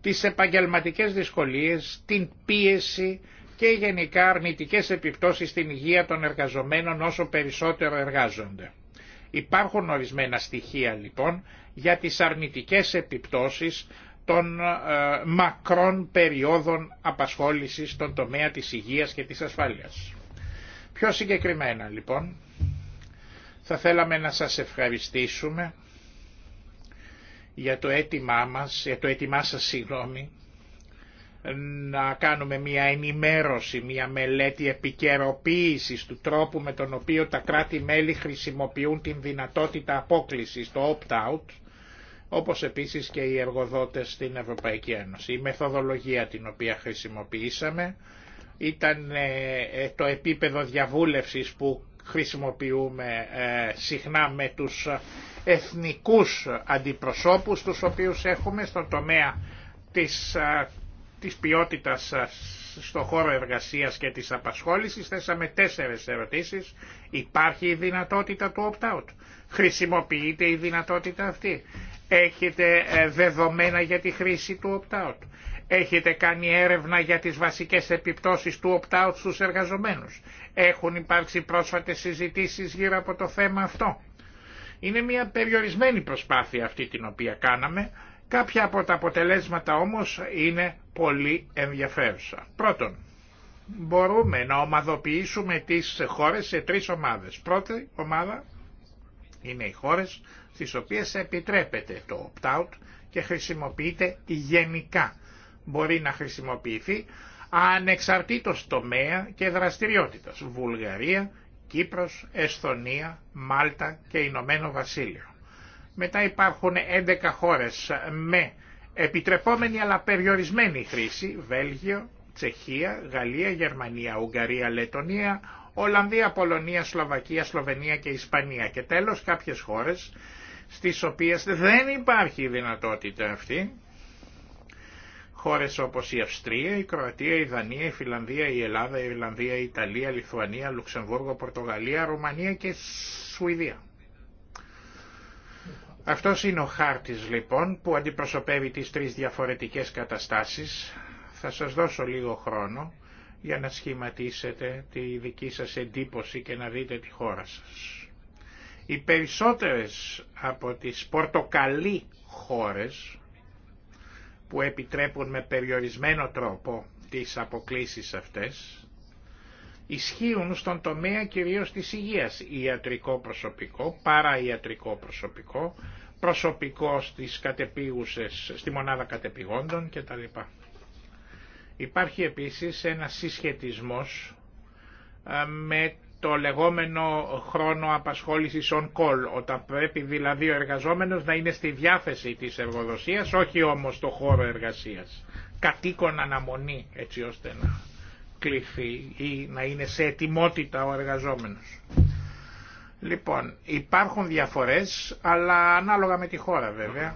τις επαγγελματικές δυσκολίες, την πίεση και γενικά αρνητικές επιπτώσεις στην υγεία των εργαζομένων όσο περισσότερο εργάζονται. Υπάρχουν ορισμένα στοιχεία λοιπόν για τις αρνητικές επιπτώσεις των ε, μακρών περιόδων απασχόλησης στον τομέα της υγείας και της ασφάλειας. Πιο συγκεκριμένα λοιπόν, θα θέλαμε να σας ευχαριστήσουμε για το έτοιμά μας, για το έτοιμά σας συγγνώμη, να κάνουμε μια ενημέρωση, μια μελέτη επικαιροποίηση του τρόπου με τον οποίο τα κράτη-μέλη χρησιμοποιούν την δυνατότητα απόκλησης, το opt-out, όπως επίσης και οι εργοδότες στην Ευρωπαϊκή Ένωση. Η μεθοδολογία την οποία χρησιμοποιήσαμε ήταν ε, ε, το επίπεδο διαβούλευσης που χρησιμοποιούμε ε, συχνά με τους εθνικούς αντιπροσώπους τους οποίους έχουμε στον τομέα της, της ποιότητας στο χώρο εργασίας και της απασχόλησης θέσαμε τέσσερες ερωτήσεις. Υπάρχει η δυνατότητα του opt-out. Χρησιμοποιείται η δυνατότητα αυτή. Έχετε ε, δεδομένα για τη χρήση του opt-out. Έχετε κάνει έρευνα για τις βασικές επιπτώσεις του opt-out στους εργαζομένους. Έχουν υπάρξει πρόσφατες συζητήσεις γύρω από το θέμα αυτό. Είναι μια περιορισμένη προσπάθεια αυτή την οποία κάναμε. Κάποια από τα αποτελέσματα όμως είναι πολύ ενδιαφέρουσα. Πρώτον, μπορούμε να ομαδοποιήσουμε τις χώρες σε τρεις ομάδες. Πρώτη ομάδα είναι οι χώρες στις οποίες επιτρέπεται το opt-out και χρησιμοποιείται γενικά. Μπορεί να χρησιμοποιηθεί ανεξαρτήτως τομέα και δραστηριότητας. Βουλγαρία, Κύπρος, Εσθονία, Μάλτα και Ηνωμένο Βασίλειο. Μετά υπάρχουν 11 χώρες με επιτρεπόμενη αλλά περιορισμένη χρήση, Βέλγιο, Τσεχία, Γαλλία, Γερμανία, Ουγγαρία, Λετωνία, Ολλανδία, Πολωνία, Σλοβακία, Σλοβενία και Ισπανία και τέλος κάποιες χώρες στις οποίες δεν υπάρχει η δυνατότητα αυτή. Χώρες όπως η Αυστρία, η Κροατία, η Δανία, η Φιλανδία, η Ελλάδα, η Ιρλανδία, η Ιταλία, η Λιθουανία, Λουξεμβούργο, Πορτογαλία, Ρουμανία και Σουηδία. Αυτός είναι ο χάρτης λοιπόν που αντιπροσωπεύει τις τρεις διαφορετικές καταστάσεις. Θα σας δώσω λίγο χρόνο για να σχηματίσετε τη δική σας εντύπωση και να δείτε τη χώρα σας. Οι περισσότερες από τις πορτοκαλί χώρες που επιτρέπουν με περιορισμένο τρόπο τις αποκλήσεις αυτές ισχύουν στον τομέα κυρίως της υγείας ιατρικό προσωπικό, παραϊατρικό προσωπικό, προσωπικό στις κατεπίγουσες, στη μονάδα κατεπηγόντων κτλ. Υπάρχει επίσης ένα συσχετισμός ε, με το λεγόμενο χρόνο απασχόλησης on call, όταν πρέπει δηλαδή ο εργαζόμενος να είναι στη διάθεση της εργοδοσίας, όχι όμως το χώρο εργασίας. Κατοίκον αναμονή έτσι ώστε να κληθεί ή να είναι σε ετοιμότητα ο εργαζόμενος. Λοιπόν, υπάρχουν διαφορές, αλλά ανάλογα με τη χώρα βέβαια.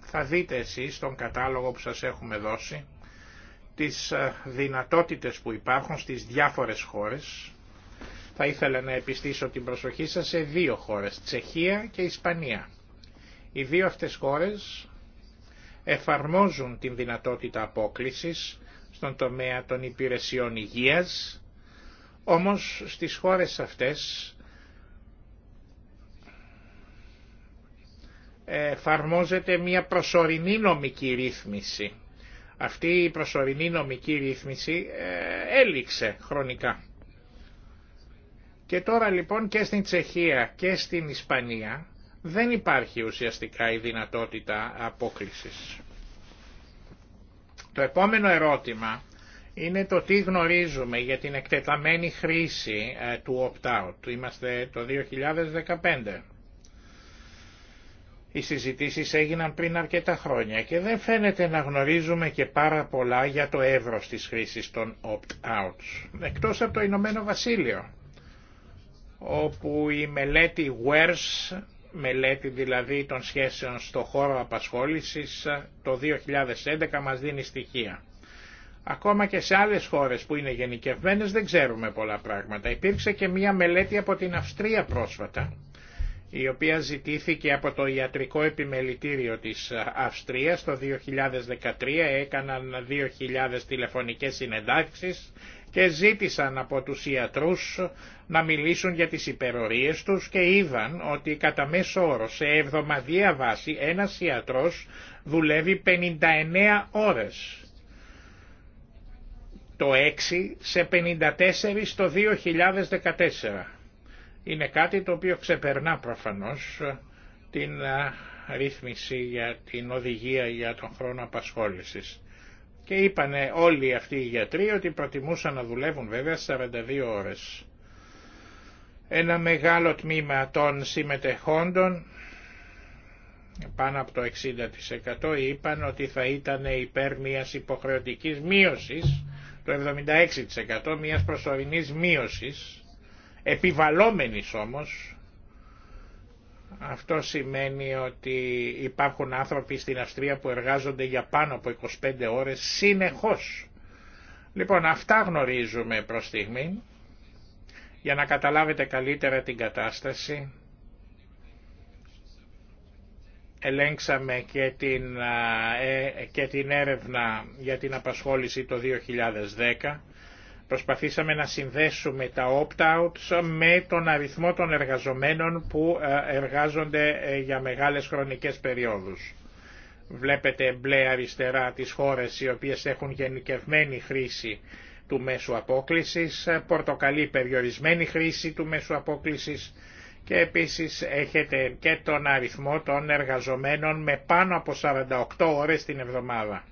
Θα δείτε εσείς τον κατάλογο που σας έχουμε δώσει, τις ε, δυνατότητες που υπάρχουν στις διάφορες χώρες, θα ήθελα να επιστήσω την προσοχή σας σε δύο χώρες, Τσεχία και Ισπανία. Οι δύο αυτές χώρες εφαρμόζουν την δυνατότητα απόκλησης στον τομέα των υπηρεσιών υγείας, όμως στις χώρες αυτές εφαρμόζεται μια προσωρινή νομική ρύθμιση. Αυτή η προσωρινή νομική ρύθμιση ε, έληξε χρονικά. Και τώρα λοιπόν και στην Τσεχία και στην Ισπανία δεν υπάρχει ουσιαστικά η δυνατότητα απόκλησης. Το επόμενο ερώτημα είναι το τι γνωρίζουμε για την εκτεταμένη χρήση ε, του opt-out. Είμαστε το 2015. Οι συζητήσεις έγιναν πριν αρκετά χρόνια και δεν φαίνεται να γνωρίζουμε και πάρα πολλά για το εύρος της χρήσης των opt-outs, εκτός από το Ηνωμένο Βασίλειο όπου η μελέτη WERS, μελέτη δηλαδή των σχέσεων στο χώρο απασχόλησης το 2011 μας δίνει στοιχεία. Ακόμα και σε άλλες χώρες που είναι γενικευμένες δεν ξέρουμε πολλά πράγματα. Υπήρξε και μία μελέτη από την Αυστρία πρόσφατα η οποία ζητήθηκε από το ιατρικό επιμελητήριο της Αυστρίας το 2013, έκαναν 2.000 τηλεφωνικές συνεντάξεις και ζήτησαν από τους ιατρούς να μιλήσουν για τις υπερορίες τους και είδαν ότι κατά μέσο όρο σε εβδομαδία βάση ένας ιατρός δουλεύει 59 ώρες. Το 6 σε 54 το 2014. Είναι κάτι το οποίο ξεπερνά προφανώς ε, την ε, ρύθμιση για την οδηγία για τον χρόνο απασχόλησης. Και είπανε όλοι αυτοί οι γιατροί ότι προτιμούσαν να δουλεύουν βέβαια 42 ώρες. Ένα μεγάλο τμήμα των συμμετεχόντων, πάνω από το 60% είπαν ότι θα ήταν υπέρ μιας υποχρεωτικής μείωσης, το 76% μιας προσωρινής μείωσης επιβαλόμενης όμως. Αυτό σημαίνει ότι υπάρχουν άνθρωποι στην Αυστρία που εργάζονται για πάνω από 25 ώρες συνεχώς. Λοιπόν, αυτά γνωρίζουμε προς στιγμή. Για να καταλάβετε καλύτερα την κατάσταση, ελέγξαμε και την, ε, και την έρευνα για την απασχόληση το 2010 Προσπαθήσαμε να συνδέσουμε τα opt-outs με τον αριθμό των εργαζομένων που ε, εργάζονται ε, για μεγάλες χρονικές περιόδους. Βλέπετε μπλε αριστερά τις χώρες οι οποίες έχουν γενικευμένη χρήση του μέσου απόκλησης, πορτοκαλί περιορισμένη χρήση του μέσου απόκλησης και επίσης έχετε και τον αριθμό των εργαζομένων με πάνω από 48 ώρες την εβδομάδα.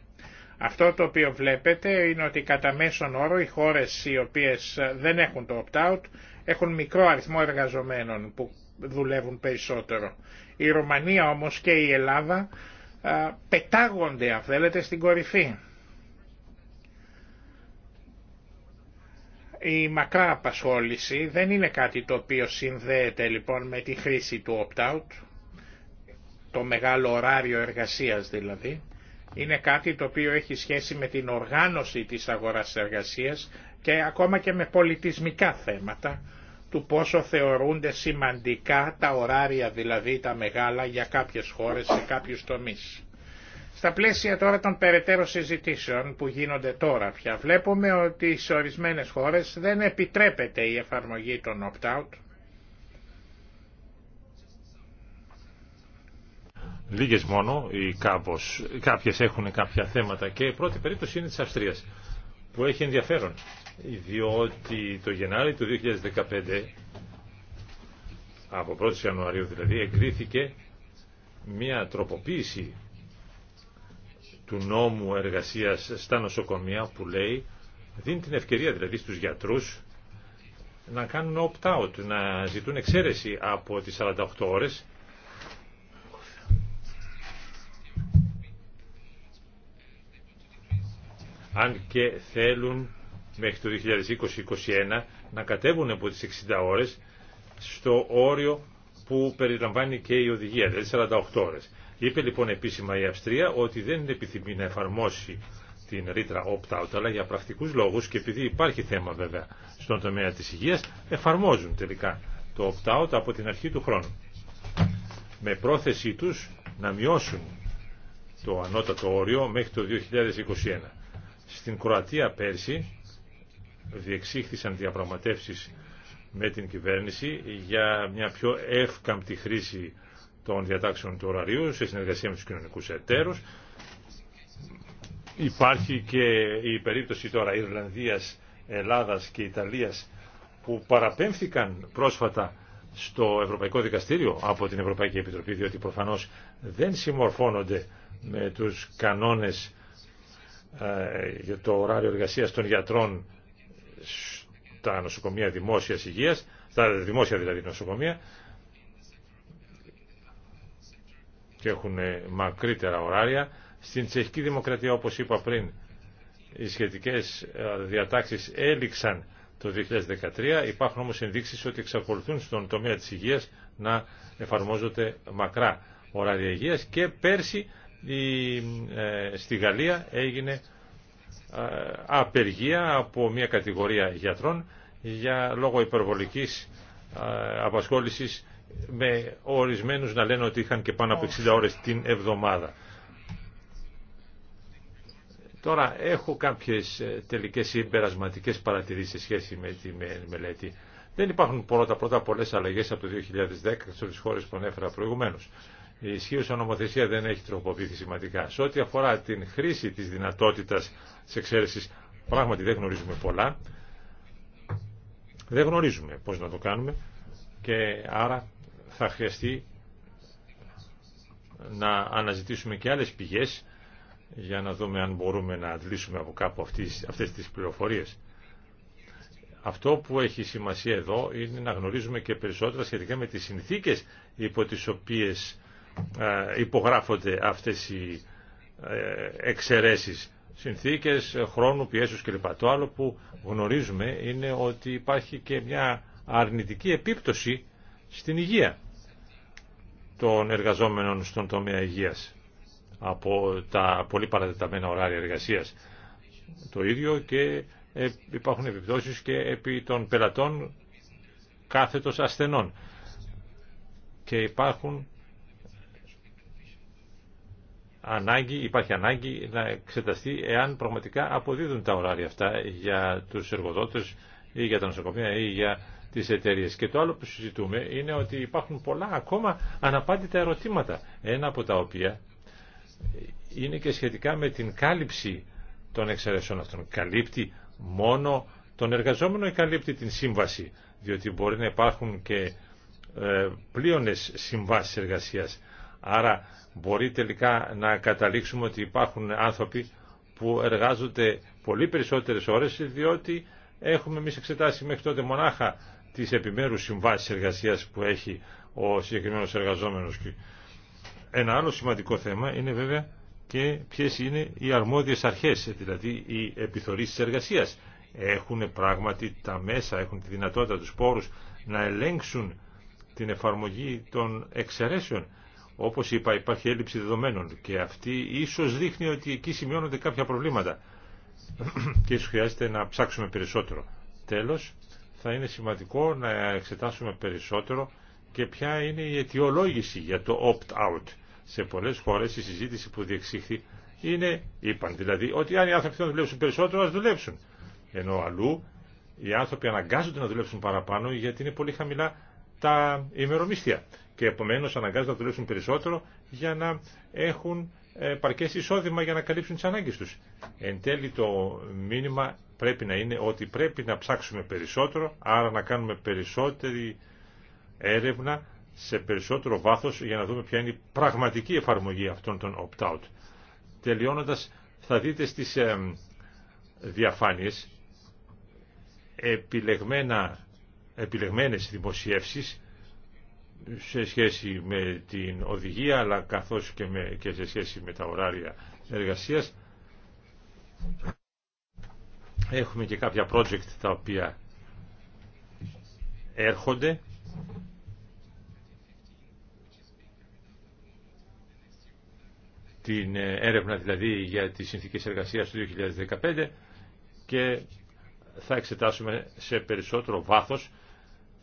Αυτό το οποίο βλέπετε είναι ότι κατά μέσον όρο οι χώρες οι οποίες ε, δεν έχουν το opt-out έχουν μικρό αριθμό εργαζομένων που δουλεύουν περισσότερο. Η Ρουμανία όμως και η Ελλάδα ε, πετάγονται αν θέλετε στην κορυφή. Η μακρά απασχόληση δεν είναι κάτι το οποίο συνδέεται λοιπόν με τη χρήση του opt-out, το μεγάλο ωράριο εργασίας δηλαδή είναι κάτι το οποίο έχει σχέση με την οργάνωση της αγοράς εργασίας και ακόμα και με πολιτισμικά θέματα του πόσο θεωρούνται σημαντικά τα ωράρια δηλαδή τα μεγάλα για κάποιες χώρες σε κάποιους τομείς. Στα πλαίσια τώρα των περαιτέρω συζητήσεων που γίνονται τώρα πια βλέπουμε ότι σε ορισμένες χώρες δεν επιτρέπεται η εφαρμογή των opt-out Λίγες μόνο ή κάπως, κάποιες έχουν κάποια θέματα και η πρώτη περίπτωση είναι της Αυστρίας που έχει ενδιαφέρον διότι το Γενάρη του 2015 από 1η Ιανουαρίου δηλαδή εγκρίθηκε μια τροποποίηση του νόμου εργασίας στα νοσοκομεία που λέει δίνει την ευκαιρία δηλαδή στους γιατρούς να κάνουν opt-out, να ζητούν εξαίρεση από τις 48 ώρες αν και θέλουν μέχρι το 2020-2021 να κατέβουν από τις 60 ώρες στο όριο που περιλαμβάνει και η οδηγία, δηλαδή 48 ώρες. Είπε λοιπόν επίσημα η Αυστρία ότι δεν επιθυμεί να εφαρμόσει την ρήτρα opt-out, αλλά για πρακτικούς λόγους και επειδή υπάρχει θέμα βέβαια στον τομέα της υγείας, εφαρμόζουν τελικά το opt-out από την αρχή του χρόνου. Με πρόθεσή τους να μειώσουν το ανώτατο όριο μέχρι το 2021. Στην Κροατία πέρσι διεξήχθησαν διαπραγματεύσεις με την κυβέρνηση για μια πιο εύκαμπτη χρήση των διατάξεων του ωραρίου σε συνεργασία με τους κοινωνικούς εταίρους. Υπάρχει και η περίπτωση τώρα Ιρλανδίας, Ελλάδας και Ιταλίας που παραπέμφθηκαν πρόσφατα στο Ευρωπαϊκό Δικαστήριο από την Ευρωπαϊκή Επιτροπή διότι προφανώς δεν συμμορφώνονται με τους κανόνες ε, για το ωράριο εργασίας των γιατρών στα νοσοκομεία δημόσιας υγείας, στα δημόσια δηλαδή νοσοκομεία, και έχουν μακρύτερα ωράρια. Στην Τσεχική Δημοκρατία, όπως είπα πριν, οι σχετικές ε, διατάξεις έληξαν το 2013. Υπάρχουν όμως ενδείξεις ότι εξακολουθούν στον τομέα της υγείας να εφαρμόζονται μακρά ωράρια υγείας και πέρσι η, ε, στη Γαλλία έγινε ε, απεργία από μια κατηγορία γιατρών για λόγω υπερβολικής ε, απασχόλησης με ορισμένους να λένε ότι είχαν και πάνω από 60 ώρες την εβδομάδα. Τώρα έχω κάποιες ε, τελικές συμπερασματικές παρατηρήσεις σε σχέση με τη μελέτη. Δεν υπάρχουν πρώτα πρώτα πολλές αλλαγές από το 2010 στις χώρες που ανέφερα προηγουμένως. Η ισχύουσα νομοθεσία δεν έχει τροποποιηθεί σημαντικά. Σε ό,τι αφορά την χρήση της δυνατότητας της εξαίρεσης, πράγματι δεν γνωρίζουμε πολλά. Δεν γνωρίζουμε πώς να το κάνουμε και άρα θα χρειαστεί να αναζητήσουμε και άλλες πηγές για να δούμε αν μπορούμε να αντλήσουμε από κάπου αυτές τις πληροφορίες. Αυτό που έχει σημασία εδώ είναι να γνωρίζουμε και περισσότερα σχετικά με τις συνθήκες υπό τις οποίες ε, υπογράφονται αυτές οι ε, εξαιρέσεις συνθήκες χρόνου, πιέσους κλπ. Το άλλο που γνωρίζουμε είναι ότι υπάρχει και μια αρνητική επίπτωση στην υγεία των εργαζόμενων στον τομέα υγείας από τα πολύ παρατεταμένα ωράρια εργασίας. Το ίδιο και ε, υπάρχουν επιπτώσεις και επί των πελατών κάθετος ασθενών. Και υπάρχουν ανάγκη, υπάρχει ανάγκη να εξεταστεί εάν πραγματικά αποδίδουν τα ωράρια αυτά για τους εργοδότες ή για τα νοσοκομεία ή για τις εταιρείες. Και το άλλο που συζητούμε είναι ότι υπάρχουν πολλά ακόμα αναπάντητα ερωτήματα, ένα από τα οποία είναι και σχετικά με την κάλυψη των εξαιρεσιών αυτών. Καλύπτει μόνο τον εργαζόμενο ή καλύπτει την σύμβαση, διότι μπορεί να υπάρχουν και ε, πλήρωνες συμβάσεις εργασίας. Άρα μπορεί τελικά να καταλήξουμε ότι υπάρχουν άνθρωποι που εργάζονται πολύ περισσότερες ώρες διότι έχουμε εμεί εξετάσει μέχρι τότε μονάχα τις επιμέρους συμβάσεις εργασίας που έχει ο συγκεκριμένος εργαζόμενος. Ένα άλλο σημαντικό θέμα είναι βέβαια και ποιες είναι οι αρμόδιες αρχές, δηλαδή οι της εργασίας. Έχουν πράγματι τα μέσα, έχουν τη δυνατότητα τους πόρους να ελέγξουν την εφαρμογή των εξαιρέσεων όπως είπα υπάρχει έλλειψη δεδομένων και αυτή ίσως δείχνει ότι εκεί σημειώνονται κάποια προβλήματα και ίσως χρειάζεται να ψάξουμε περισσότερο. Τέλος, θα είναι σημαντικό να εξετάσουμε περισσότερο και ποια είναι η αιτιολόγηση για το opt-out. Σε πολλές χώρες η συζήτηση που διεξήχθη είναι, είπαν δηλαδή, ότι αν οι άνθρωποι θέλουν να δουλέψουν περισσότερο, ας δουλέψουν. Ενώ αλλού οι άνθρωποι αναγκάζονται να δουλέψουν παραπάνω γιατί είναι πολύ χαμηλά τα ημερομίσθια και επομένως αναγκάζονται να δουλέψουν περισσότερο για να έχουν ε, παρκές εισόδημα για να καλύψουν τις ανάγκες τους. Εν τέλει το μήνυμα πρέπει να είναι ότι πρέπει να ψάξουμε περισσότερο, άρα να κάνουμε περισσότερη έρευνα σε περισσότερο βάθος για να δούμε ποια είναι η πραγματική εφαρμογή αυτών των opt-out. Τελειώνοντας, θα δείτε στις ε, διαφάνειες επιλεγμένα, επιλεγμένες δημοσιεύσεις σε σχέση με την οδηγία αλλά καθώς και, με, και σε σχέση με τα ωράρια εργασίας έχουμε και κάποια project τα οποία έρχονται την ε, έρευνα δηλαδή για τις συνθήκες εργασίας του 2015 και θα εξετάσουμε σε περισσότερο βάθος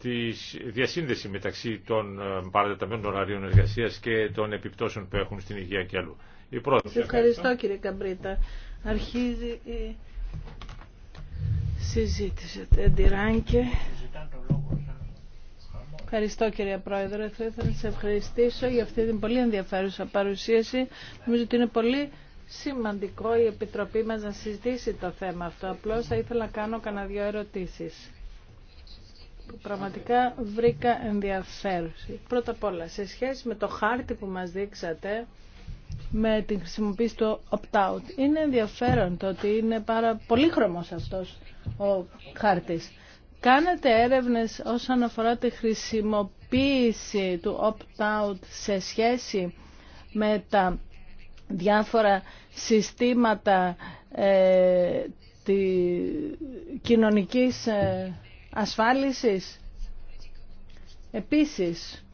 τη διασύνδεση μεταξύ των ε, παρατεταμένων ωραρίων εργασία και των επιπτώσεων που έχουν στην υγεία και αλλού. Η ευχαριστώ κύριε Καμπρίτα. Αρχίζει η συζήτηση. Εντυράνκε. Ευχαριστώ κύριε Πρόεδρε. Θα ήθελα να σε ευχαριστήσω για αυτή την πολύ ενδιαφέρουσα παρουσίαση. Νομίζω ότι είναι πολύ σημαντικό η Επιτροπή μας να συζητήσει το θέμα αυτό. Απλώς θα ήθελα να κάνω κανένα δύο ερωτήσεις πραγματικά βρήκα ενδιαφέρουση. Πρώτα απ' όλα, σε σχέση με το χάρτη που μας δείξατε, με την χρησιμοποίηση του opt-out. Είναι ενδιαφέρον το ότι είναι πάρα πολύχρωμος αυτός ο χάρτης. Κάνετε έρευνες όσον αφορά τη χρησιμοποίηση του opt-out σε σχέση με τα διάφορα συστήματα ε, τη, κοινωνικής ε, ασφάλισης. Επίσης,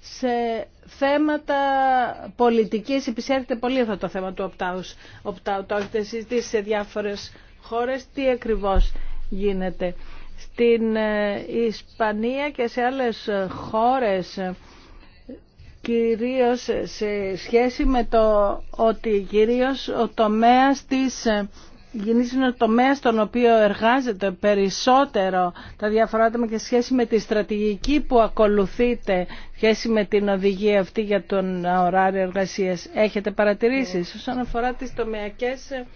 σε θέματα πολιτικής επισέρχεται πολύ αυτό το θέμα του opt-out. το έχετε συζητήσει σε διάφορες χώρες. Τι ακριβώς γίνεται. Στην ε, Ισπανία και σε άλλες χώρες κυρίως σε σχέση με το ότι κυρίως ο τομέας της ε, γεννήσει ένα τομέα στον οποίο εργάζεται περισσότερο τα διάφορα άτομα και σχέση με τη στρατηγική που ακολουθείτε, σχέση με την οδηγία αυτή για τον ωράριο εργασίας. Έχετε παρατηρήσεις ναι. όσον αφορά τι τομεακές ε,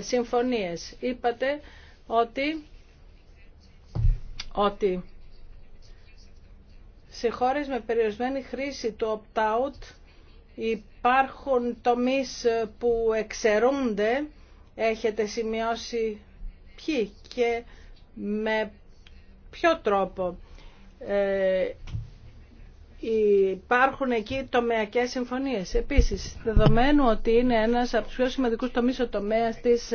συμφωνίες. Είπατε ότι, ότι σε χώρες με περιορισμένη χρήση του opt-out υπάρχουν τομείς που εξαιρούνται έχετε σημειώσει ποιοι και με ποιο τρόπο ε, υπάρχουν εκεί τομεακές συμφωνίες. Επίσης, δεδομένου ότι είναι ένας από τους πιο σημαντικούς τομείς ο τομέας της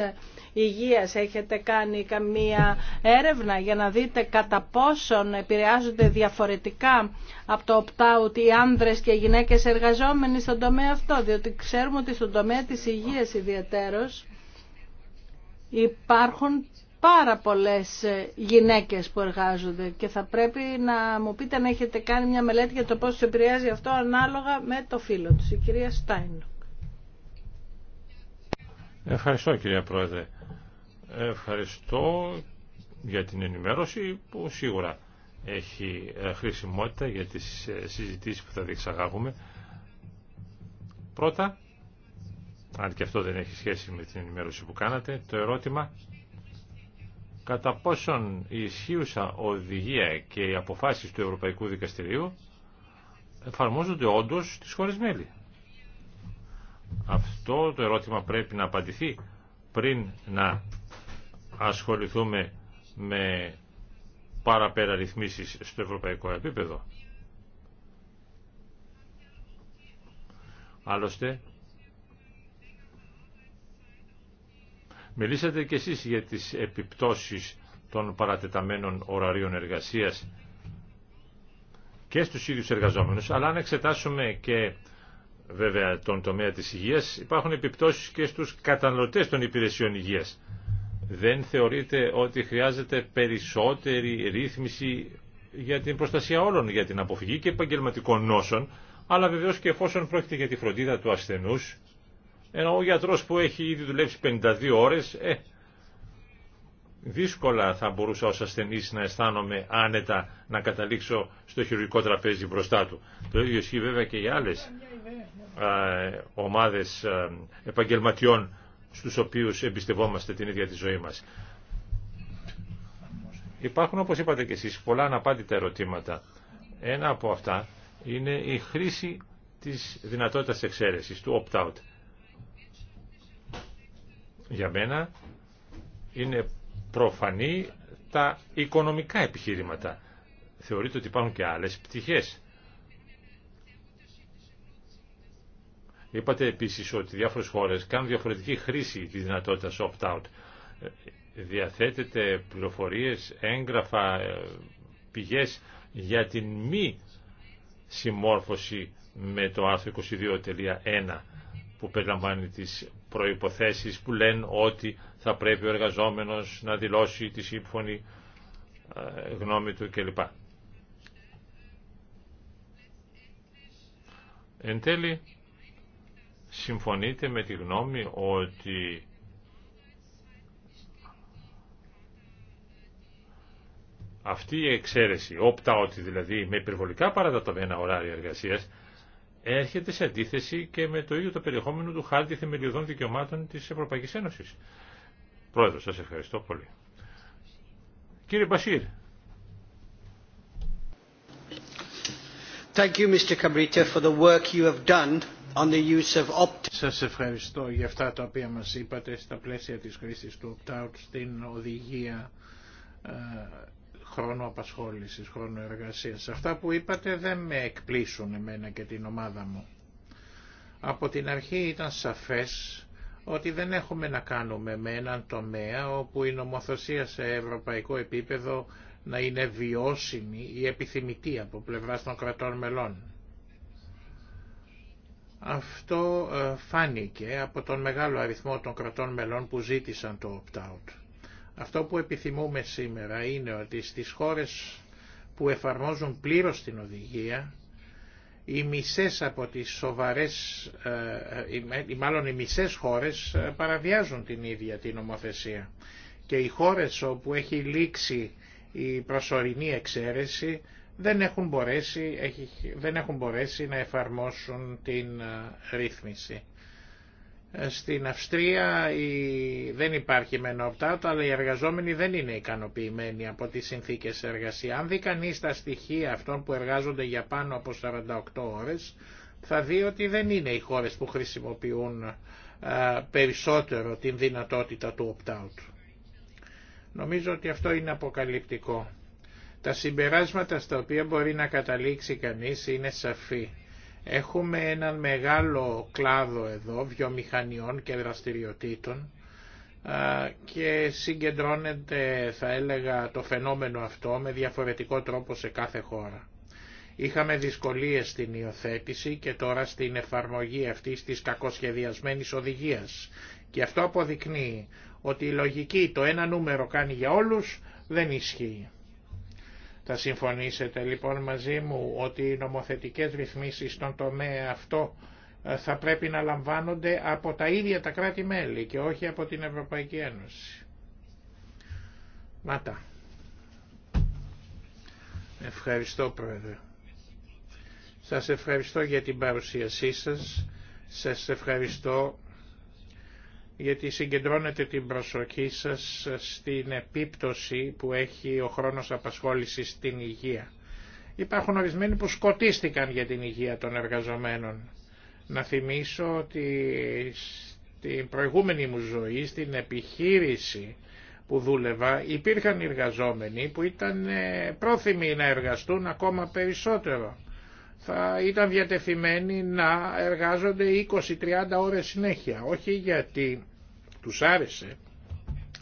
υγείας, έχετε κάνει καμία έρευνα για να δείτε κατά πόσον επηρεάζονται διαφορετικά από το opt-out οι άνδρες και οι γυναίκες εργαζόμενοι στον τομέα αυτό, διότι ξέρουμε ότι στον τομέα της υγείας ιδιαίτερος Υπάρχουν πάρα πολλές ε, γυναίκες που εργάζονται και θα πρέπει να μου πείτε αν έχετε κάνει μια μελέτη για το πώς σε επηρεάζει αυτό ανάλογα με το φίλο τους, η κυρία Στάιν. Ευχαριστώ κυρία Πρόεδρε. Ευχαριστώ για την ενημέρωση που σίγουρα έχει ε, χρησιμότητα για τις ε, συζητήσεις που θα διεξαγάγουμε. Πρώτα, αν και αυτό δεν έχει σχέση με την ενημέρωση που κάνατε, το ερώτημα κατά πόσον η ισχύουσα οδηγία και οι αποφάσεις του Ευρωπαϊκού Δικαστηρίου εφαρμόζονται όντως στις χώρες μέλη. Αυτό το ερώτημα πρέπει να απαντηθεί πριν να ασχοληθούμε με παραπέρα ρυθμίσεις στο ευρωπαϊκό επίπεδο. Άλλωστε, Μιλήσατε κι εσείς για τις επιπτώσεις των παρατεταμένων ωραρίων εργασίας και στους ίδιους εργαζόμενους, αλλά αν εξετάσουμε και βέβαια τον τομέα της υγείας, υπάρχουν επιπτώσεις και στους καταναλωτές των υπηρεσιών υγείας. Δεν θεωρείτε ότι χρειάζεται περισσότερη ρύθμιση για την προστασία όλων, για την αποφυγή και επαγγελματικών νόσων, αλλά βεβαίως και εφόσον πρόκειται για τη φροντίδα του ασθενούς, ενώ ο γιατρός που έχει ήδη δουλέψει 52 ώρες, ε, δύσκολα θα μπορούσα ως ασθενής να αισθάνομαι άνετα να καταλήξω στο χειρουργικό τραπέζι μπροστά του. Το ίδιο ισχύει βέβαια και για άλλες ομάδε ομάδες ε, επαγγελματιών στους οποίους εμπιστευόμαστε την ίδια τη ζωή μας. Υπάρχουν όπως είπατε και εσείς πολλά αναπάντητα ερωτήματα. Ένα από αυτά είναι η χρήση της δυνατότητας εξαίρεσης, του opt-out. Για μένα είναι προφανή τα οικονομικά επιχείρηματα. Θεωρείτε ότι υπάρχουν και άλλες πτυχές. Είπατε επίσης ότι διάφορες χώρες κάνουν διαφορετική χρήση της δυνατότητας opt-out. Διαθέτεται πληροφορίες, έγγραφα, ε, πηγές για την μη συμμόρφωση με το άρθρο 22.1 που περιλαμβάνει τις προϋποθέσεις που λένε ότι θα πρέπει ο εργαζόμενος να δηλώσει τη σύμφωνη ε, γνώμη του κλπ. Εν τέλει, συμφωνείτε με τη γνώμη ότι αυτή η εξαιρεση όπτα opt-out δηλαδή, με υπερβολικά παρατατωμένα ωράρια εργασίας, έρχεται σε αντίθεση και με το ίδιο το περιεχόμενο του χάρτη θεμελιωδών δικαιωμάτων της Ευρωπαϊκής Ένωσης. Πρόεδρο, σας ευχαριστώ πολύ. Κύριε Μπασίρ. Thank you, Mr. for the work you have done on the use of opt Σας ευχαριστώ για αυτά τα οποία μας είπατε στα πλαίσια της χρήσης του opt-out στην οδηγία ε, χρόνο απασχόλησης, χρόνο εργασίας. Αυτά που είπατε δεν με εκπλήσουν εμένα και την ομάδα μου. Από την αρχή ήταν σαφές ότι δεν έχουμε να κάνουμε με έναν τομέα όπου η νομοθεσία σε ευρωπαϊκό επίπεδο να είναι βιώσιμη ή επιθυμητή από πλευράς των κρατών μελών. Αυτό ε, φάνηκε από τον μεγάλο αριθμό των κρατών μελών που ζήτησαν το opt-out. Αυτό που επιθυμούμε σήμερα είναι ότι στις χώρες που εφαρμόζουν πλήρως την οδηγία, οι μισές από τις σοβαρές, ή ε, ε, μάλλον οι μισές χώρες ε, παραβιάζουν την ίδια την νομοθεσία. Και οι χώρες όπου έχει λήξει η προσωρινή εξαίρεση δεν έχουν μπορέσει, δεν έχουν μπορέσει να εφαρμόσουν την ρύθμιση. Στην Αυστρία δεν υπάρχει opt-out, αλλά οι εργαζόμενοι δεν είναι ικανοποιημένοι από τις συνθήκες εργασία. Αν δει κανείς τα στοιχεία αυτών που εργάζονται για πάνω από 48 ώρες, θα δει ότι δεν είναι οι χώρες που χρησιμοποιούν περισσότερο την δυνατότητα του opt-out. Νομίζω ότι αυτό είναι αποκαλυπτικό. Τα συμπεράσματα στα οποία μπορεί να καταλήξει κανείς είναι σαφή. Έχουμε έναν μεγάλο κλάδο εδώ βιομηχανιών και δραστηριοτήτων και συγκεντρώνεται θα έλεγα το φαινόμενο αυτό με διαφορετικό τρόπο σε κάθε χώρα. Είχαμε δυσκολίες στην υιοθέτηση και τώρα στην εφαρμογή αυτής της κακοσχεδιασμένης οδηγίας. Και αυτό αποδεικνύει ότι η λογική το ένα νούμερο κάνει για όλους δεν ισχύει. Θα συμφωνήσετε λοιπόν μαζί μου ότι οι νομοθετικές ρυθμίσεις στον τομέα αυτό ε, θα πρέπει να λαμβάνονται από τα ίδια τα κράτη-μέλη και όχι από την Ευρωπαϊκή Ένωση. Μάτα. Ευχαριστώ Πρόεδρε. Σας ευχαριστώ για την παρουσίασή σας. Σας ευχαριστώ γιατί συγκεντρώνετε την προσοχή σας στην επίπτωση που έχει ο χρόνος απασχόλησης στην υγεία. Υπάρχουν ορισμένοι που σκοτίστηκαν για την υγεία των εργαζομένων. Να θυμίσω ότι στην προηγούμενη μου ζωή, στην επιχείρηση που δούλευα, υπήρχαν εργαζόμενοι που ήταν ε, πρόθυμοι να εργαστούν ακόμα περισσότερο. Θα ήταν διατεθειμένοι να εργάζονται 20-30 ώρες συνέχεια, όχι γιατί τους άρεσε,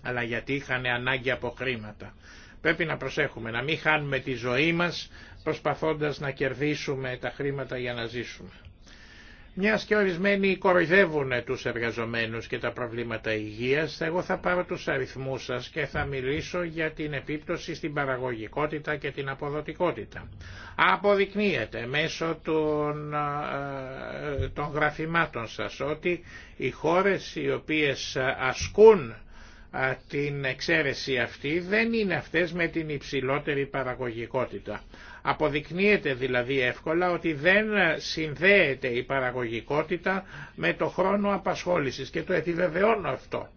αλλά γιατί είχαν ανάγκη από χρήματα. Πρέπει να προσέχουμε, να μην χάνουμε τη ζωή μας προσπαθώντας να κερδίσουμε τα χρήματα για να ζήσουμε. Μιας και ορισμένοι κοροϊδεύουν τους εργαζομένους και τα προβλήματα υγείας, εγώ θα πάρω τους αριθμούς σας και θα μιλήσω για την επίπτωση στην παραγωγικότητα και την αποδοτικότητα. Αποδεικνύεται μέσω των, ε, των γραφημάτων σας ότι οι χώρες οι οποίες ασκούν την εξαίρεση αυτή δεν είναι αυτές με την υψηλότερη παραγωγικότητα. Αποδεικνύεται δηλαδή εύκολα ότι δεν συνδέεται η παραγωγικότητα με το χρόνο απασχόλησης και το επιβεβαιώνω αυτό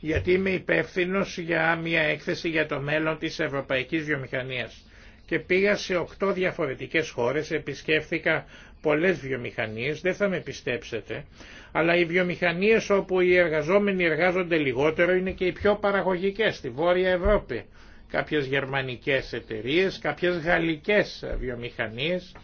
γιατί είμαι υπεύθυνο για μια έκθεση για το μέλλον της ευρωπαϊκής βιομηχανίας και πήγα σε οκτώ διαφορετικές χώρες, επισκέφθηκα πολλές βιομηχανίες, δεν θα με πιστέψετε, αλλά οι βιομηχανίες όπου οι εργαζόμενοι εργάζονται λιγότερο είναι και οι πιο παραγωγικές στη Βόρεια Ευρώπη. Κάποιες γερμανικές εταιρείες, κάποιες γαλλικές βιομηχανίες,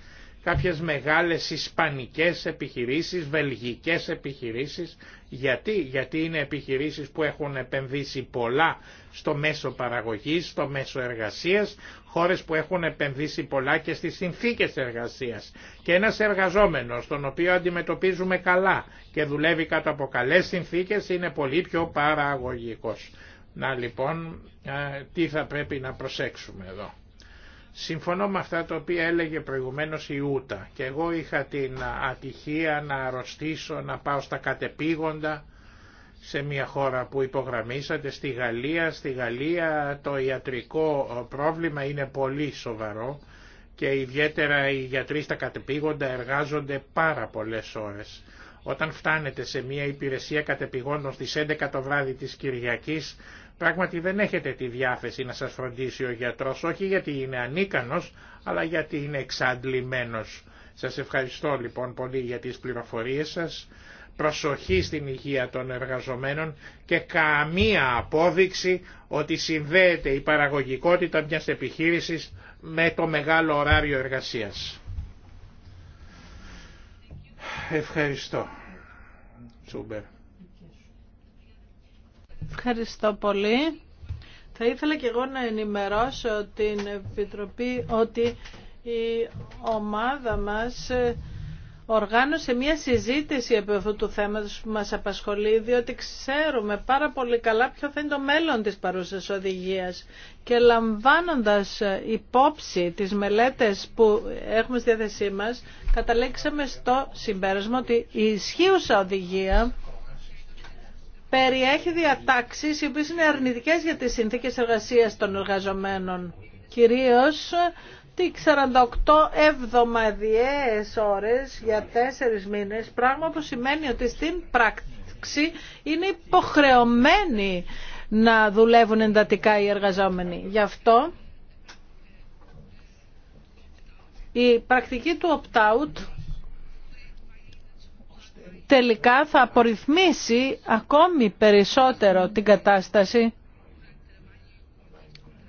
κάποιες μεγάλες ισπανικές επιχειρήσεις, βελγικές επιχειρήσεις. Γιατί, γιατί είναι επιχειρήσεις που έχουν επενδύσει πολλά στο μέσο παραγωγής, στο μέσο εργασίας, χώρες που έχουν επενδύσει πολλά και στις συνθήκες εργασίας. Και ένας εργαζόμενος, τον οποίο αντιμετωπίζουμε καλά και δουλεύει κάτω από καλές συνθήκες, είναι πολύ πιο παραγωγικός. Να λοιπόν, ε, τι θα πρέπει να προσέξουμε εδώ. Συμφωνώ με αυτά τα οποία έλεγε προηγουμένως η Ούτα και εγώ είχα την ατυχία να αρρωστήσω, να πάω στα κατεπήγοντα σε μια χώρα που υπογραμμίσατε, στη Γαλλία. Στη Γαλλία το ιατρικό πρόβλημα είναι πολύ σοβαρό και ιδιαίτερα οι γιατροί στα κατεπήγοντα εργάζονται πάρα πολλές ώρες. Όταν φτάνετε σε μια υπηρεσία κατεπηγόντων στις 11 το βράδυ της Κυριακής Πράγματι δεν έχετε τη διάθεση να σας φροντίσει ο γιατρός, όχι γιατί είναι ανίκανος, αλλά γιατί είναι εξαντλημένος. Σας ευχαριστώ λοιπόν πολύ για τις πληροφορίες σας. Προσοχή στην υγεία των εργαζομένων και καμία απόδειξη ότι συνδέεται η παραγωγικότητα μιας επιχείρησης με το μεγάλο ωράριο εργασίας. Ευχαριστώ. Ευχαριστώ πολύ. Θα ήθελα και εγώ να ενημερώσω την Επιτροπή ότι η ομάδα μας οργάνωσε μια συζήτηση επί αυτού του θέματος που μας απασχολεί, διότι ξέρουμε πάρα πολύ καλά ποιο θα είναι το μέλλον της παρούσας οδηγίας. Και λαμβάνοντας υπόψη τις μελέτες που έχουμε στη διάθεσή μας, καταλήξαμε στο συμπέρασμα ότι η ισχύουσα οδηγία περιέχει διατάξεις οι οποίες είναι αρνητικές για τις συνθήκες εργασίας των εργαζομένων. Κυρίως τι 48 εβδομαδιαίες ώρες για τέσσερις μήνες, πράγμα που σημαίνει ότι στην πράξη είναι υποχρεωμένοι να δουλεύουν εντατικά οι εργαζόμενοι. Γι' αυτό η πρακτική του opt-out τελικά θα απορριθμίσει ακόμη περισσότερο την κατάσταση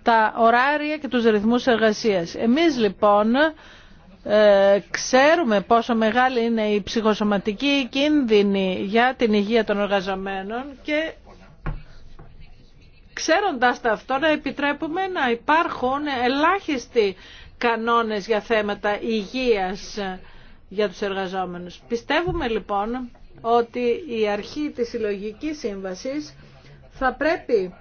τα ωράρια και τους ρυθμούς εργασίας. Εμείς λοιπόν ε, ξέρουμε πόσο μεγάλη είναι η ψυχοσωματική κίνδυνη για την υγεία των εργαζομένων και ξέροντας τα αυτό να επιτρέπουμε να υπάρχουν ελάχιστοι κανόνες για θέματα υγείας για τους εργαζόμενους. Πιστεύουμε λοιπόν ότι η αρχή της συλλογική σύμβασης θα πρέπει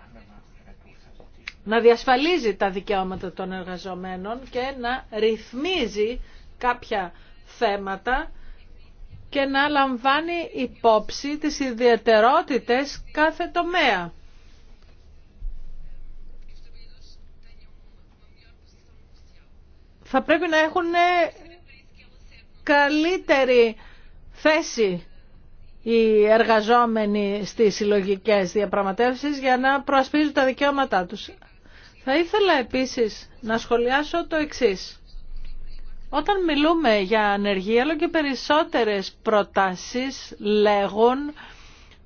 να διασφαλίζει τα δικαιώματα των εργαζομένων και να ρυθμίζει κάποια θέματα και να λαμβάνει υπόψη τις ιδιαιτερότητες κάθε τομέα. Θα πρέπει να έχουν καλύτερη θέση οι εργαζόμενοι στις συλλογικέ διαπραγματεύσεις για να προασπίζουν τα δικαιώματά τους. Θα ήθελα επίσης να σχολιάσω το εξής. Όταν μιλούμε για ανεργία, όλο και περισσότερες προτάσεις λέγουν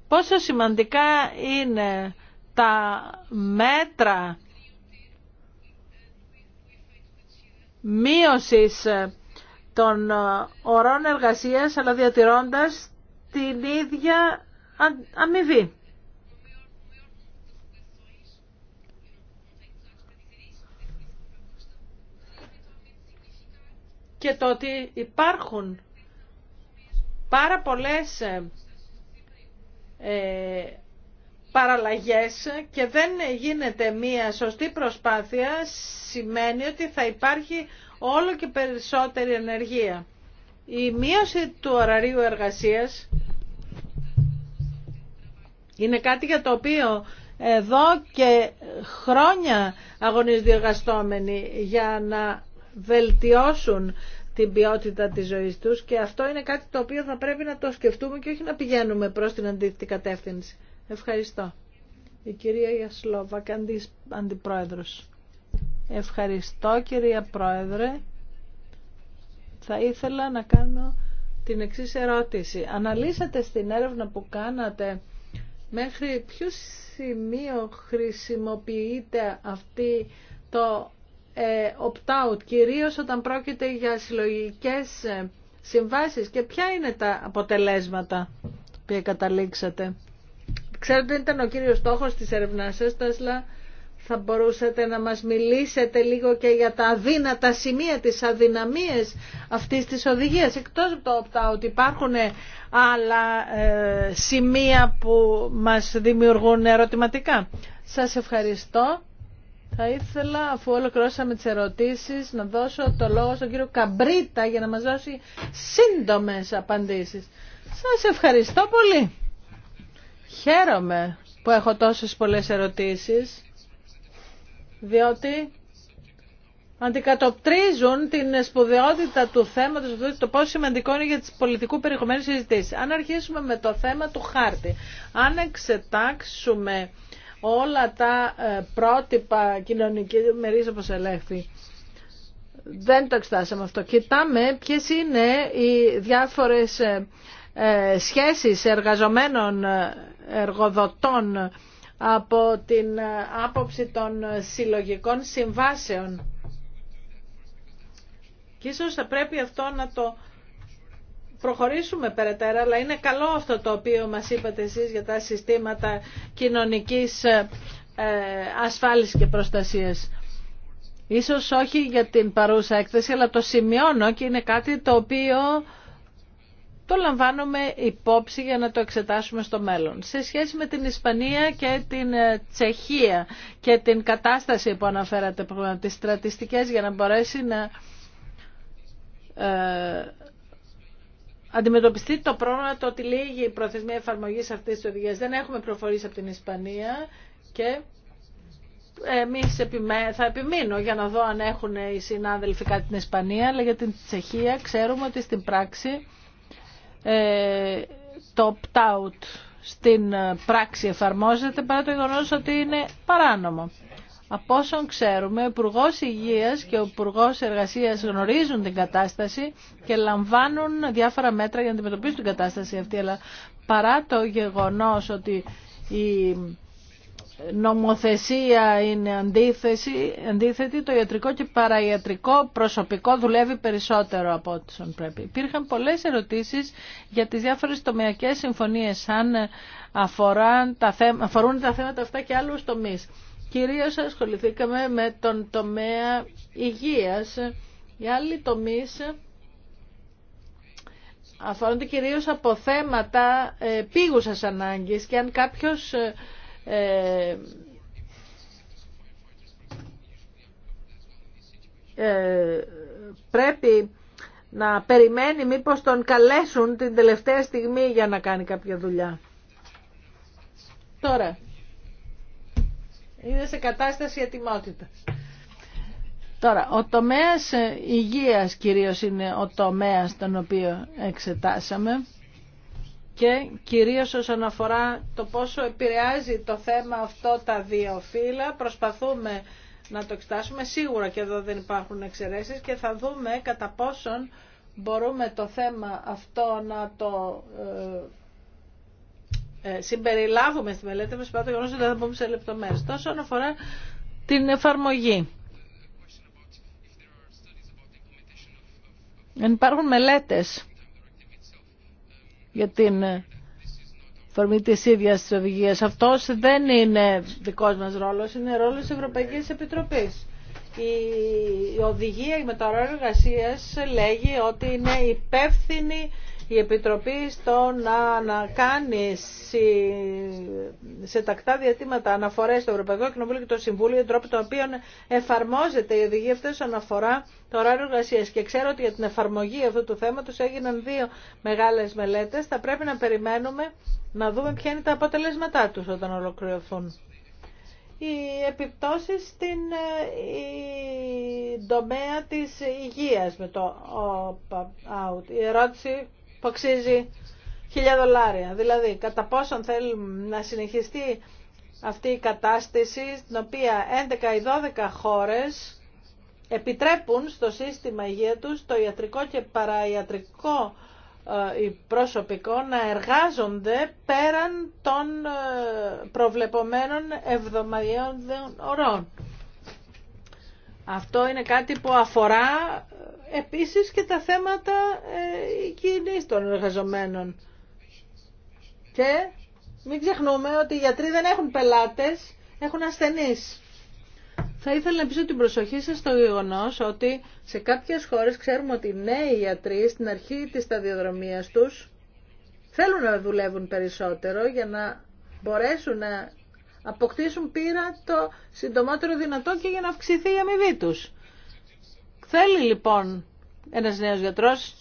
πόσο σημαντικά είναι τα μέτρα μείωσης των ωρών ε, εργασίας αλλά διατηρώντας την ίδια αμοιβή. Και το ότι υπάρχουν πάρα πολλές ε, ε, παραλλαγές και δεν γίνεται μία σωστή προσπάθεια σημαίνει ότι θα υπάρχει όλο και περισσότερη ενεργεία. Η μείωση του ωραρίου εργασίας είναι κάτι για το οποίο εδώ και χρόνια αγωνίζονται οι για να βελτιώσουν την ποιότητα της ζωής τους και αυτό είναι κάτι το οποίο θα πρέπει να το σκεφτούμε και όχι να πηγαίνουμε προς την αντίθετη κατεύθυνση. Ευχαριστώ. Η κυρία Ιασλόβα, αντιπρόεδρος. Ευχαριστώ κυρία Πρόεδρε. Θα ήθελα να κάνω την εξής ερώτηση. Αναλύσατε στην έρευνα που κάνατε μέχρι ποιο σημείο χρησιμοποιείται αυτή το ε, opt-out, κυρίως όταν πρόκειται για συλλογικές ε, συμβάσεις και ποια είναι τα αποτελέσματα που καταλήξατε. Ξέρετε, ήταν ο κύριος στόχος της ερευνάς σας, αλλά θα μπορούσατε να μας μιλήσετε λίγο και για τα αδύνατα σημεία, τις αδυναμίες αυτής της οδηγίας. Εκτός από το ότι ότι υπάρχουν ε, άλλα ε, σημεία που μας δημιουργούν ερωτηματικά. Σας ευχαριστώ. Θα ήθελα, αφού ολοκληρώσαμε τις ερωτήσεις, να δώσω το λόγο στον κύριο Καμπρίτα για να μας δώσει σύντομες απαντήσεις. Σας ευχαριστώ πολύ. Χαίρομαι που έχω τόσες πολλές ερωτήσεις διότι αντικατοπτρίζουν την σπουδαιότητα του θέματος το πόσο σημαντικό είναι για τις πολιτικού περιεχομένου συζητήσει. Αν αρχίσουμε με το θέμα του χάρτη, αν εξετάξουμε όλα τα ε, πρότυπα κοινωνική μερίς, όπως ελέγχθη, δεν το εξετάσαμε αυτό. Κοιτάμε ποιες είναι οι διάφορες ε, ε, σχέσεις εργαζομένων εργοδοτών από την ε, άποψη των ε, συλλογικών συμβάσεων. Και ίσως θα πρέπει αυτό να το προχωρήσουμε περαιτέρω, αλλά είναι καλό αυτό το οποίο μας είπατε εσείς για τα συστήματα κοινωνικής ε, ασφάλισης και προστασίας. Ίσως όχι για την παρούσα έκθεση, αλλά το σημειώνω και είναι κάτι το οποίο το λαμβάνουμε υπόψη για να το εξετάσουμε στο μέλλον. Σε σχέση με την Ισπανία και την ε, Τσεχία και την κατάσταση που αναφέρατε, τις στρατιστικές για να μπορέσει να ε, αντιμετωπιστεί το πρόβλημα το ότι λύγει η προθεσμία εφαρμογής αυτής της οδηγίας. Δεν έχουμε προφορήσει από την Ισπανία και εμείς θα επιμείνω για να δω αν έχουν οι συνάδελφοι κάτι την Ισπανία, αλλά για την Τσεχία ξέρουμε ότι στην πράξη ε, το opt-out στην ε, πράξη εφαρμόζεται παρά το γεγονό ότι είναι παράνομο. Από όσων ξέρουμε, ο Υπουργό Υγεία και ο Υπουργό Εργασία γνωρίζουν την κατάσταση και λαμβάνουν διάφορα μέτρα για να αντιμετωπίσουν την κατάσταση αυτή. Αλλά παρά το γεγονό ότι η νομοθεσία είναι αντίθεση, αντίθετη, το ιατρικό και παραϊατρικό προσωπικό δουλεύει περισσότερο από ό,τι πρέπει. Υπήρχαν πολλές ερωτήσεις για τις διάφορες τομεακές συμφωνίες, αν αφορούν τα, θέματα, αφορούν τα θέματα αυτά και άλλους τομείς. Κυρίως ασχοληθήκαμε με τον τομέα υγείας. Οι άλλοι τομείς αφορούνται κυρίως από θέματα ε, πήγουσας ανάγκης και αν κάποιος ε, ε, ε, πρέπει να περιμένει μήπως τον καλέσουν την τελευταία στιγμή για να κάνει κάποια δουλειά. Τώρα, είναι σε κατάσταση ετοιμότητα Τώρα, ο τομέας υγείας κυρίως είναι ο τομέας τον οποίο εξετάσαμε και κυρίως όσον αφορά το πόσο επηρεάζει το θέμα αυτό τα δύο φύλλα. Προσπαθούμε να το εξετάσουμε. Σίγουρα και εδώ δεν υπάρχουν εξαιρέσεις και θα δούμε κατά πόσον μπορούμε το θέμα αυτό να το ε, ε συμπεριλάβουμε στη μελέτη μας, πάντως ότι δεν θα πούμε σε λεπτομέρειες. Τόσο αφορά την εφαρμογή. Υπάρχουν μελέτες για την ε, φορμή της ίδιας της οδηγίας. Αυτός δεν είναι δικός μας ρόλος, είναι ρόλος της Ευρωπαϊκής Επιτροπής. Η οδηγία η λέγει ότι είναι υπεύθυνη η Επιτροπή στο να, να κάνει σε, τακτά διατήματα αναφορές στο Ευρωπαϊκό Κοινοβούλιο και το Συμβούλιο, τον τρόπο τον οποίο εφαρμόζεται η οδηγία αυτή όσον αφορά το ωράριο εργασία. Και ξέρω ότι για την εφαρμογή αυτού του θέματο έγιναν δύο μεγάλε μελέτε. Θα πρέπει να περιμένουμε να δούμε ποια είναι τα αποτελέσματά του όταν ολοκληρωθούν οι επιπτώσεις στην ε, τομέα της υγείας με το opt-out. Η ερώτηση που αξίζει χιλιά δολάρια. Δηλαδή, κατά πόσον θέλουμε να συνεχιστεί αυτή η κατάσταση, την οποία 11 ή 12 χώρες επιτρέπουν στο σύστημα υγεία τους το ιατρικό και παραϊατρικό ε, προσωπικό να εργάζονται πέραν των ε, προβλεπομένων εβδομαδιαίων ωρών. Αυτό είναι κάτι που αφορά επίσης και τα θέματα κοινής ε, των εργαζομένων. Και μην ξεχνούμε ότι οι γιατροί δεν έχουν πελάτες, έχουν ασθενείς. Θα ήθελα να την προσοχή σας στο γεγονό ότι σε κάποιες χώρες ξέρουμε ότι οι νέοι γιατροί στην αρχή της σταδιοδρομίας τους θέλουν να δουλεύουν περισσότερο για να μπορέσουν να αποκτήσουν πείρα το συντομότερο δυνατό και για να αυξηθεί η αμοιβή τους. Θέλει λοιπόν ένα νέος γιατρός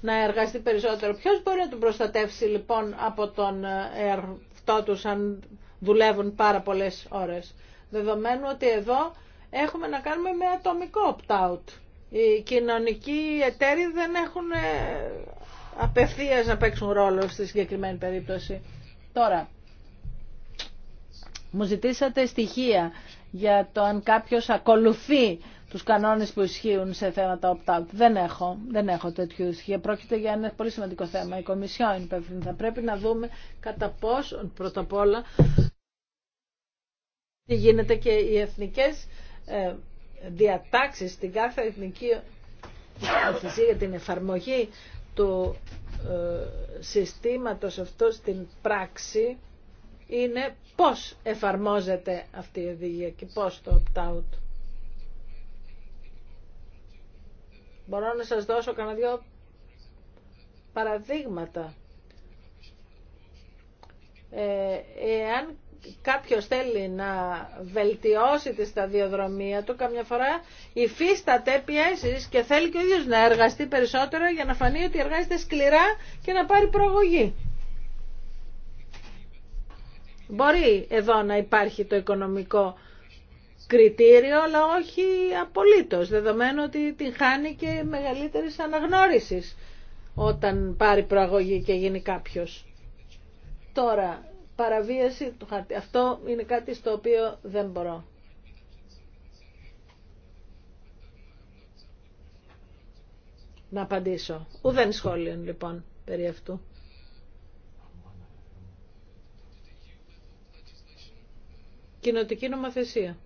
να εργαστεί περισσότερο. Ποιο μπορεί να τον προστατεύσει λοιπόν από τον ε, εαυτό τους αν δουλεύουν πάρα πολλέ ώρες. Δεδομένου ότι εδώ έχουμε να κάνουμε με ατομικό opt-out. Οι κοινωνικοί εταίροι δεν έχουν ε, απευθείας να παίξουν ρόλο στη συγκεκριμένη περίπτωση. Τώρα, μου ζητήσατε στοιχεία για το αν κάποιος ακολουθεί τους κανόνες που ισχύουν σε θέματα opt-out. Δεν έχω, δεν έχω τέτοιου ισχύει Πρόκειται για ένα πολύ σημαντικό θέμα. Η Κομισιόν είναι Θα πρέπει να δούμε κατά πώς πρώτα απ' όλα γίνεται και οι εθνικές ε, διατάξεις στην κάθε εθνική νομοθεσία για την εφαρμογή του ε, συστήματος αυτό στην πράξη είναι πώς εφαρμόζεται αυτή η οδηγία και πώς το opt-out. Μπορώ να σας δώσω κανένα δυο παραδείγματα. Ε, εάν κάποιος θέλει να βελτιώσει τη σταδιοδρομία του, καμιά φορά υφίσταται πιέσεις και θέλει και ο ίδιος να εργαστεί περισσότερο για να φανεί ότι εργάζεται σκληρά και να πάρει προαγωγή. Μπορεί εδώ να υπάρχει το οικονομικό κριτήριο, αλλά όχι απολύτως, δεδομένου ότι την χάνει και μεγαλύτερης αναγνώρισης όταν πάρει προαγωγή και γίνει κάποιος. Τώρα, παραβίαση του χαρτί. Αυτό είναι κάτι στο οποίο δεν μπορώ. Να απαντήσω. Ουδέν σχόλιο, λοιπόν, περί αυτού. Κοινοτική νομοθεσία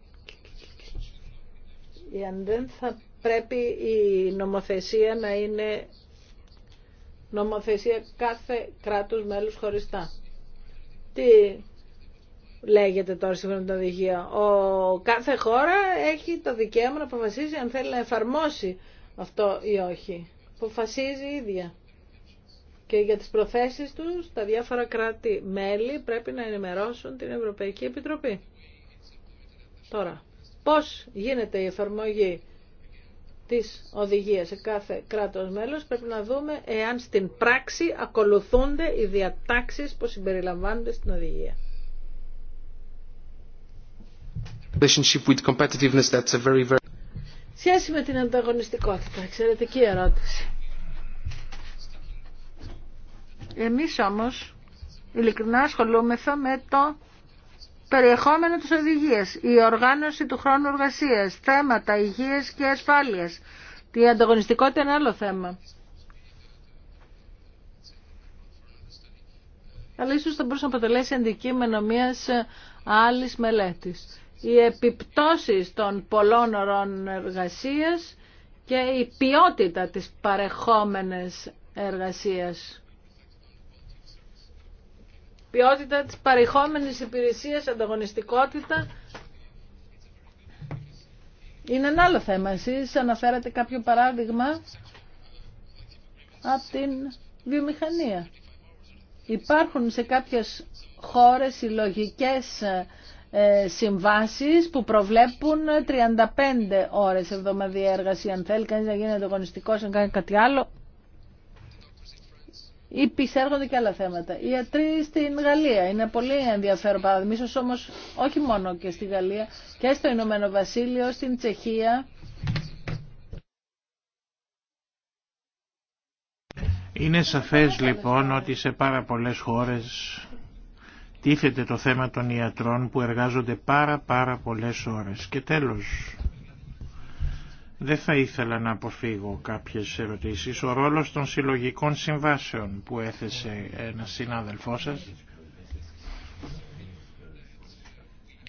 αν δεν θα πρέπει η νομοθεσία να είναι νομοθεσία κάθε κράτους μέλους χωριστά. Τι λέγεται τώρα σύμφωνα με την οδηγία. Ο κάθε χώρα έχει το δικαίωμα να αποφασίζει αν θέλει να εφαρμόσει αυτό ή όχι. Αποφασίζει η ίδια. Και για τις προθέσεις τους τα διάφορα κράτη-μέλη πρέπει να ενημερώσουν την Ευρωπαϊκή Επιτροπή. Τώρα, πώς γίνεται η εφαρμογή της οδηγίας σε κάθε κράτος μέλος, πρέπει να δούμε εάν στην πράξη ακολουθούνται οι διατάξεις που συμπεριλαμβάνονται στην οδηγία. Σχέση με την ανταγωνιστικότητα, εξαιρετική ερώτηση. Εμείς όμως ειλικρινά ασχολούμεθα με το περιεχόμενο της οδηγίας, η οργάνωση του χρόνου εργασίας, θέματα υγείας και ασφάλειας. Η ανταγωνιστικότητα είναι άλλο θέμα. Αλλά ίσως θα μπορούσε να αποτελέσει αντικείμενο μιας ε, άλλης μελέτης. Οι επιπτώσεις των πολλών ωρών εργασίας και η ποιότητα της παρεχόμενης εργασίας ποιότητα της παρεχόμενης υπηρεσίας, ανταγωνιστικότητα. Είναι ένα άλλο θέμα. Εσείς αναφέρατε κάποιο παράδειγμα από την βιομηχανία. Υπάρχουν σε κάποιες χώρες συλλογικέ ε, συμβάσεις που προβλέπουν 35 ώρες εβδομαδιαία εργασία. Αν θέλει κανείς να γίνει ανταγωνιστικός, να κάνει κάτι άλλο, υπησέρχονται και άλλα θέματα. Οι ιατροί στην Γαλλία είναι πολύ ενδιαφέρον παράδειγμα. Ίσως όμως όχι μόνο και στη Γαλλία και στο Ηνωμένο Βασίλειο, στην Τσεχία. Είναι σαφές λοιπόν ότι σε πάρα πολλές χώρες τίθεται το θέμα των ιατρών που εργάζονται πάρα πάρα πολλές ώρες. Και τέλος, δεν θα ήθελα να αποφύγω κάποιες ερωτήσεις. Ο ρόλος των συλλογικών συμβάσεων που έθεσε ένας συνάδελφός σας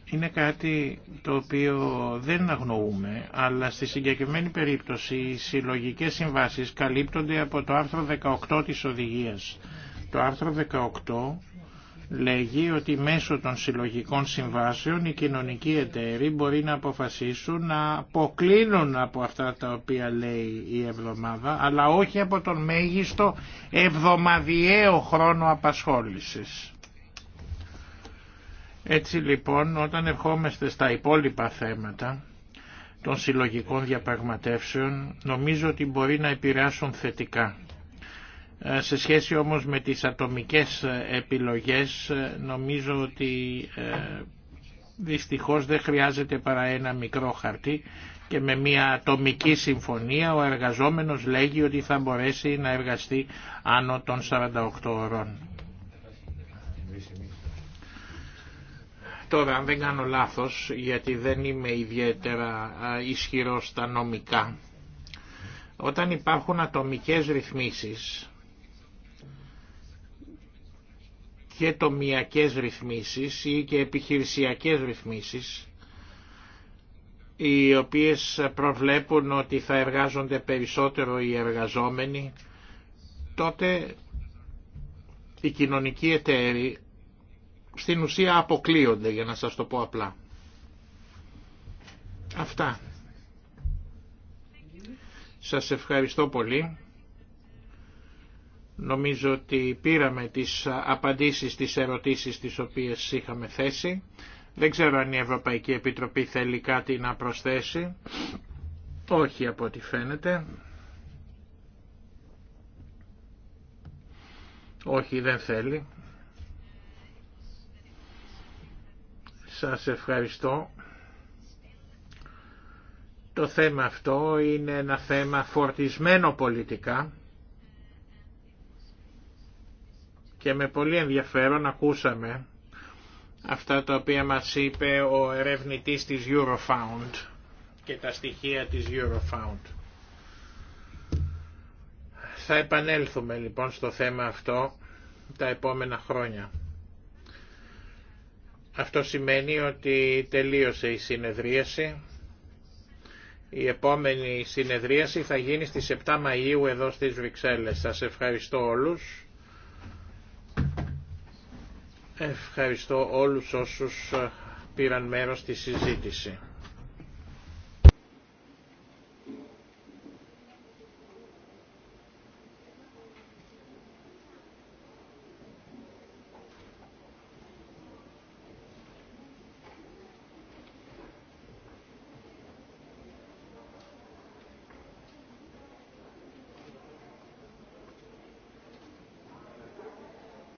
είναι κάτι το οποίο δεν αγνοούμε, αλλά στη συγκεκριμένη περίπτωση οι συλλογικές συμβάσεις καλύπτονται από το άρθρο 18 της οδηγίας. Το άρθρο 18 λέγει ότι μέσω των συλλογικών συμβάσεων οι κοινωνικοί εταίροι μπορεί να αποφασίσουν να αποκλίνουν από αυτά τα οποία λέει η εβδομάδα, αλλά όχι από τον μέγιστο εβδομαδιαίο χρόνο απασχόλησης. Έτσι λοιπόν όταν ερχόμαστε στα υπόλοιπα θέματα των συλλογικών διαπραγματεύσεων νομίζω ότι μπορεί να επηρεάσουν θετικά ε, σε σχέση όμως με τις ατομικές επιλογές ε, νομίζω ότι ε, δυστυχώς δεν χρειάζεται παρά ένα μικρό χαρτί και με μια ατομική συμφωνία ο εργαζόμενος λέγει ότι θα μπορέσει να εργαστεί άνω των 48 ώρων. Τώρα αν δεν κάνω λάθος γιατί δεν είμαι ιδιαίτερα ισχυρός στα νομικά όταν υπάρχουν ατομικές ρυθμίσεις και τομιακές ρυθμίσεις ή και επιχειρησιακές ρυθμίσεις οι οποίες προβλέπουν ότι θα εργάζονται περισσότερο οι εργαζόμενοι, τότε οι κοινωνικοί εταίροι στην ουσία αποκλείονται, για να σας το πω απλά. Αυτά. Σας ευχαριστώ πολύ. Νομίζω ότι πήραμε τις απαντήσεις στις ερωτήσεις τις οποίες είχαμε θέσει. Δεν ξέρω αν η Ευρωπαϊκή Επιτροπή θέλει κάτι να προσθέσει. Όχι από ό,τι φαίνεται. Όχι, δεν θέλει. Σας ευχαριστώ. Το θέμα αυτό είναι ένα θέμα φορτισμένο πολιτικά και με πολύ ενδιαφέρον ακούσαμε αυτά τα οποία μας είπε ο ερευνητής της Eurofound και τα στοιχεία της Eurofound. Θα επανέλθουμε λοιπόν στο θέμα αυτό τα επόμενα χρόνια. Αυτό σημαίνει ότι τελείωσε η συνεδρίαση. Η επόμενη συνεδρίαση θα γίνει στις 7 Μαΐου εδώ στις Βρυξέλλες. Σας ευχαριστώ όλους. Ευχαριστώ όλους όσους πήραν μέρος στη συζήτηση.